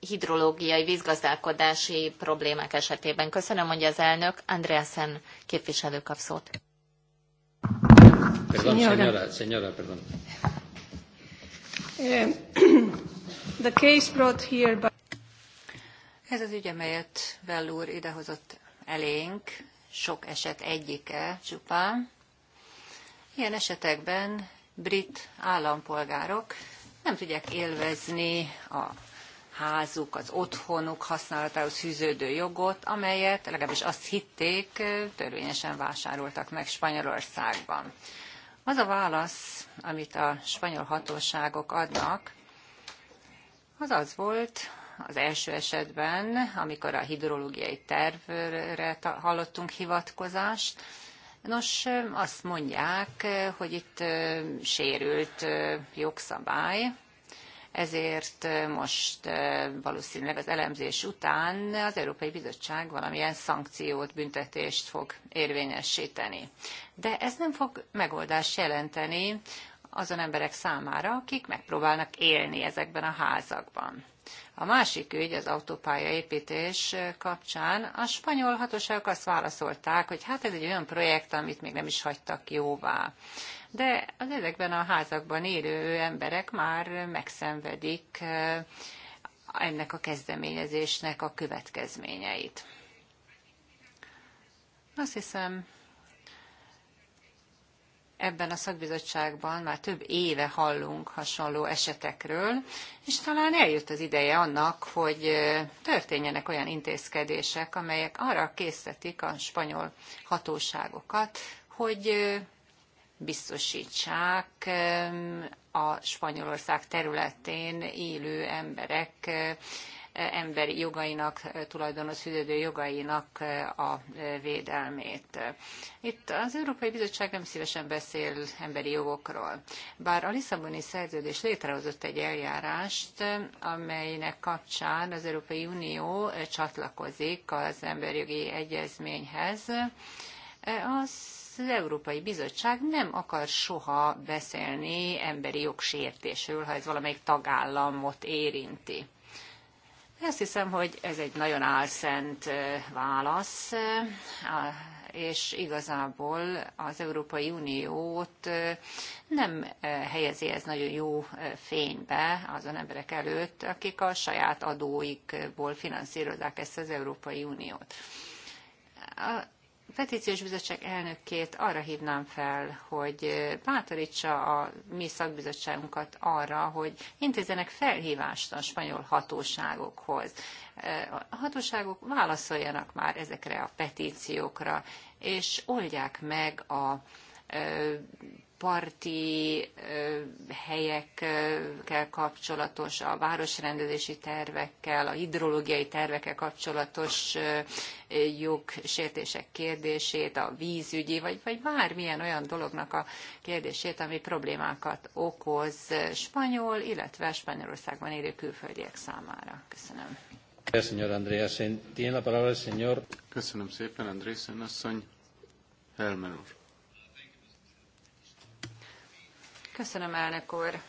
hidrológiai vízgazdálkodási problémák esetében. Köszönöm, hogy az elnök Andreasen képviselő kap szót. Perdón, señora, señora, perdón. Eh, the case brought here by... Ez az ügy, amelyet úr idehozott elénk, sok eset egyike csupán. Ilyen esetekben brit állampolgárok nem tudják élvezni a házuk, az otthonuk használatához fűződő jogot, amelyet legalábbis azt hitték, eh, törvényesen vásároltak meg Spanyolországban. Az a válasz, amit a spanyol hatóságok adnak, az az volt, az első esetben, amikor a hidrológiai tervre hallottunk hivatkozást, Nos, azt mondják, hogy itt sérült jogszabály, ezért most valószínűleg az elemzés után az Európai Bizottság valamilyen szankciót, büntetést fog érvényesíteni. De ez nem fog megoldást jelenteni azon emberek számára, akik megpróbálnak élni ezekben a házakban. A másik ügy az autópálya építés kapcsán a spanyol hatóságok azt válaszolták, hogy hát ez egy olyan projekt, amit még nem is hagytak jóvá de az ezekben a házakban élő emberek már megszenvedik eh, ennek a kezdeményezésnek a következményeit. Azt hiszem, ebben a szakbizottságban már több éve hallunk hasonló esetekről, és talán eljött az ideje annak, hogy eh, történjenek olyan intézkedések, amelyek arra készítik a spanyol hatóságokat, hogy eh, biztosítsák a Spanyolország területén élő emberek emberi jogainak, tulajdonos hűdődő jogainak a védelmét. Itt az Európai Bizottság nem szívesen beszél emberi jogokról. Bár a Lisszaboni szerződés létrehozott egy eljárást, amelynek kapcsán az Európai Unió csatlakozik az emberi jogi egyezményhez, az az Európai Bizottság nem akar soha beszélni emberi jogsértésről, ha ez valamelyik tagállamot érinti. Azt hiszem, hogy ez egy nagyon álszent válasz, és igazából az Európai Uniót nem helyezi ez nagyon jó fénybe azon emberek előtt, akik a saját adóikból finanszírozzák ezt az Európai Uniót petíciós bizottság elnökét arra hívnám fel, hogy bátorítsa a mi szakbizottságunkat arra, hogy intézenek felhívást a spanyol hatóságokhoz. A hatóságok válaszoljanak már ezekre a petíciókra, és oldják meg a parti helyekkel kapcsolatos, a városrendezési tervekkel, a hidrológiai tervekkel kapcsolatos jogsértések kérdését, a vízügyi, vagy, vagy bármilyen olyan dolognak a kérdését, ami problémákat okoz spanyol, illetve Spanyolországban élő külföldiek számára. Köszönöm. Köszönöm szépen, Andrészen asszony. Helmer úr. Köszönöm, elnök úr.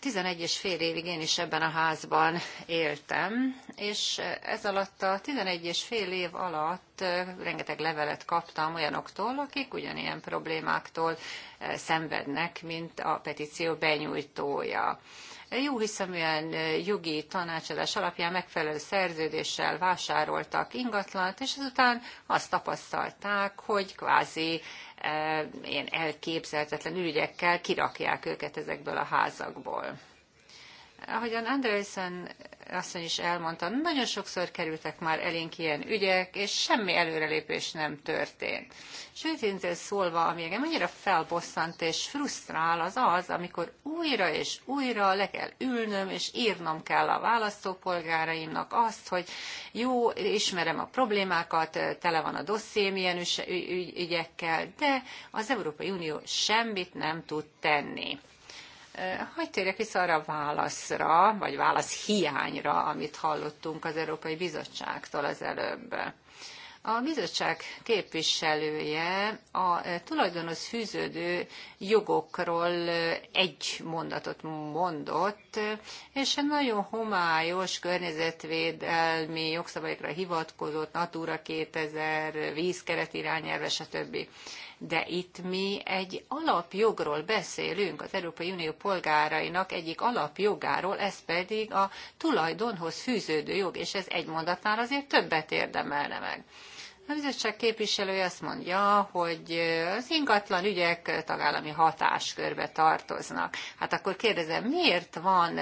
11 és fél évig én is ebben a házban éltem, és ez alatt a 11 és fél év alatt rengeteg levelet kaptam olyanoktól, akik ugyanilyen problémáktól szenvednek, mint a petíció benyújtója jó hiszeműen eh, jogi tanácsadás alapján megfelelő szerződéssel vásároltak ingatlant, és azután azt tapasztalták, hogy kvázi eh, ilyen elképzelhetetlen ürügyekkel kirakják őket ezekből a házakból. Ahogyan Anderson asszony is elmondta, nagyon sokszor kerültek már elénk ilyen ügyek, és semmi előrelépés nem történt. Sőt én szólva, ami engem annyira felbosszant és frusztrál, az az, amikor újra és újra le kell ülnöm, és írnom kell a választópolgáraimnak azt, hogy jó, ismerem a problémákat, tele van a dosszém ilyen ügyekkel, de az Európai Unió semmit nem tud tenni. Eh, hogy térjek vissza arra a válaszra, vagy válasz hiányra, amit hallottunk az Európai Bizottságtól az előbb. A bizottság képviselője a eh, tulajdonhoz fűződő jogokról eh, egy mondatot mondott, és nagyon homályos környezetvédelmi jogszabályokra hivatkozott, Natura 2000, vízkeret irányelve, stb de itt mi egy alapjogról beszélünk, az Európai Unió polgárainak egyik alapjogáról, ez pedig a tulajdonhoz fűződő jog, és ez egy mondatnál azért többet érdemelne meg. A bizottság képviselője azt mondja, hogy az ingatlan ügyek tagállami hatáskörbe tartoznak. Hát akkor kérdezem, miért van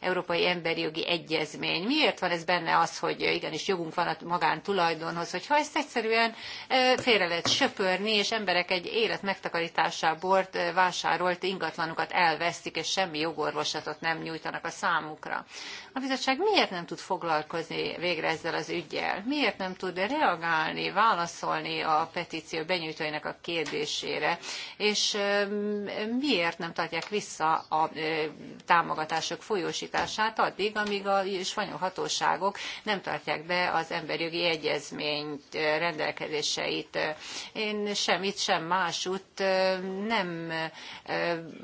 Európai Emberi Jogi Egyezmény? Miért van ez benne az, hogy igenis jogunk van a magántulajdonhoz, hogyha ezt egyszerűen félre lehet söpörni, és emberek egy élet megtakarításából vásárolt ingatlanukat elvesztik, és semmi jogorvoslatot nem nyújtanak a számukra. A bizottság miért nem tud foglalkozni végre ezzel az ügyel? Miért nem tud reagálni? megpróbálni válaszolni a petíció benyújtóinak a kérdésére, és miért nem tartják vissza a támogatások folyósítását addig, amíg a spanyol hatóságok nem tartják be az emberjogi egyezmény rendelkezéseit. Én sem itt, sem másutt nem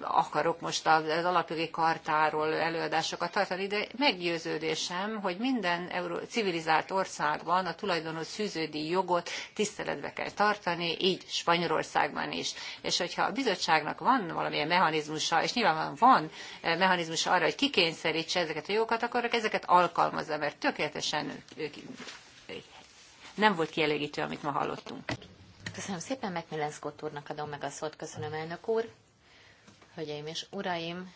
akarok most az alapjogi kartáról előadásokat tartani, de meggyőződésem, hogy minden euró, civilizált országban a tulajdonos fűződi jog jogot tiszteletbe kell tartani, így Spanyolországban is. És hogyha a bizottságnak van valamilyen mechanizmusa, és nyilvánvalóan van eh, mechanizmusa arra, hogy kikényszerítse ezeket a jogokat, akkor ezeket alkalmazza, mert tökéletesen ők, eh, nem volt kielégítő, amit ma hallottunk. Köszönöm szépen, Macmillan Scott úrnak adom meg a szót. Köszönöm, elnök úr. Hölgyeim és uraim,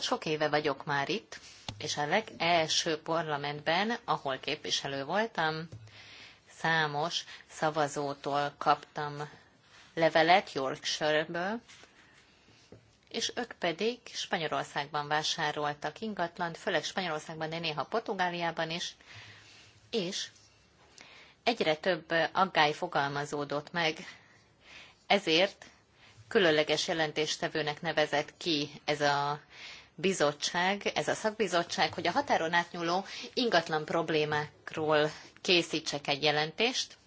sok éve vagyok már itt, és a legelső parlamentben, ahol képviselő voltam, számos szavazótól kaptam levelet Yorkshire-ből, és ők pedig Spanyolországban vásároltak ingatlant, főleg Spanyolországban, de néha Portugáliában is, és egyre több aggály fogalmazódott meg. Ezért különleges jelentéstevőnek nevezett ki ez a bizottság, ez a szakbizottság, hogy a határon átnyúló ingatlan problémákról készítsek egy jelentést.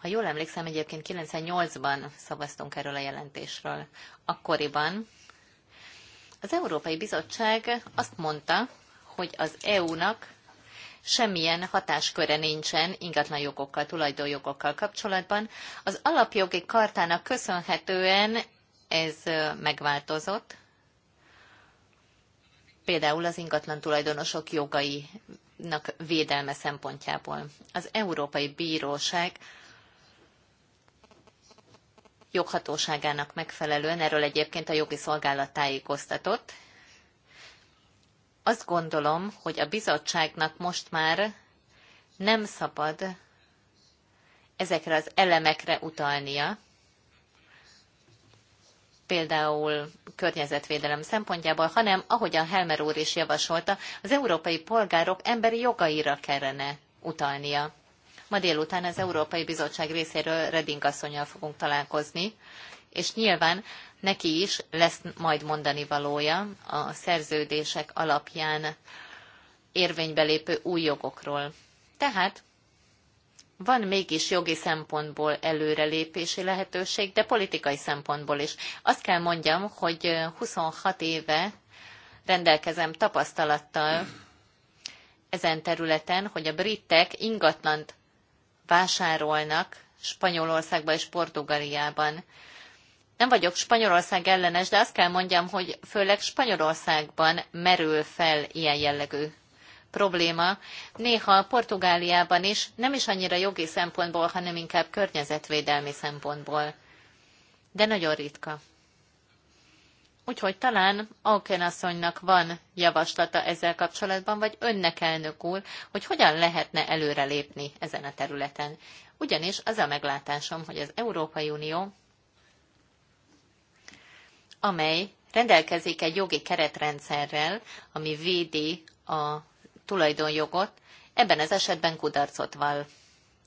Ha jól emlékszem, egyébként 98-ban szavaztunk erről a jelentésről. Akkoriban az Európai Bizottság azt mondta, hogy az EU-nak semmilyen hatásköre nincsen ingatlanjogokkal, tulajdonjogokkal kapcsolatban. Az alapjogi kartának köszönhetően ez megváltozott. Például az ingatlan tulajdonosok jogainak védelme szempontjából. Az Európai Bíróság joghatóságának megfelelően, erről egyébként a jogi szolgálat tájékoztatott. Azt gondolom, hogy a bizottságnak most már nem szabad ezekre az elemekre utalnia, például környezetvédelem szempontjából, hanem ahogyan Helmer úr is javasolta, az európai polgárok emberi jogaira kellene utalnia. Ma délután az Európai Bizottság részéről Reding asszonyjal fogunk találkozni, és nyilván neki is lesz majd mondani valója a szerződések alapján érvénybe lépő új jogokról. Tehát van mégis jogi szempontból előrelépési lehetőség, de politikai szempontból is. Azt kell mondjam, hogy 26 éve rendelkezem tapasztalattal ezen területen, hogy a britek ingatlant vásárolnak Spanyolországban és Portugaliában. Nem vagyok Spanyolország ellenes, de azt kell mondjam, hogy főleg Spanyolországban merül fel ilyen jellegű probléma. Néha Portugáliában is, nem is annyira jogi szempontból, hanem inkább környezetvédelmi szempontból. De nagyon ritka. Úgyhogy talán Auken asszonynak van javaslata ezzel kapcsolatban, vagy önnek elnök úr, hogy hogyan lehetne előrelépni ezen a területen. Ugyanis az a meglátásom, hogy az Európai Unió, amely rendelkezik egy jogi keretrendszerrel, ami védi a tulajdonjogot, ebben az esetben kudarcot vall,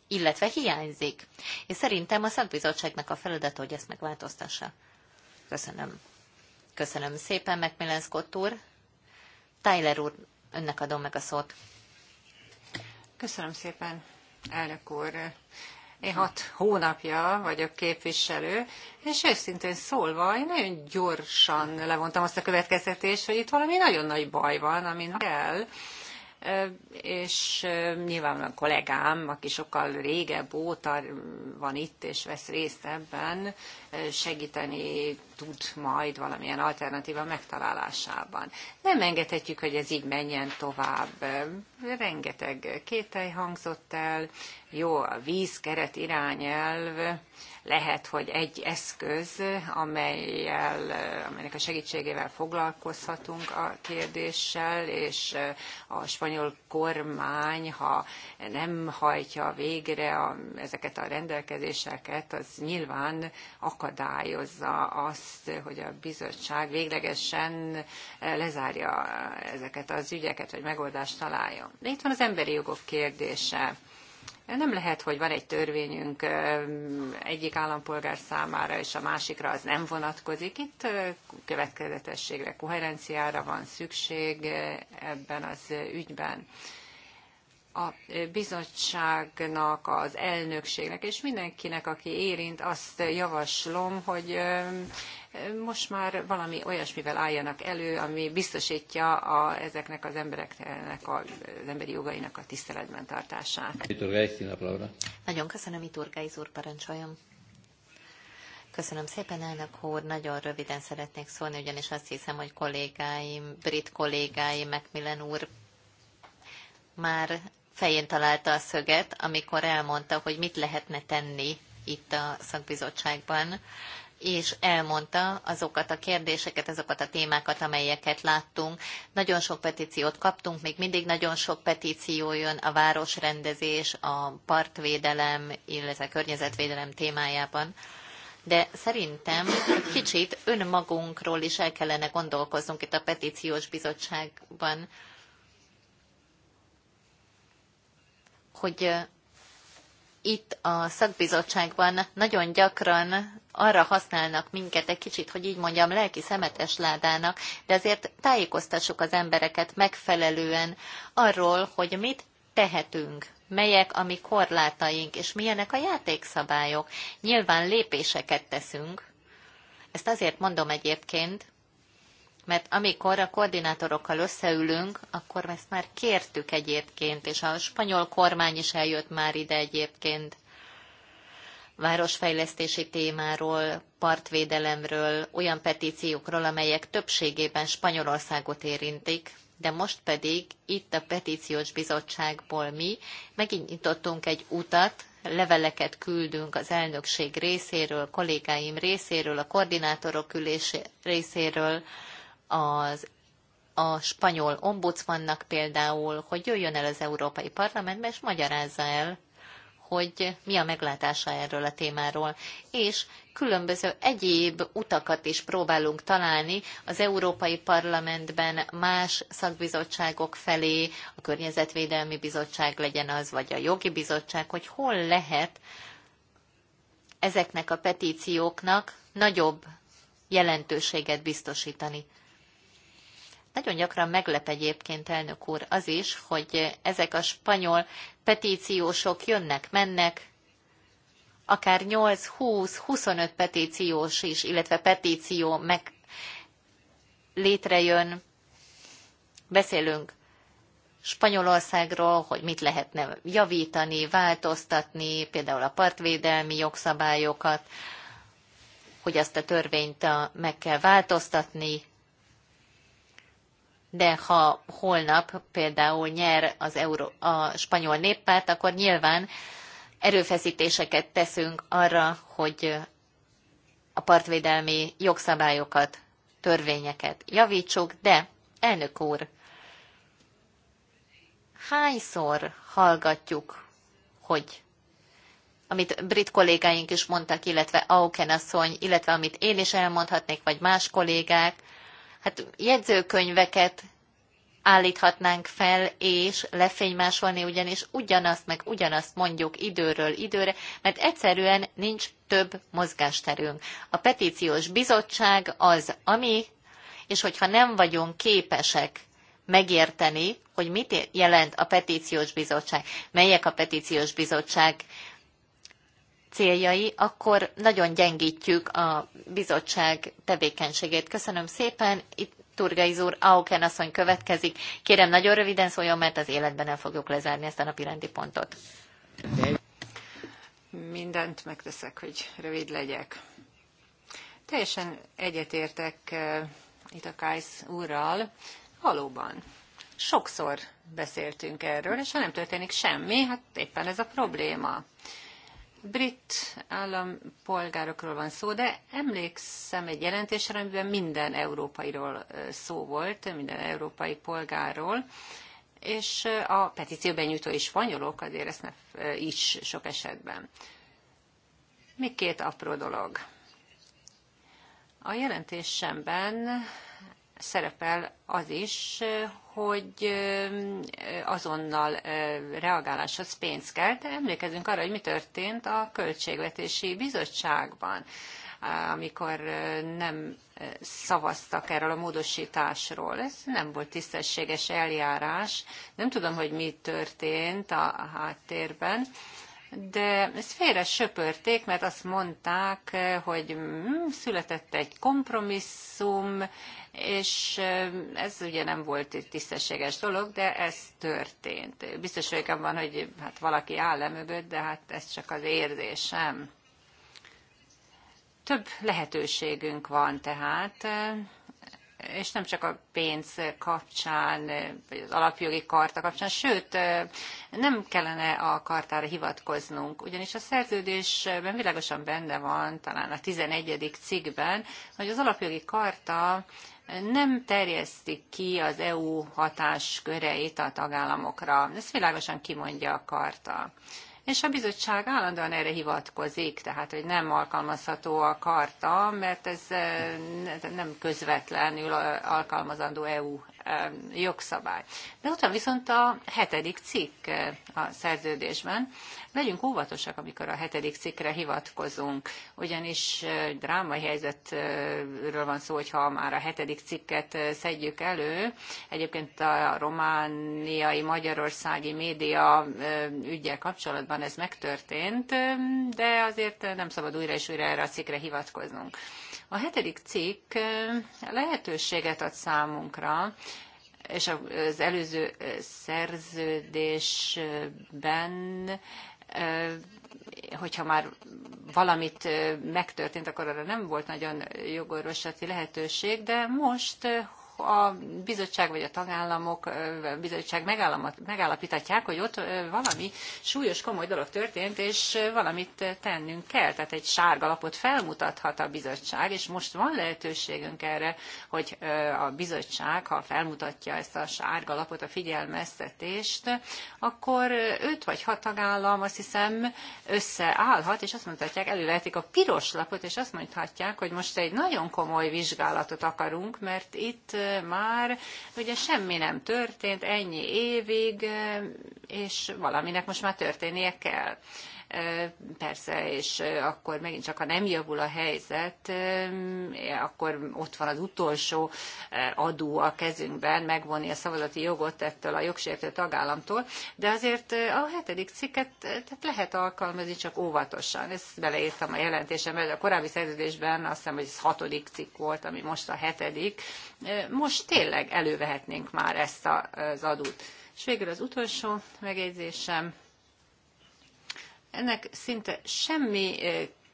illetve hiányzik. És szerintem a szakbizottságnak a feladata, hogy ezt megváltoztassa. Köszönöm. Köszönöm szépen, Macmillan Scott úr. Tyler úr, önnek adom meg a szót. Köszönöm szépen, elnök úr. Én hat hónapja vagyok képviselő, és őszintén szólva, én nagyon gyorsan levontam azt a következtetést, hogy itt valami nagyon nagy baj van, amin kell, és nyilván a kollégám, aki sokkal régebb óta van itt és vesz részt ebben, segíteni tud majd valamilyen alternatíva megtalálásában. Nem engedhetjük, hogy ez így menjen tovább. Rengeteg kételj hangzott el, jó a vízkeret irányelv, lehet, hogy egy eszköz, amelyel, amelynek a segítségével foglalkozhatunk a kérdéssel, és eh, a spanyol kormány, ha nem hajtja végre a, ezeket a rendelkezéseket, az nyilván akadályozza azt, hogy a bizottság véglegesen eh, lezárja eh, ezeket az ügyeket, hogy megoldást találjon. De itt van az emberi jogok kérdése nem lehet, hogy van egy törvényünk egyik állampolgár számára, és a másikra az nem vonatkozik. Itt következetességre, koherenciára van szükség ebben az ügyben a bizottságnak, az elnökségnek és mindenkinek, aki érint, azt javaslom, hogy most már valami olyasmivel álljanak elő, ami biztosítja a, ezeknek az embereknek a, az emberi jogainak a tiszteletben tartását. Nagyon köszönöm, Iturgáiz úr, parancsoljon. Köszönöm szépen, elnök úr. Nagyon röviden szeretnék szólni, ugyanis azt hiszem, hogy kollégáim, brit kollégáim, Macmillan úr már fején találta a szöget, amikor elmondta, hogy mit lehetne tenni itt a szakbizottságban, és elmondta azokat a kérdéseket, azokat a témákat, amelyeket láttunk. Nagyon sok petíciót kaptunk, még mindig nagyon sok petíció jön a városrendezés, a partvédelem, illetve a környezetvédelem témájában de szerintem egy kicsit önmagunkról is el kellene gondolkoznunk itt a petíciós bizottságban, hogy itt a szakbizottságban nagyon gyakran arra használnak minket egy kicsit, hogy így mondjam, lelki szemetes ládának, de azért tájékoztassuk az embereket megfelelően arról, hogy mit tehetünk, melyek a mi korlátaink, és milyenek a játékszabályok. Nyilván lépéseket teszünk. Ezt azért mondom egyébként, mert amikor a koordinátorokkal összeülünk, akkor ezt már kértük egyébként, és a spanyol kormány is eljött már ide egyébként városfejlesztési témáról, partvédelemről, olyan petíciókról, amelyek többségében Spanyolországot érintik, de most pedig itt a petíciós bizottságból mi megint egy utat, leveleket küldünk az elnökség részéről, kollégáim részéről, a koordinátorok ülés részéről, az a spanyol ombudsmannak például, hogy jöjjön el az Európai Parlamentbe, és magyarázza el, hogy mi a meglátása erről a témáról, és különböző egyéb utakat is próbálunk találni az Európai Parlamentben más szakbizottságok felé, a Környezetvédelmi Bizottság legyen az, vagy a Jogi Bizottság, hogy hol lehet ezeknek a petícióknak nagyobb jelentőséget biztosítani. Nagyon gyakran meglep egyébként, elnök úr, az is, hogy ezek a spanyol petíciósok jönnek, mennek, akár 8-20-25 petíciós is, illetve petíció meg létrejön. Beszélünk Spanyolországról, hogy mit lehetne javítani, változtatni, például a partvédelmi jogszabályokat, hogy azt a törvényt meg kell változtatni, de ha holnap például nyer az Euró- a spanyol néppárt, akkor nyilván erőfeszítéseket teszünk arra, hogy a partvédelmi jogszabályokat, törvényeket javítsuk, de elnök úr, hányszor hallgatjuk, hogy amit brit kollégáink is mondtak, illetve Auken asszony, illetve amit én is elmondhatnék, vagy más kollégák, hát jegyzőkönyveket állíthatnánk fel, és lefénymásolni ugyanis ugyanazt, meg ugyanazt mondjuk időről időre, mert egyszerűen nincs több mozgásterünk. A petíciós bizottság az, ami, és hogyha nem vagyunk képesek megérteni, hogy mit jelent a petíciós bizottság, melyek a petíciós bizottság céljai, akkor nagyon gyengítjük a bizottság tevékenységét. Köszönöm szépen. Itt Turgaiz úr, Auken asszony következik. Kérem, nagyon röviden szóljon, mert az életben nem fogjuk lezárni ezt a napi rendi pontot. Mindent megteszek, hogy rövid legyek. Teljesen egyetértek eh, itt a Kajsz úrral. Valóban. Sokszor beszéltünk erről, és ha nem történik semmi, hát éppen ez a probléma brit állampolgárokról van szó, de emlékszem egy jelentésre, amiben minden európairól szó volt, minden európai polgárról, és a petícióben nyújtó is spanyolok azért ezt is sok esetben. Mi két apró dolog. A jelentésemben szerepel az is, hogy azonnal reagáláshoz pénz kell, de emlékezünk arra, hogy mi történt a Költségvetési Bizottságban, amikor nem szavaztak erről a módosításról. Ez nem volt tisztességes eljárás. Nem tudom, hogy mi történt a háttérben, de ezt félre söpörték, mert azt mondták, hogy hmm, született egy kompromisszum, és ez ugye nem volt tisztességes dolog, de ez történt. Biztos vagyok abban, hogy hát valaki áll mögött, de hát ez csak az érzésem. Több lehetőségünk van tehát, és nem csak a pénz kapcsán, vagy az alapjogi karta kapcsán, sőt, nem kellene a kartára hivatkoznunk, ugyanis a szerződésben világosan benne van, talán a 11. cikkben, hogy az alapjogi karta nem terjesztik ki az EU hatásköreit a tagállamokra. Ezt világosan kimondja a karta. És a bizottság állandóan erre hivatkozik, tehát hogy nem alkalmazható a karta, mert ez eh, nem közvetlenül alkalmazandó EU Um, jogszabály. De ott van viszont a hetedik cikk uh, a szerződésben. Legyünk óvatosak, amikor a hetedik cikkre hivatkozunk, ugyanis uh, drámai helyzetről van szó, hogyha már a hetedik cikket uh, szedjük elő. Egyébként a romániai, magyarországi média ügyel kapcsolatban ez megtörtént, um, de azért nem szabad újra és újra erre a cikkre hivatkoznunk. A hetedik cikk lehetőséget ad számunkra, és az előző szerződésben hogyha már valamit megtörtént, akkor arra nem volt nagyon jogorvoslati lehetőség, de most a bizottság vagy a tagállamok, a bizottság megállapíthatják, hogy ott valami súlyos, komoly dolog történt, és valamit tennünk kell. Tehát egy sárga lapot felmutathat a bizottság, és most van lehetőségünk erre, hogy a bizottság, ha felmutatja ezt a sárga lapot, a figyelmeztetést, akkor öt vagy hat tagállam azt hiszem összeállhat, és azt mondhatják, elővehetik a piros lapot, és azt mondhatják, hogy most egy nagyon komoly vizsgálatot akarunk, mert itt már ugye semmi nem történt ennyi évig, és valaminek most már történnie kell. Persze, és akkor megint csak, ha nem javul a helyzet, akkor ott van az utolsó adó a kezünkben, megvonni a szavazati jogot ettől a jogsértő tagállamtól, de azért a hetedik cikket tehát lehet alkalmazni, csak óvatosan. Ezt beleírtam a jelentésembe, a korábbi szerződésben azt hiszem, hogy ez hatodik cikk volt, ami most a hetedik. Most tényleg elővehetnénk már ezt az adót. És végül az utolsó megjegyzésem, ennek szinte semmi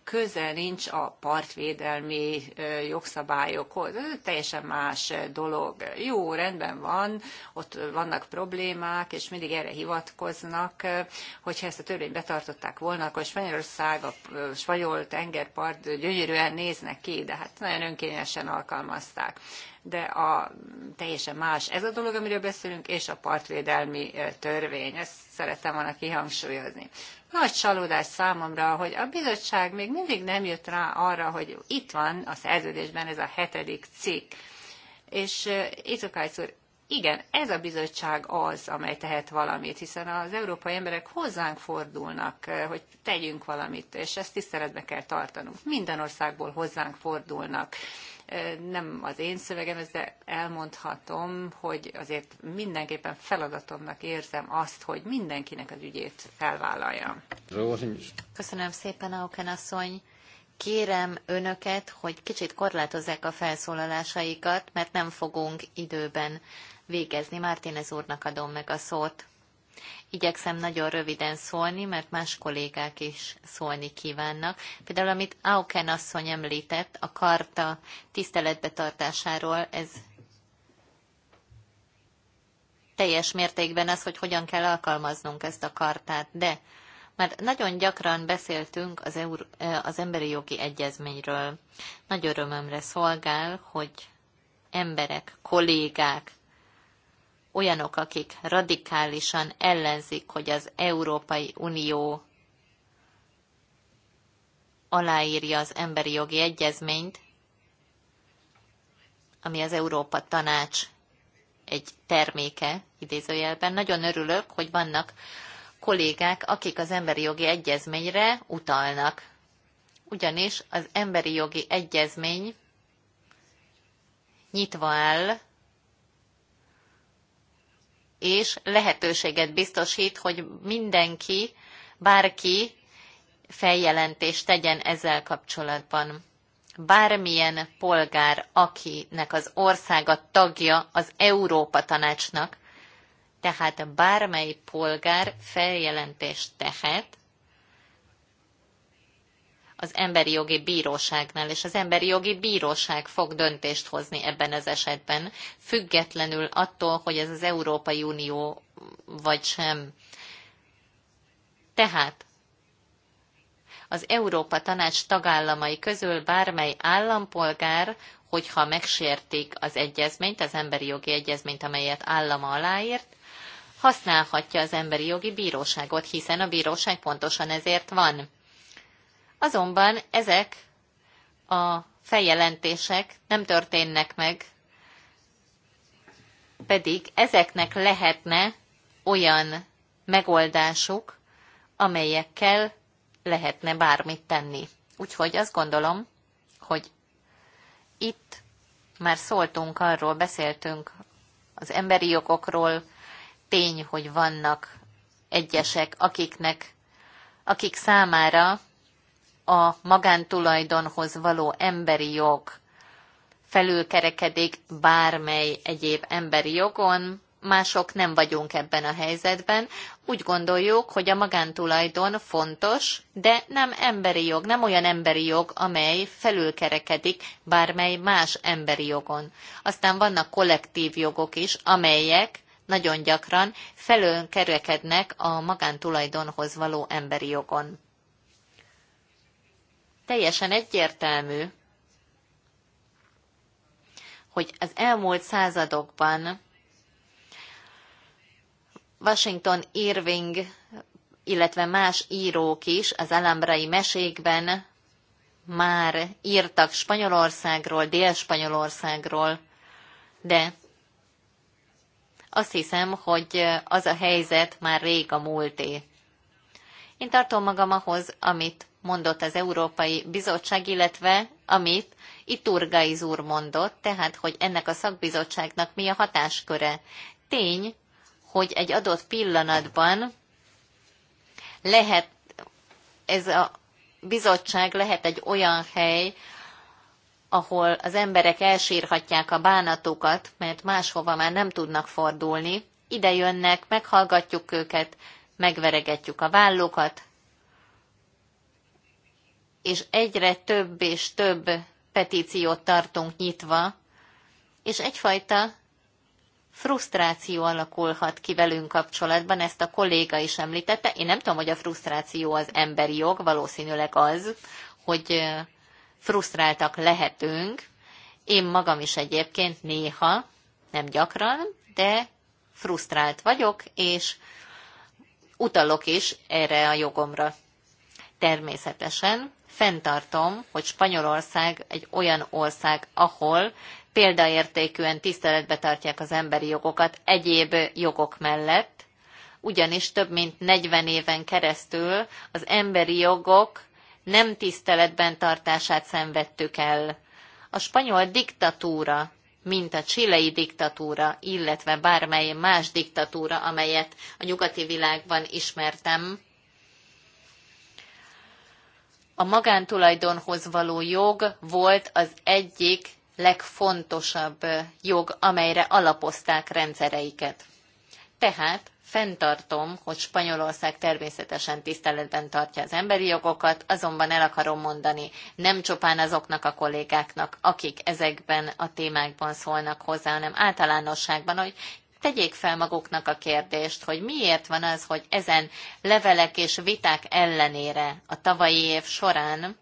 köze nincs a partvédelmi jogszabályokhoz. Ez teljesen más dolog. Jó, rendben van, ott vannak problémák, és mindig erre hivatkoznak. Hogyha ezt a törvényt betartották volna, akkor Spanyolország, a spanyol tengerpart gyönyörűen néznek ki, de hát nagyon önkényesen alkalmazták de a teljesen más ez a dolog, amiről beszélünk, és a partvédelmi törvény. Ezt szerettem volna kihangsúlyozni. Nagy csalódás számomra, hogy a bizottság még mindig nem jött rá arra, hogy itt van a szerződésben ez a hetedik cikk. És Izokájsz úr, igen, ez a bizottság az, amely tehet valamit, hiszen az európai emberek hozzánk fordulnak, hogy tegyünk valamit, és ezt tiszteletbe kell tartanunk. Minden országból hozzánk fordulnak nem az én szövegem, de elmondhatom, hogy azért mindenképpen feladatomnak érzem azt, hogy mindenkinek az ügyét felvállaljam. Köszönöm szépen, Auken asszony. Kérem önöket, hogy kicsit korlátozzák a felszólalásaikat, mert nem fogunk időben végezni. Mártinez úrnak adom meg a szót. Igyekszem nagyon röviden szólni, mert más kollégák is szólni kívánnak. Például, amit Auken asszony említett, a karta tartásáról, ez teljes mértékben az, hogy hogyan kell alkalmaznunk ezt a kartát, de mert nagyon gyakran beszéltünk az, Eur- az emberi jogi egyezményről. Nagy örömömre szolgál, hogy emberek, kollégák olyanok, akik radikálisan ellenzik, hogy az Európai Unió aláírja az emberi jogi egyezményt, ami az Európa Tanács egy terméke, idézőjelben. Nagyon örülök, hogy vannak kollégák, akik az emberi jogi egyezményre utalnak. Ugyanis az emberi jogi egyezmény nyitva áll és lehetőséget biztosít, hogy mindenki, bárki feljelentést tegyen ezzel kapcsolatban. Bármilyen polgár, akinek az országa tagja az Európa Tanácsnak, tehát bármely polgár feljelentést tehet, az Emberi Jogi Bíróságnál, és az Emberi Jogi Bíróság fog döntést hozni ebben az esetben, függetlenül attól, hogy ez az Európai Unió vagy sem. Tehát az Európa Tanács tagállamai közül bármely állampolgár, hogyha megsértik az egyezményt, az emberi jogi egyezményt, amelyet állama aláírt, használhatja az emberi jogi bíróságot, hiszen a bíróság pontosan ezért van. Azonban ezek a feljelentések nem történnek meg, pedig ezeknek lehetne olyan megoldásuk, amelyekkel lehetne bármit tenni. Úgyhogy azt gondolom, hogy itt már szóltunk arról, beszéltünk az emberi jogokról, tény, hogy vannak egyesek, akiknek, akik számára a magántulajdonhoz való emberi jog felülkerekedik bármely egyéb emberi jogon, mások nem vagyunk ebben a helyzetben. Úgy gondoljuk, hogy a magántulajdon fontos, de nem emberi jog, nem olyan emberi jog, amely felülkerekedik bármely más emberi jogon. Aztán vannak kollektív jogok is, amelyek nagyon gyakran felülkerekednek a magántulajdonhoz való emberi jogon teljesen egyértelmű, hogy az elmúlt századokban Washington Irving, illetve más írók is az alambrai mesékben már írtak Spanyolországról, Dél-Spanyolországról, de azt hiszem, hogy az a helyzet már rég a múlté. Én tartom magam ahhoz, amit mondott az Európai Bizottság, illetve amit Iturgaiz úr mondott, tehát hogy ennek a szakbizottságnak mi a hatásköre. Tény, hogy egy adott pillanatban lehet ez a bizottság lehet egy olyan hely, ahol az emberek elsírhatják a bánatukat, mert máshova már nem tudnak fordulni. Ide jönnek, meghallgatjuk őket, megveregetjük a vállukat, és egyre több és több petíciót tartunk nyitva, és egyfajta frusztráció alakulhat ki velünk kapcsolatban, ezt a kolléga is említette. Én nem tudom, hogy a frusztráció az emberi jog, valószínűleg az, hogy frusztráltak lehetünk. Én magam is egyébként néha, nem gyakran, de frusztrált vagyok, és utalok is erre a jogomra. Természetesen fenntartom, hogy Spanyolország egy olyan ország, ahol példaértékűen tiszteletbe tartják az emberi jogokat egyéb jogok mellett, ugyanis több mint 40 éven keresztül az emberi jogok nem tiszteletben tartását szenvedtük el. A spanyol diktatúra, mint a csilei diktatúra, illetve bármely más diktatúra, amelyet a nyugati világban ismertem, a magántulajdonhoz való jog volt az egyik legfontosabb jog, amelyre alapozták rendszereiket. Tehát fenntartom, hogy Spanyolország természetesen tiszteletben tartja az emberi jogokat, azonban el akarom mondani, nem csupán azoknak a kollégáknak, akik ezekben a témákban szólnak hozzá, hanem általánosságban, hogy tegyék fel maguknak a kérdést, hogy miért van az, hogy ezen levelek és viták ellenére a tavalyi év során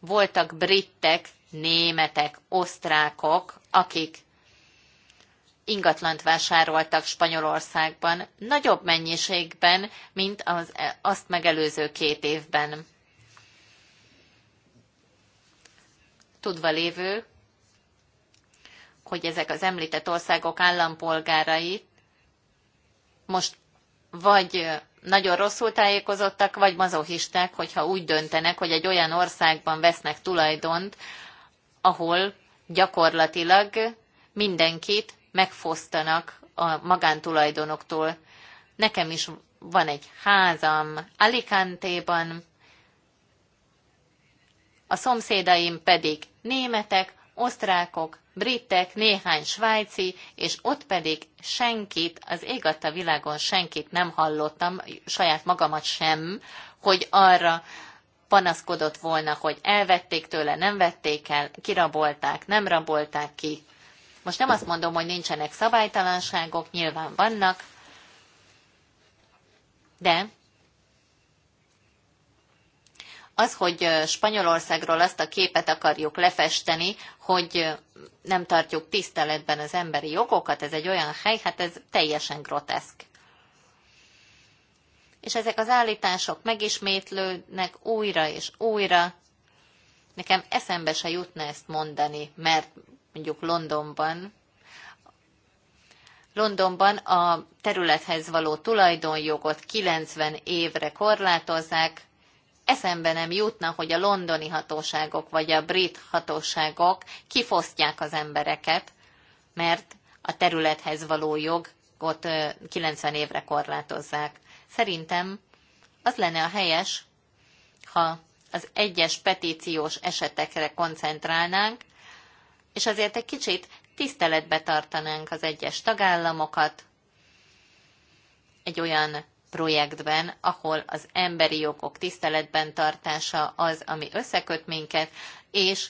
voltak brittek, németek, osztrákok, akik ingatlant vásároltak Spanyolországban nagyobb mennyiségben, mint az e, azt megelőző két évben. Tudva lévő, hogy ezek az említett országok állampolgárait most vagy nagyon rosszul tájékozottak, vagy mazohisták, hogyha úgy döntenek, hogy egy olyan országban vesznek tulajdont, ahol gyakorlatilag mindenkit megfosztanak a magántulajdonoktól. Nekem is van egy házam Alicante-ban, a szomszédaim pedig németek, osztrákok, britek, néhány svájci, és ott pedig senkit, az ég a világon senkit nem hallottam, saját magamat sem, hogy arra panaszkodott volna, hogy elvették tőle, nem vették el, kirabolták, nem rabolták ki. Most nem azt mondom, hogy nincsenek szabálytalanságok, nyilván vannak, de az, hogy Spanyolországról azt a képet akarjuk lefesteni, hogy nem tartjuk tiszteletben az emberi jogokat, ez egy olyan hely, hát ez teljesen groteszk. És ezek az állítások megismétlődnek újra és újra. Nekem eszembe se jutna ezt mondani, mert mondjuk Londonban, Londonban a területhez való tulajdonjogot 90 évre korlátozzák, eszembe nem jutna, hogy a londoni hatóságok vagy a brit hatóságok kifosztják az embereket, mert a területhez való jogot 90 évre korlátozzák. Szerintem az lenne a helyes, ha az egyes petíciós esetekre koncentrálnánk, és azért egy kicsit tiszteletbe tartanánk az egyes tagállamokat, egy olyan projektben, ahol az emberi jogok tiszteletben tartása az, ami összeköt minket, és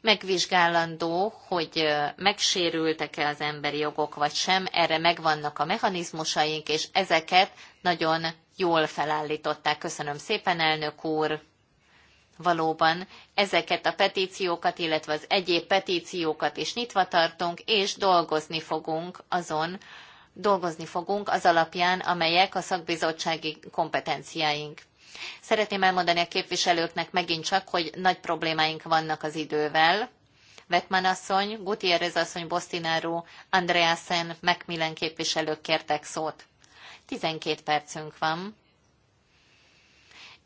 megvizsgálandó, hogy megsérültek-e az emberi jogok vagy sem, erre megvannak a mechanizmusaink, és ezeket nagyon jól felállították. Köszönöm szépen, elnök úr! Valóban ezeket a petíciókat, illetve az egyéb petíciókat is nyitva tartunk, és dolgozni fogunk azon, dolgozni fogunk az alapján, amelyek a szakbizottsági kompetenciáink. Szeretném elmondani a képviselőknek megint csak, hogy nagy problémáink vannak az idővel. Vetman asszony, Gutierrez asszony, Bostináró, Andreasen, Macmillan képviselők kértek szót. 12 percünk van,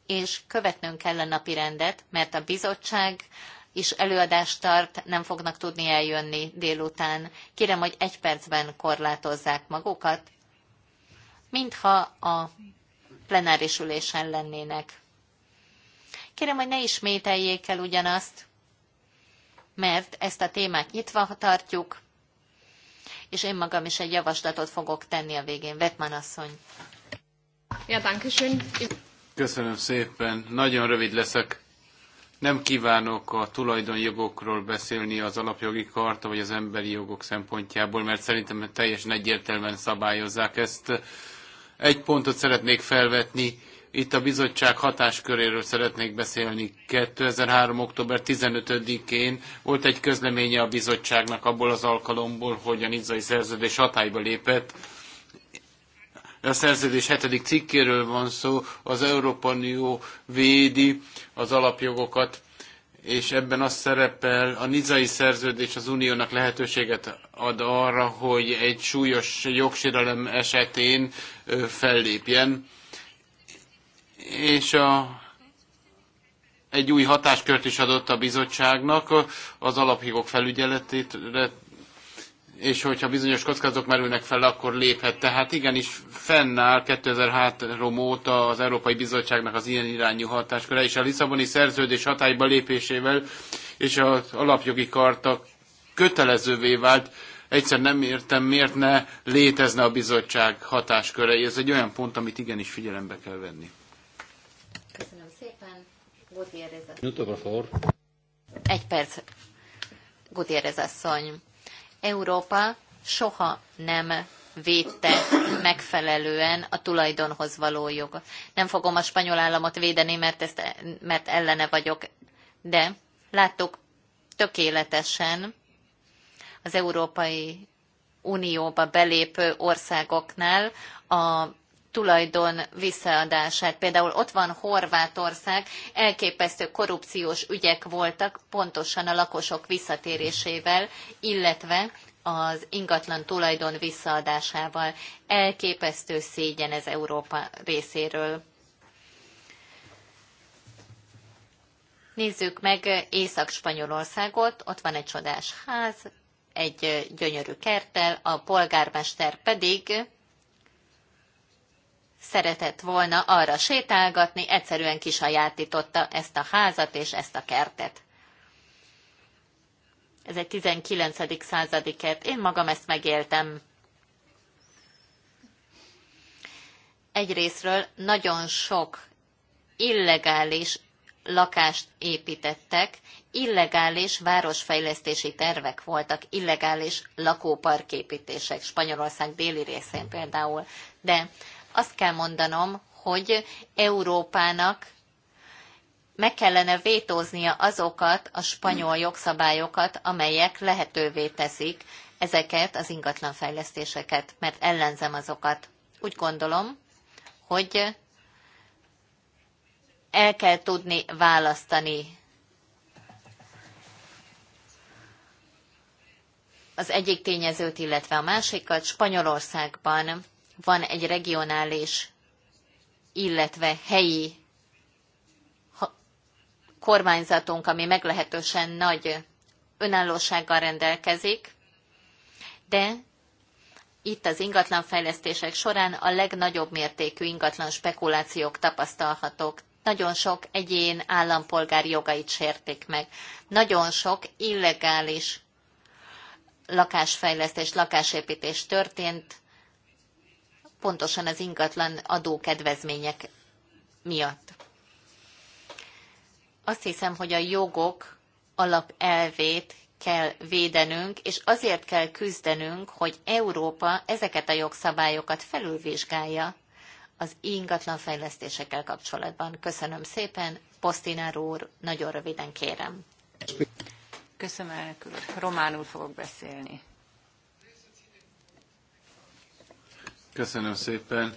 és követnünk kell a napi rendet, mert a bizottság is előadást tart, nem fognak tudni eljönni délután. Kérem, hogy egy percben korlátozzák magukat, mintha a plenáris ülésen lennének. Kérem, hogy ne ismételjék el ugyanazt, mert ezt a témát nyitva tartjuk, és én magam is egy javaslatot fogok tenni a végén. Vetman asszony. Ja, Köszönöm szépen. Nagyon rövid leszek. Nem kívánok a tulajdonjogokról beszélni az alapjogi karta vagy az emberi jogok szempontjából, mert szerintem teljesen egyértelműen szabályozzák ezt. Egy pontot szeretnék felvetni, itt a bizottság hatásköréről szeretnék beszélni. 2003. október 15-én volt egy közleménye a bizottságnak abból az alkalomból, hogy a nizzai szerződés hatályba lépett, a szerződés hetedik cikkéről van szó, az Európai Unió védi az alapjogokat, és ebben az szerepel, a nizai szerződés az uniónak lehetőséget ad arra, hogy egy súlyos jogsérelem esetén fellépjen, és a, egy új hatáskört is adott a bizottságnak az alapjogok felügyeletére és hogyha bizonyos kockázatok merülnek fel, akkor léphet. Tehát igenis fennáll 2003 óta az Európai Bizottságnak az ilyen irányú hatásköre, és a Lisszaboni szerződés hatályba lépésével és az alapjogi karta kötelezővé vált, egyszer nem értem, miért ne létezne a bizottság hatásköre. Ez egy olyan pont, amit igenis figyelembe kell venni. Köszönöm szépen. asszony. Egy perc. Gutierrez asszony. Európa soha nem védte megfelelően a tulajdonhoz való jogot. Nem fogom a spanyol államot védeni, mert, ezt, mert ellene vagyok, de láttuk tökéletesen az Európai Unióba belépő országoknál a tulajdon visszaadását. Például ott van Horvátország, elképesztő korrupciós ügyek voltak pontosan a lakosok visszatérésével, illetve az ingatlan tulajdon visszaadásával. Elképesztő szégyen ez Európa részéről. Nézzük meg Észak-Spanyolországot, ott van egy csodás ház, egy gyönyörű kerttel, a polgármester pedig szeretett volna arra sétálgatni, egyszerűen kisajátította ezt a házat és ezt a kertet. Ez egy 19. századi kert. Én magam ezt megéltem. Egyrésztről nagyon sok illegális lakást építettek, illegális városfejlesztési tervek voltak, illegális lakóparképítések Spanyolország déli részén például. De azt kell mondanom, hogy Európának meg kellene vétóznia azokat a spanyol jogszabályokat, amelyek lehetővé teszik ezeket az ingatlanfejlesztéseket, mert ellenzem azokat. Úgy gondolom, hogy el kell tudni választani az egyik tényezőt, illetve a másikat. Spanyolországban van egy regionális, illetve helyi kormányzatunk, ami meglehetősen nagy önállósággal rendelkezik, de itt az ingatlanfejlesztések során a legnagyobb mértékű ingatlan spekulációk tapasztalhatók. Nagyon sok egyén állampolgár jogait sértik meg. Nagyon sok illegális lakásfejlesztés, lakásépítés történt, pontosan az ingatlan adó kedvezmények miatt. Azt hiszem, hogy a jogok alapelvét kell védenünk, és azért kell küzdenünk, hogy Európa ezeket a jogszabályokat felülvizsgálja az ingatlan fejlesztésekkel kapcsolatban. Köszönöm szépen, Posztinár úr, nagyon röviden kérem. Köszönöm, Románul fogok beszélni. Köszönöm szépen.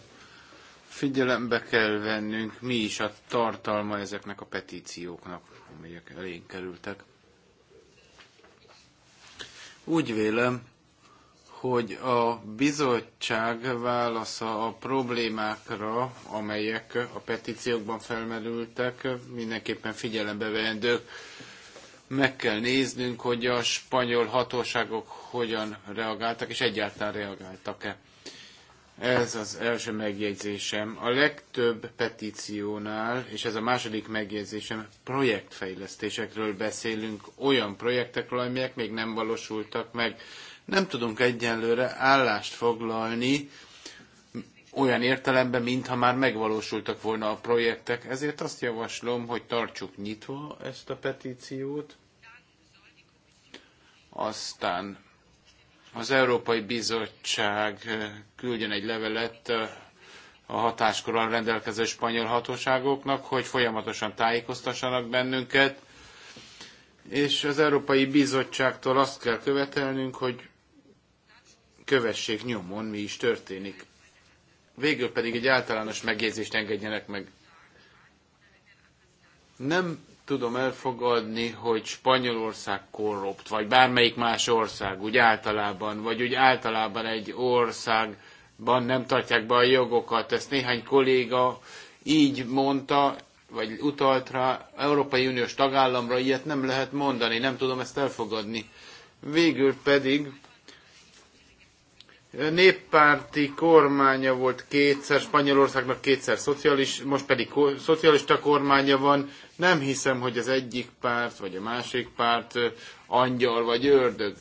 Figyelembe kell vennünk, mi is a tartalma ezeknek a petícióknak, amelyek elénk kerültek. Úgy vélem, hogy a bizottság válasza a problémákra, amelyek a petíciókban felmerültek, mindenképpen figyelembe veendők. Meg kell néznünk, hogy a spanyol hatóságok hogyan reagáltak, és egyáltalán reagáltak-e. Ez az első megjegyzésem. A legtöbb petíciónál, és ez a második megjegyzésem, projektfejlesztésekről beszélünk, olyan projektekről, amelyek még nem valósultak meg. Nem tudunk egyenlőre állást foglalni olyan értelemben, mintha már megvalósultak volna a projektek. Ezért azt javaslom, hogy tartsuk nyitva ezt a petíciót, aztán az Európai Bizottság eh, küldjön egy levelet eh, a hatáskorral rendelkező spanyol hatóságoknak, hogy folyamatosan tájékoztassanak bennünket, és az Európai Bizottságtól azt kell követelnünk, hogy kövessék nyomon, mi is történik. Végül pedig egy általános megjegyzést engedjenek meg. Nem tudom elfogadni, hogy Spanyolország korrupt, vagy bármelyik más ország, úgy általában, vagy úgy általában egy országban nem tartják be a jogokat. Ezt néhány kolléga így mondta, vagy utalt rá, Európai Uniós tagállamra ilyet nem lehet mondani, nem tudom ezt elfogadni. Végül pedig néppárti kormánya volt kétszer, Spanyolországnak kétszer szocialis, most pedig szocialista kormánya van, nem hiszem, hogy az egyik párt vagy a másik párt angyal vagy ördög.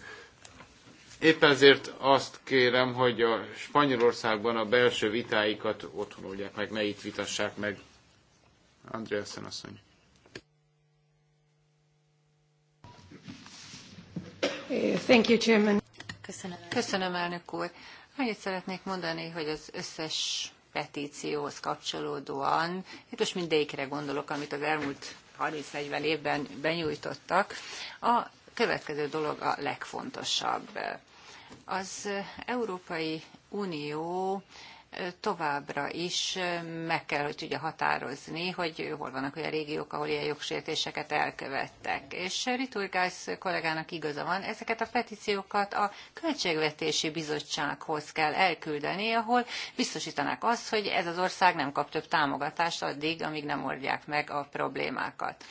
Éppen ezért azt kérem, hogy a Spanyolországban a belső vitáikat otthon oldják meg, ne itt vitassák meg. Andreasen asszony. Thank you, Chairman. Köszönöm. Köszönöm, elnök úr. Annyit szeretnék mondani, hogy az összes petícióhoz kapcsolódóan, itt most mindegyikre gondolok, amit az elmúlt 30-40 évben benyújtottak, a következő dolog a legfontosabb. Az Európai Unió továbbra is meg kell, hogy tudja határozni, hogy hol vannak olyan régiók, ahol ilyen jogsértéseket elkövettek. És Riturgász kollégának igaza van, ezeket a petíciókat a Költségvetési Bizottsághoz kell elküldeni, ahol biztosítanák azt, hogy ez az ország nem kap több támogatást addig, amíg nem oldják meg a problémákat.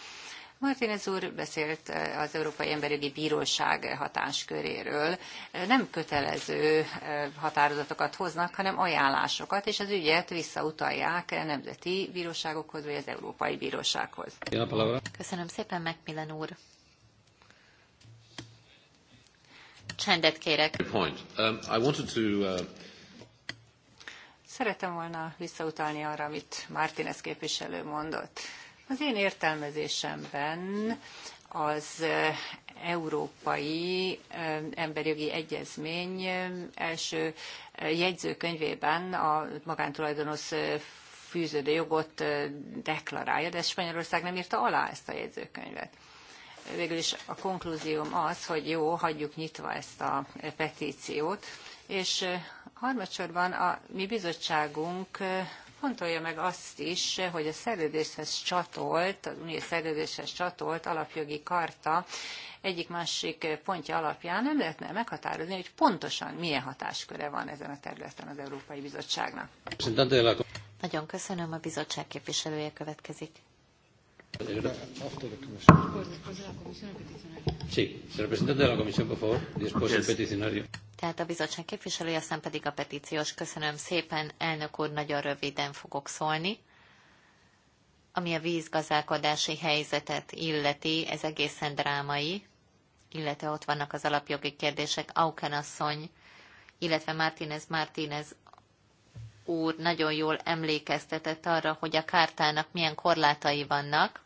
Martínez úr beszélt eh, az Európai Emberjogi Bíróság hatásköréről. Eh, nem kötelező eh, határozatokat hoznak, hanem ajánlásokat, és az ügyet visszautalják nemzeti bíróságokhoz, vagy az Európai Bírósághoz. Köszönöm szépen, Macmillan úr. Csendet kérek. Point. Um, I wanted to, uh, Szeretem volna visszautalni arra, amit Martínez képviselő mondott. Az én értelmezésemben az eh, Európai eh, Emberjogi Egyezmény eh, első jegyzőkönyvében a magántulajdonos fűződő jogot deklarálja, de Spanyolország nem írta alá ezt a jegyzőkönyvet. Végül is a konklúzióm az, hogy jó, hagyjuk nyitva ezt a petíciót, és harmadsorban a mi bizottságunk fontolja meg azt is, hogy a szerződéshez csatolt, az unió szerződéshez csatolt alapjogi karta egyik-másik pontja alapján nem lehetne meghatározni, hogy pontosan milyen hatásköre van ezen a területen az Európai Bizottságnak. Nagyon köszönöm, a bizottság képviselője következik. Tehát a bizottság képviselője, aztán pedig a petíciós. Köszönöm szépen, elnök úr, nagyon röviden fogok szólni. Ami a vízgazdálkodási helyzetet illeti, ez egészen drámai, illetve ott vannak az alapjogi kérdések. Auken asszony, illetve Martínez Martínez úr nagyon jól emlékeztetett arra, hogy a kártának milyen korlátai vannak,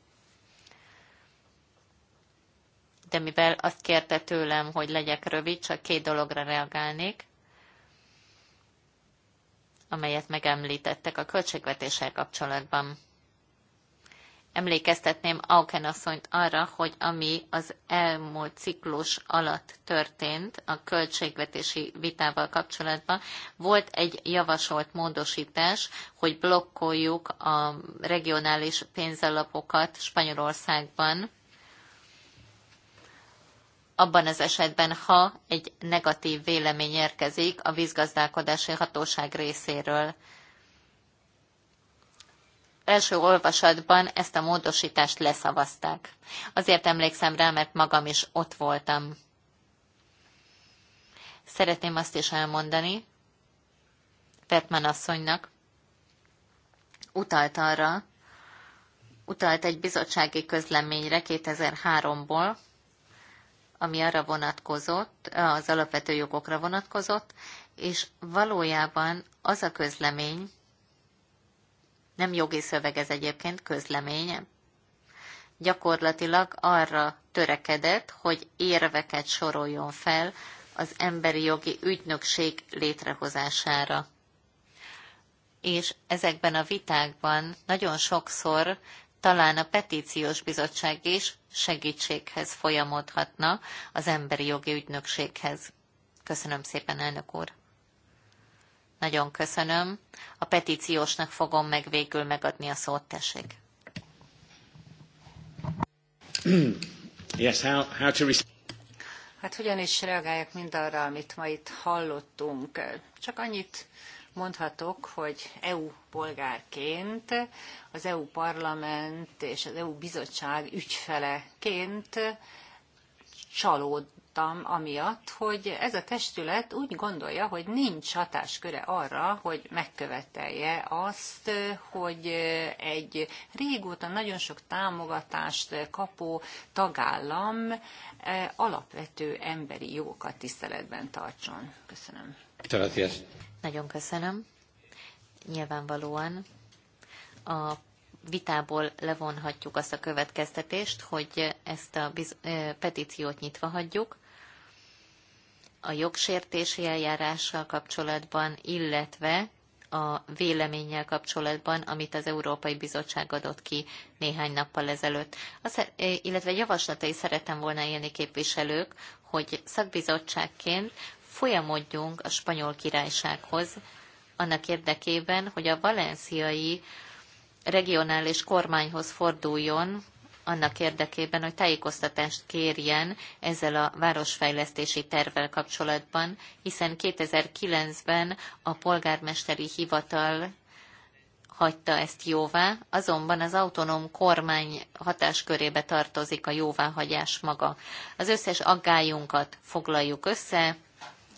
de mivel azt kérte tőlem, hogy legyek rövid, csak két dologra reagálnék, amelyet megemlítettek a költségvetéssel kapcsolatban. Emlékeztetném Auken asszonyt arra, hogy ami az elmúlt ciklus alatt történt a költségvetési vitával kapcsolatban, volt egy javasolt módosítás, hogy blokkoljuk a regionális pénzalapokat Spanyolországban, abban az esetben, ha egy negatív vélemény érkezik a vízgazdálkodási hatóság részéről. Első olvasatban ezt a módosítást leszavazták. Azért emlékszem rá, mert magam is ott voltam. Szeretném azt is elmondani, Vertman asszonynak utalt arra, utalt egy bizottsági közleményre 2003-ból, ami arra vonatkozott, az alapvető jogokra vonatkozott, és valójában az a közlemény, nem jogi szöveg ez egyébként, közleménye. gyakorlatilag arra törekedett, hogy érveket soroljon fel az emberi jogi ügynökség létrehozására. És ezekben a vitákban nagyon sokszor talán a petíciós bizottság is segítséghez folyamodhatna az emberi jogi ügynökséghez. Köszönöm szépen, elnök úr! Nagyon köszönöm. A petíciósnak fogom meg végül megadni a szót, tessék. Yes, how, how to hát hogyan is reagáljak mindarra, amit ma itt hallottunk? Csak annyit mondhatok, hogy EU polgárként, az EU parlament és az EU bizottság ügyfeleként csalódtam amiatt, hogy ez a testület úgy gondolja, hogy nincs hatásköre arra, hogy megkövetelje azt, hogy egy régóta nagyon sok támogatást kapó tagállam eh, alapvető emberi jogokat tiszteletben tartson. Köszönöm. Gracias. Nagyon köszönöm. Nyilvánvalóan a vitából levonhatjuk azt a következtetést, hogy ezt a biz- petíciót nyitva hagyjuk a jogsértési eljárással kapcsolatban, illetve a véleménnyel kapcsolatban, amit az Európai Bizottság adott ki néhány nappal ezelőtt. Az, illetve javaslatai szeretem volna élni képviselők, hogy szakbizottságként folyamodjunk a spanyol királysághoz, annak érdekében, hogy a valenciai regionális kormányhoz forduljon, annak érdekében, hogy tájékoztatást kérjen ezzel a városfejlesztési tervvel kapcsolatban, hiszen 2009-ben a polgármesteri hivatal hagyta ezt jóvá, azonban az autonóm kormány hatáskörébe tartozik a jóváhagyás maga. Az összes aggályunkat foglaljuk össze,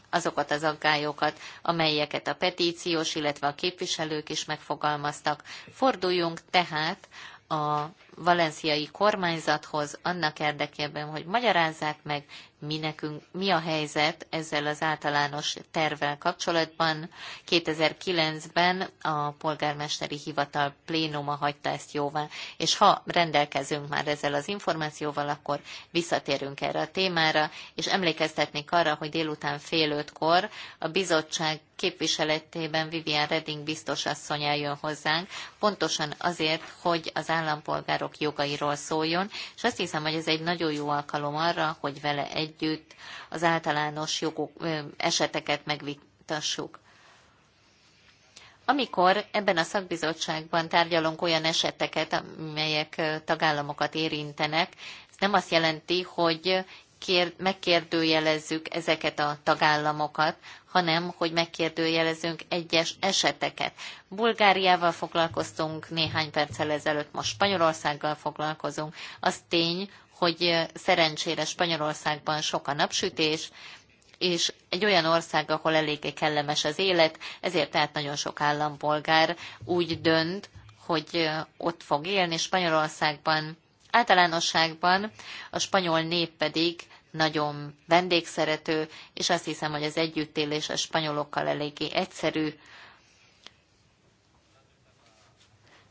azokat az aggályokat, amelyeket a petíciós, illetve a képviselők is megfogalmaztak. Forduljunk tehát a valenciai kormányzathoz annak érdekében, hogy magyarázzák meg, mi, nekünk, mi a helyzet ezzel az általános tervvel kapcsolatban. 2009-ben a polgármesteri hivatal plénuma hagyta ezt jóvá, és ha rendelkezünk már ezzel az információval, akkor visszatérünk erre a témára, és emlékeztetnék arra, hogy délután fél ötkor a bizottság képviseletében Vivian Redding biztos asszony eljön hozzánk, pontosan azért, hogy az állampolgárok fiatalok jogairól szóljon, és azt hiszem, hogy ez egy nagyon jó alkalom arra, hogy vele együtt az általános jogok, eseteket megvitassuk. Amikor ebben a szakbizottságban tárgyalunk olyan eseteket, amelyek tagállamokat érintenek, ez nem azt jelenti, hogy kér, megkérdőjelezzük ezeket a tagállamokat, hanem hogy megkérdőjelezünk egyes eseteket. Bulgáriával foglalkoztunk néhány perccel ezelőtt, most Spanyolországgal foglalkozunk. Az tény, hogy szerencsére Spanyolországban sok a napsütés, és egy olyan ország, ahol eléggé kellemes az élet, ezért tehát nagyon sok állampolgár úgy dönt, hogy ott fog élni. Spanyolországban Általánosságban a spanyol nép pedig nagyon vendégszerető, és azt hiszem, hogy az együttélés a spanyolokkal eléggé egyszerű.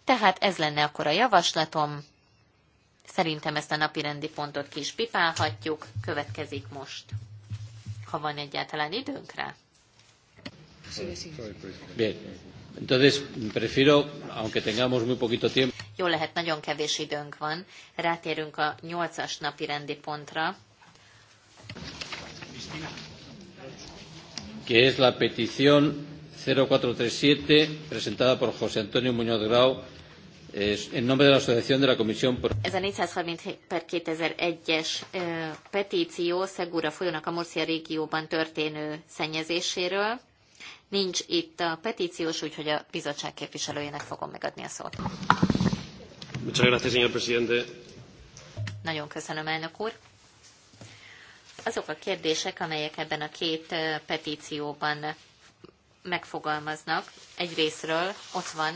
Tehát ez lenne akkor a javaslatom. Szerintem ezt a napi rendi pontot ki is pipálhatjuk. Következik most, ha van egyáltalán időnk rá. Bien. Entonces, prefiero, aunque tengamos muy poquito tiempo... Jó lehet, nagyon kevés időnk van. Rátérünk a nyolcas napi rendi pontra. Que es la petición 0437 presentada por José Antonio Muñoz Grau es, en nombre de la Asociación de la Comisión por... Ez a 430 per 2001-es petíció Szegúra folyónak a Murcia régióban történő szennyezéséről nincs itt a petíciós, úgyhogy a bizottság képviselőjének fogom megadni a szót. Nagyon köszönöm, elnök úr. Azok a kérdések, amelyek ebben a két petícióban megfogalmaznak, egy részről ott van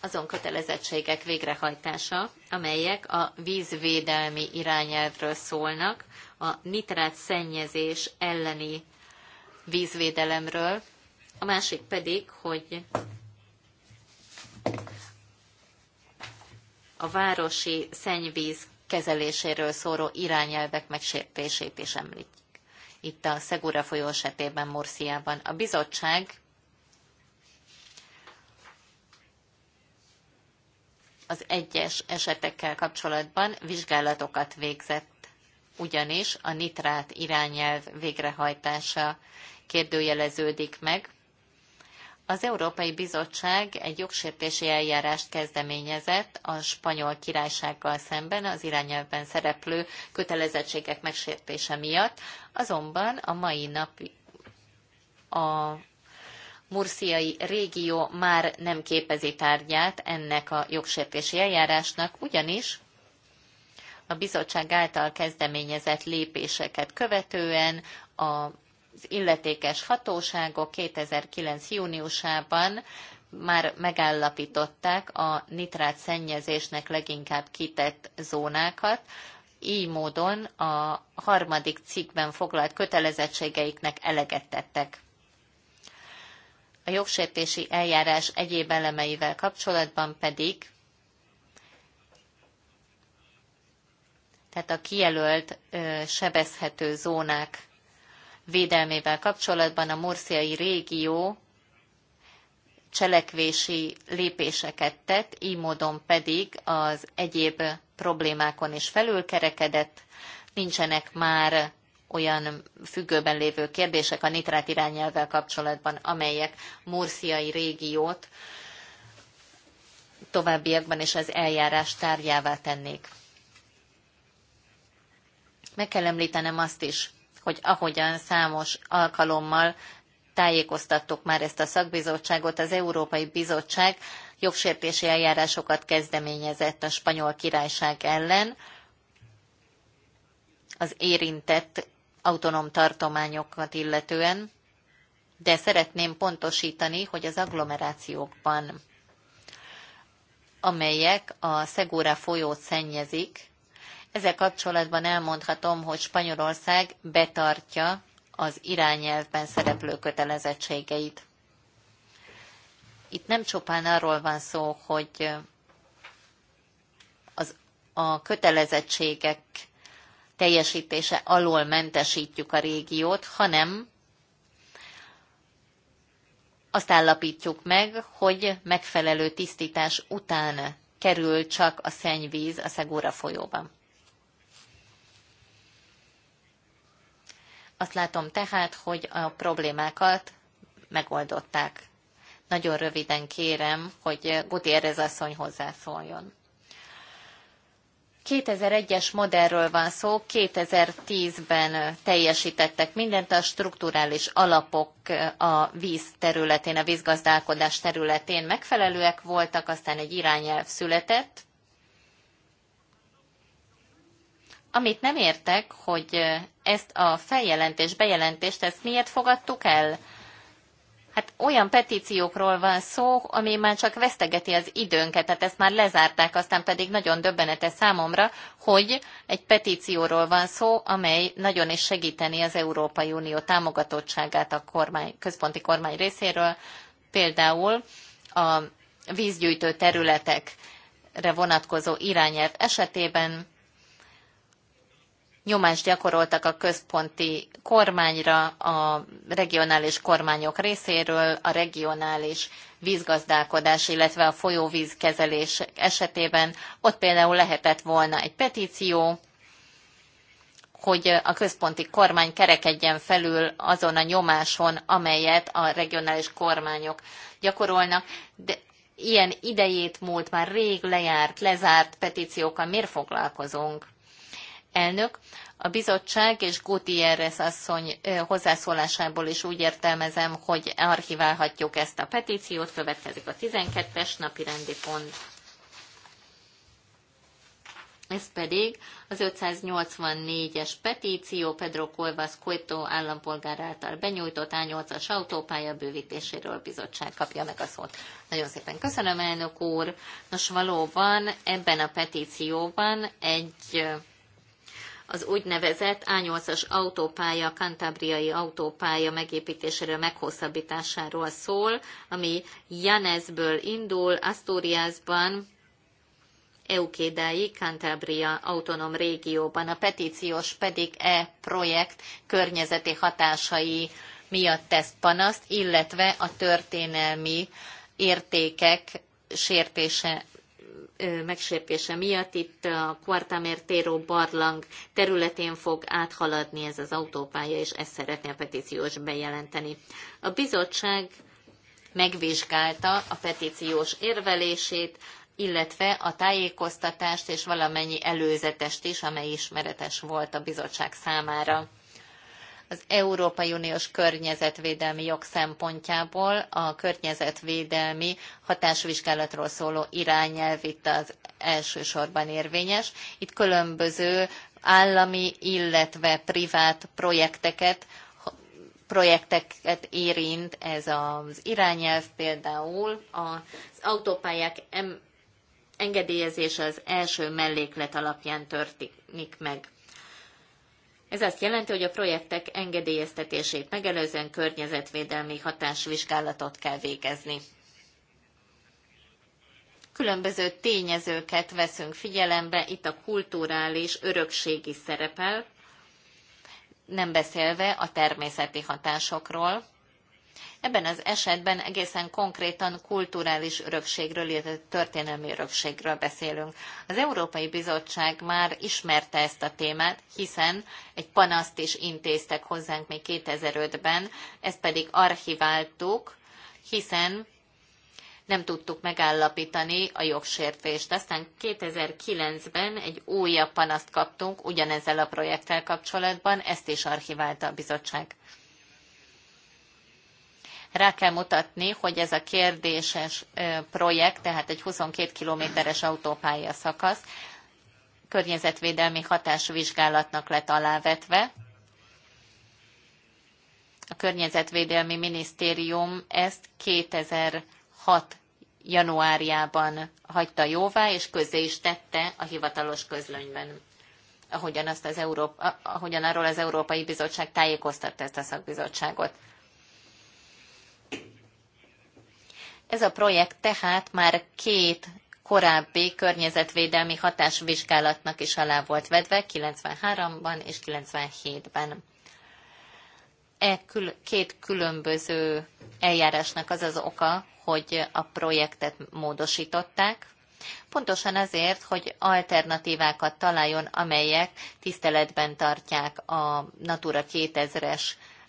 azon kötelezettségek végrehajtása, amelyek a vízvédelmi irányelvről szólnak, a nitrát szennyezés elleni vízvédelemről, a másik pedig, hogy a városi szennyvíz kezeléséről szóró irányelvek megsértését is említik. Itt a Szegura folyó esetében Murciában. A bizottság az egyes esetekkel kapcsolatban vizsgálatokat végzett, ugyanis a nitrát irányelv végrehajtása kérdőjeleződik meg. Az Európai Bizottság egy jogsértési eljárást kezdeményezett a spanyol királysággal szemben az irányelvben szereplő kötelezettségek megsértése miatt, azonban a mai nap a murciai régió már nem képezi tárgyát ennek a jogsértési eljárásnak, ugyanis a bizottság által kezdeményezett lépéseket követően a illetékes hatóságok 2009. júniusában már megállapították a nitrát szennyezésnek leginkább kitett zónákat, így módon a harmadik cikkben foglalt kötelezettségeiknek eleget tettek. A jogsértési eljárás egyéb elemeivel kapcsolatban pedig, tehát a kijelölt sebezhető zónák védelmével kapcsolatban a murciai régió cselekvési lépéseket tett, így módon pedig az egyéb problémákon is felülkerekedett, nincsenek már olyan függőben lévő kérdések a nitrát irányelvvel kapcsolatban, amelyek murciai régiót továbbiakban is az eljárás tárgyává tennék. Meg kell említenem azt is, hogy ahogyan számos alkalommal tájékoztattuk már ezt a szakbizottságot, az Európai Bizottság jogsértési eljárásokat kezdeményezett a spanyol királyság ellen az érintett autonóm tartományokat illetően, de szeretném pontosítani, hogy az agglomerációkban, amelyek a Szegóra folyót szennyezik, ezzel kapcsolatban elmondhatom, hogy Spanyolország betartja az irányelvben szereplő kötelezettségeit. Itt nem csupán arról van szó, hogy az, a kötelezettségek teljesítése alól mentesítjük a régiót, hanem azt állapítjuk meg, hogy megfelelő tisztítás után kerül csak a szennyvíz a Szegóra folyóban. Azt látom tehát, hogy a problémákat megoldották. Nagyon röviden kérem, hogy Gutierrez asszony hozzászóljon. 2001-es modellről van szó, 2010-ben teljesítettek mindent a strukturális alapok a víz területén, a vízgazdálkodás területén megfelelőek voltak, aztán egy irányelv született, Amit nem értek, hogy ezt a feljelentés, bejelentést, ezt miért fogadtuk el? Hát olyan petíciókról van szó, ami már csak vesztegeti az időnket, tehát ezt már lezárták, aztán pedig nagyon döbbenetes számomra, hogy egy petícióról van szó, amely nagyon is segíteni az Európai Unió támogatottságát a kormány, központi kormány részéről, például a vízgyűjtő területekre vonatkozó irányelv esetében nyomást gyakoroltak a központi kormányra, a regionális kormányok részéről, a regionális vízgazdálkodás, illetve a folyóvízkezelés esetében. Ott például lehetett volna egy petíció, hogy a központi kormány kerekedjen felül azon a nyomáson, amelyet a regionális kormányok gyakorolnak, de ilyen idejét múlt, már rég lejárt, lezárt petíciókkal miért foglalkozunk? Elnök, a bizottság és Gutierrez asszony hozzászólásából is úgy értelmezem, hogy archiválhatjuk ezt a petíciót, következik a 12-es napi rendi pont. Ez pedig az 584-es petíció Pedro Colvas Coito állampolgár által benyújtott A8-as autópálya bővítéséről bizottság kapja meg a szót. Nagyon szépen köszönöm, elnök úr. Nos, valóban ebben a petícióban egy az úgynevezett A8-as autópálya, kantábriai autópálya megépítéséről, meghosszabbításáról szól, ami Janesből indul, Asturiasban, Eukédái, Cantabria autonóm régióban. A petíciós pedig e projekt környezeti hatásai miatt tesz panaszt, illetve a történelmi értékek sértése megsérpése miatt itt a Quartamertero barlang területén fog áthaladni ez az autópálya, és ezt szeretné a petíciós bejelenteni. A bizottság megvizsgálta a petíciós érvelését, illetve a tájékoztatást és valamennyi előzetest is, amely ismeretes volt a bizottság számára az Európai Uniós környezetvédelmi jog szempontjából a környezetvédelmi hatásvizsgálatról szóló irányelv itt az elsősorban érvényes. Itt különböző állami, illetve privát projekteket projekteket érint ez az irányelv, például az autópályák engedélyezése az első melléklet alapján történik meg. Ez azt jelenti, hogy a projektek engedélyeztetését megelőzően környezetvédelmi hatásvizsgálatot kell végezni. Különböző tényezőket veszünk figyelembe, itt a kulturális örökség is szerepel, nem beszélve a természeti hatásokról, Ebben az esetben egészen konkrétan kulturális örökségről, illetve történelmi örökségről beszélünk. Az Európai Bizottság már ismerte ezt a témát, hiszen egy panaszt is intéztek hozzánk még 2005-ben, ezt pedig archiváltuk, hiszen nem tudtuk megállapítani a jogsértést. Aztán 2009-ben egy újabb panaszt kaptunk ugyanezzel a projekttel kapcsolatban, ezt is archiválta a bizottság rá kell mutatni, hogy ez a kérdéses projekt, tehát egy 22 kilométeres autópálya szakasz, környezetvédelmi hatásvizsgálatnak lett alávetve. A Környezetvédelmi Minisztérium ezt 2006 januárjában hagyta jóvá, és közzé is tette a hivatalos közlönyben, ahogyan, azt az Európa, ahogyan arról az Európai Bizottság tájékoztatta ezt a szakbizottságot. Ez a projekt tehát már két korábbi környezetvédelmi hatásvizsgálatnak is alá volt vedve 93-ban és 97-ben. E két különböző eljárásnak az az oka, hogy a projektet módosították, pontosan azért, hogy alternatívákat találjon, amelyek tiszteletben tartják a Natura 2000-es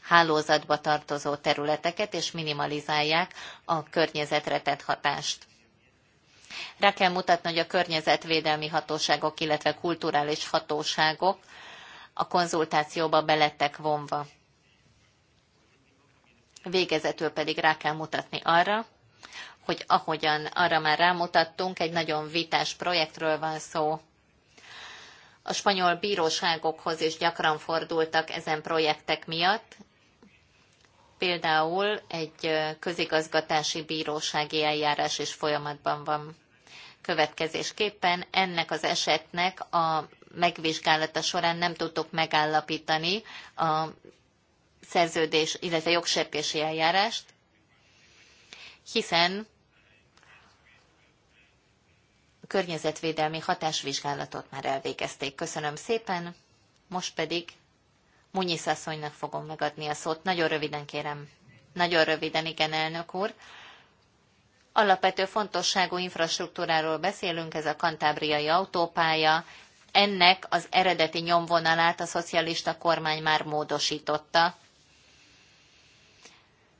hálózatba tartozó területeket, és minimalizálják a környezetre tett hatást. Rá kell mutatni, hogy a környezetvédelmi hatóságok, illetve kulturális hatóságok a konzultációba belettek vonva. Végezetül pedig rá kell mutatni arra, hogy ahogyan arra már rámutattunk, egy nagyon vitás projektről van szó. A spanyol bíróságokhoz is gyakran fordultak ezen projektek miatt, Például egy közigazgatási bírósági eljárás is folyamatban van. Következésképpen ennek az esetnek a megvizsgálata során nem tudtuk megállapítani a szerződés, illetve jogsértési eljárást, hiszen környezetvédelmi hatásvizsgálatot már elvégezték. Köszönöm szépen, most pedig Munyi asszonynak fogom megadni a szót. Nagyon röviden kérem. Nagyon röviden, igen, elnök úr. Alapvető fontosságú infrastruktúráról beszélünk, ez a kantábriai autópálya. Ennek az eredeti nyomvonalát a szocialista kormány már módosította.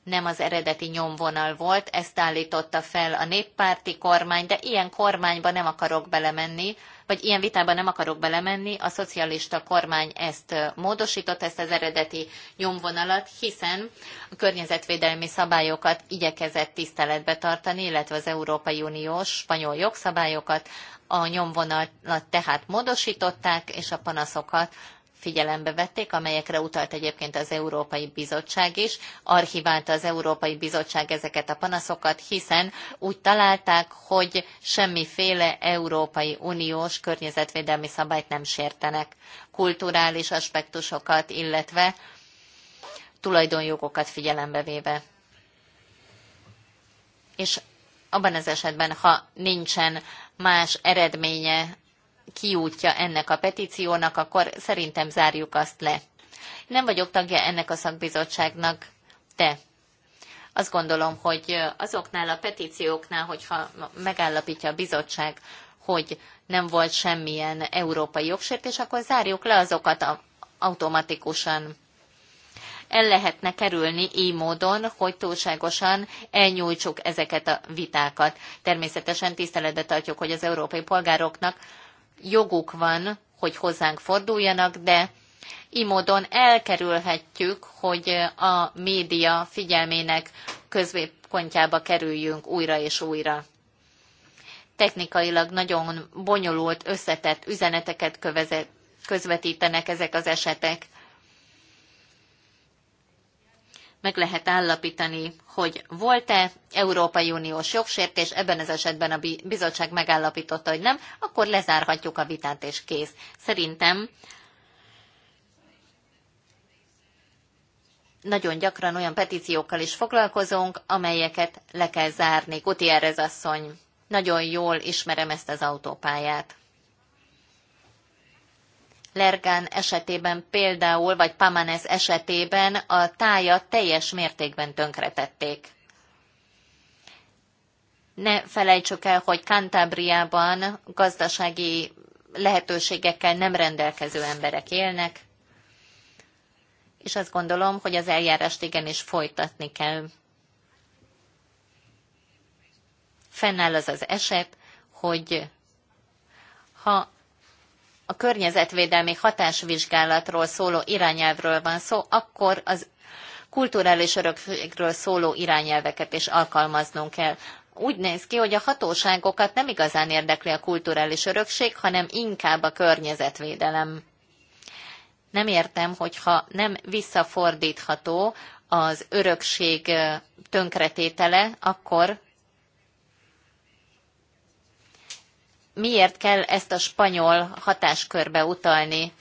Nem az eredeti nyomvonal volt, ezt állította fel a néppárti kormány, de ilyen kormányba nem akarok belemenni, vagy ilyen vitában nem akarok belemenni, a szocialista kormány ezt módosított, ezt az eredeti nyomvonalat, hiszen a környezetvédelmi szabályokat igyekezett tiszteletbe tartani, illetve az Európai Uniós spanyol jogszabályokat, a nyomvonalat tehát módosították, és a panaszokat figyelembe vették, amelyekre utalt egyébként az Európai Bizottság is. Archiválta az Európai Bizottság ezeket a panaszokat, hiszen úgy találták, hogy semmiféle Európai Uniós környezetvédelmi szabályt nem sértenek. Kulturális aspektusokat, illetve tulajdonjogokat figyelembe véve. És abban az esetben, ha nincsen más eredménye kiútja ennek a petíciónak, akkor szerintem zárjuk azt le. Nem vagyok tagja ennek a szakbizottságnak, de azt gondolom, hogy azoknál a petícióknál, hogyha megállapítja a bizottság, hogy nem volt semmilyen európai jogsértés, akkor zárjuk le azokat a, automatikusan. El lehetne kerülni így módon, hogy túlságosan elnyújtsuk ezeket a vitákat. Természetesen tiszteletbe tartjuk, hogy az európai polgároknak joguk van, hogy hozzánk forduljanak, de így módon elkerülhetjük, hogy a média figyelmének középpontjába kerüljünk újra és újra. Technikailag nagyon bonyolult, összetett üzeneteket közvetítenek ezek az esetek meg lehet állapítani, hogy volt-e Európai Uniós jogsértés, ebben az esetben a bizottság megállapította, hogy nem, akkor lezárhatjuk a vitát és kész. Szerintem nagyon gyakran olyan petíciókkal is foglalkozunk, amelyeket le kell zárni. Gutierrez asszony, nagyon jól ismerem ezt az autópályát. Lergán esetében például, vagy Pamanez esetében a tájat teljes mértékben tönkretették. Ne felejtsük el, hogy Kantábriában gazdasági lehetőségekkel nem rendelkező emberek élnek, és azt gondolom, hogy az eljárást igenis folytatni kell. Fennáll az az eset, hogy ha a környezetvédelmi hatásvizsgálatról szóló irányelvről van szó, akkor az kulturális örökségről szóló irányelveket is alkalmaznunk kell. Úgy néz ki, hogy a hatóságokat nem igazán érdekli a kulturális örökség, hanem inkább a környezetvédelem. Nem értem, hogyha nem visszafordítható az örökség tönkretétele, akkor miért kell ezt a spanyol hatáskörbe utalni.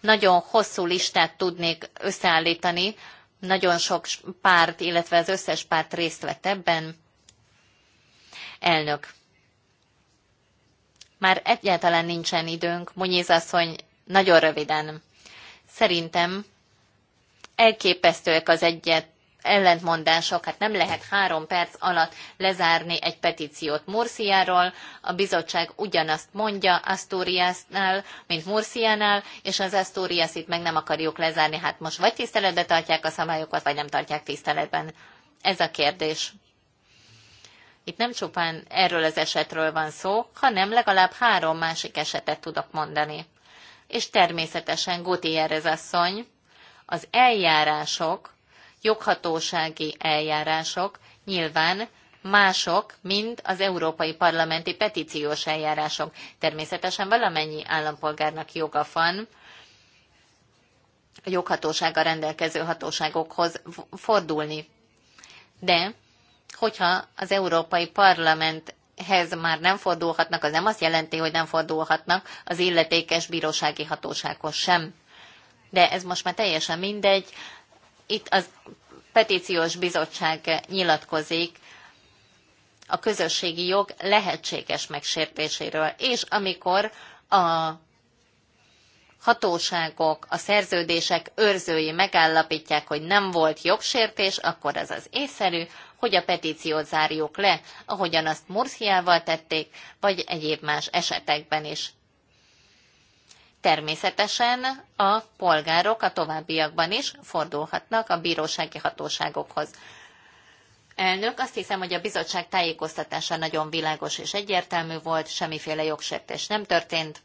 Nagyon hosszú listát tudnék összeállítani, nagyon sok párt, illetve az összes párt részt vett ebben. Elnök. Már egyáltalán nincsen időnk, Munyéz asszony, nagyon röviden. Szerintem elképesztőek az egyet ellentmondások, hát nem lehet három perc alatt lezárni egy petíciót Murciáról, a bizottság ugyanazt mondja Asturiasnál, mint Murciánál, és az Asturias itt meg nem akarjuk lezárni, hát most vagy tiszteletbe tartják a szabályokat, vagy nem tartják tiszteletben. Ez a kérdés. Itt nem csupán erről az esetről van szó, hanem legalább három másik esetet tudok mondani. És természetesen Gutierrez asszony, az eljárások joghatósági eljárások nyilván mások, mint az európai parlamenti petíciós eljárások. Természetesen valamennyi állampolgárnak joga van a joghatósága rendelkező hatóságokhoz fordulni. De, hogyha az európai Parlamenthez már nem fordulhatnak, az nem azt jelenti, hogy nem fordulhatnak az illetékes bírósági hatósághoz sem. De ez most már teljesen mindegy, itt az petíciós bizottság nyilatkozik a közösségi jog lehetséges megsértéséről, és amikor a hatóságok, a szerződések őrzői megállapítják, hogy nem volt jogsértés, akkor ez az észszerű, hogy a petíciót zárjuk le, ahogyan azt Murciával tették, vagy egyéb más esetekben is természetesen a polgárok a továbbiakban is fordulhatnak a bírósági hatóságokhoz. Elnök, azt hiszem, hogy a bizottság tájékoztatása nagyon világos és egyértelmű volt, semmiféle jogsértés nem történt.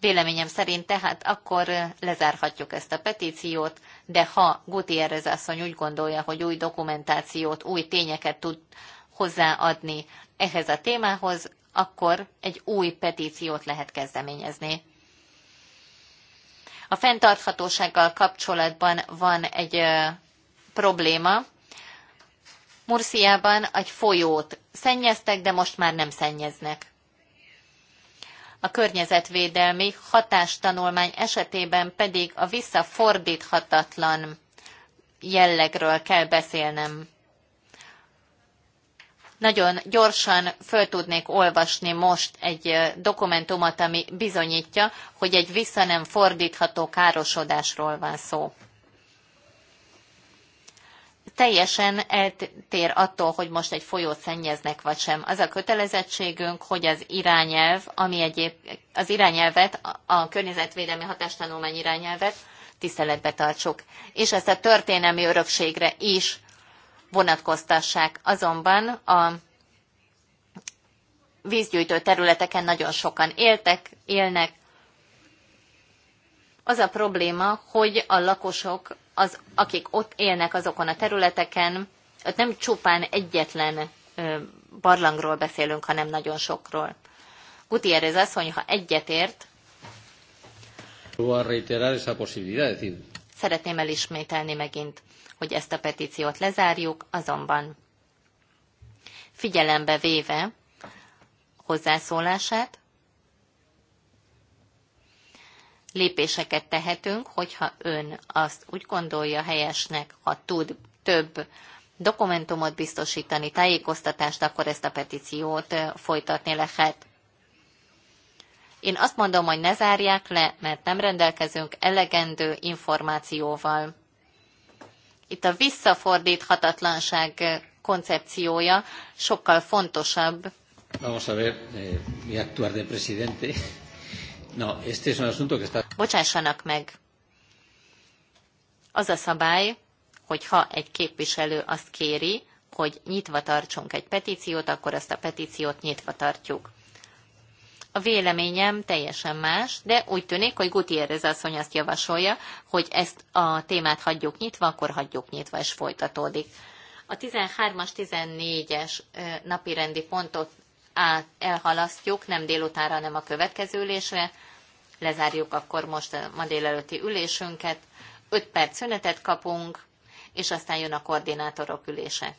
Véleményem szerint tehát akkor lezárhatjuk ezt a petíciót, de ha Gutierrez asszony úgy gondolja, hogy új dokumentációt, új tényeket tud hozzáadni ehhez a témához, akkor egy új petíciót lehet kezdeményezni. A fenntarthatósággal kapcsolatban van egy probléma. Murciában egy folyót szennyeztek, de most már nem szennyeznek. A környezetvédelmi hatástanulmány esetében pedig a visszafordíthatatlan jellegről kell beszélnem. Nagyon gyorsan föl tudnék olvasni most egy dokumentumot, ami bizonyítja, hogy egy vissza nem fordítható károsodásról van szó teljesen eltér attól, hogy most egy folyót szennyeznek vagy sem. Az a kötelezettségünk, hogy az irányelv, ami egyéb, az irányelvet, a környezetvédelmi hatástanulmány irányelvet tiszteletbe tartsuk. És ezt a történelmi örökségre is vonatkoztassák. Azonban a vízgyűjtő területeken nagyon sokan éltek, élnek. Az a probléma, hogy a lakosok, az, akik ott élnek azokon a területeken, ott nem csupán egyetlen barlangról beszélünk, hanem nagyon sokról. Gutiérrez asszony, ha egyetért, Szeretném elismételni megint hogy ezt a petíciót lezárjuk, azonban figyelembe véve hozzászólását, lépéseket tehetünk, hogyha ön azt úgy gondolja helyesnek, ha tud több dokumentumot biztosítani, tájékoztatást, akkor ezt a petíciót folytatni lehet. Én azt mondom, hogy ne zárják le, mert nem rendelkezünk elegendő információval itt a visszafordíthatatlanság koncepciója sokkal fontosabb. Vamos a ver, eh, actuar de presidente. No, este es un asunto que está... Bocsássanak meg. Az a szabály, hogy ha egy képviselő azt kéri, hogy nyitva tartsunk egy petíciót, akkor azt a petíciót nyitva tartjuk a véleményem teljesen más, de úgy tűnik, hogy Gutierrez asszony azt javasolja, hogy ezt a témát hagyjuk nyitva, akkor hagyjuk nyitva, és folytatódik. A 13-as, 14-es napi rendi pontot át elhalasztjuk, nem délutánra, nem a következő ülésre. Lezárjuk akkor most a ma délelőtti ülésünket. 5 perc szünetet kapunk, és aztán jön a koordinátorok ülése.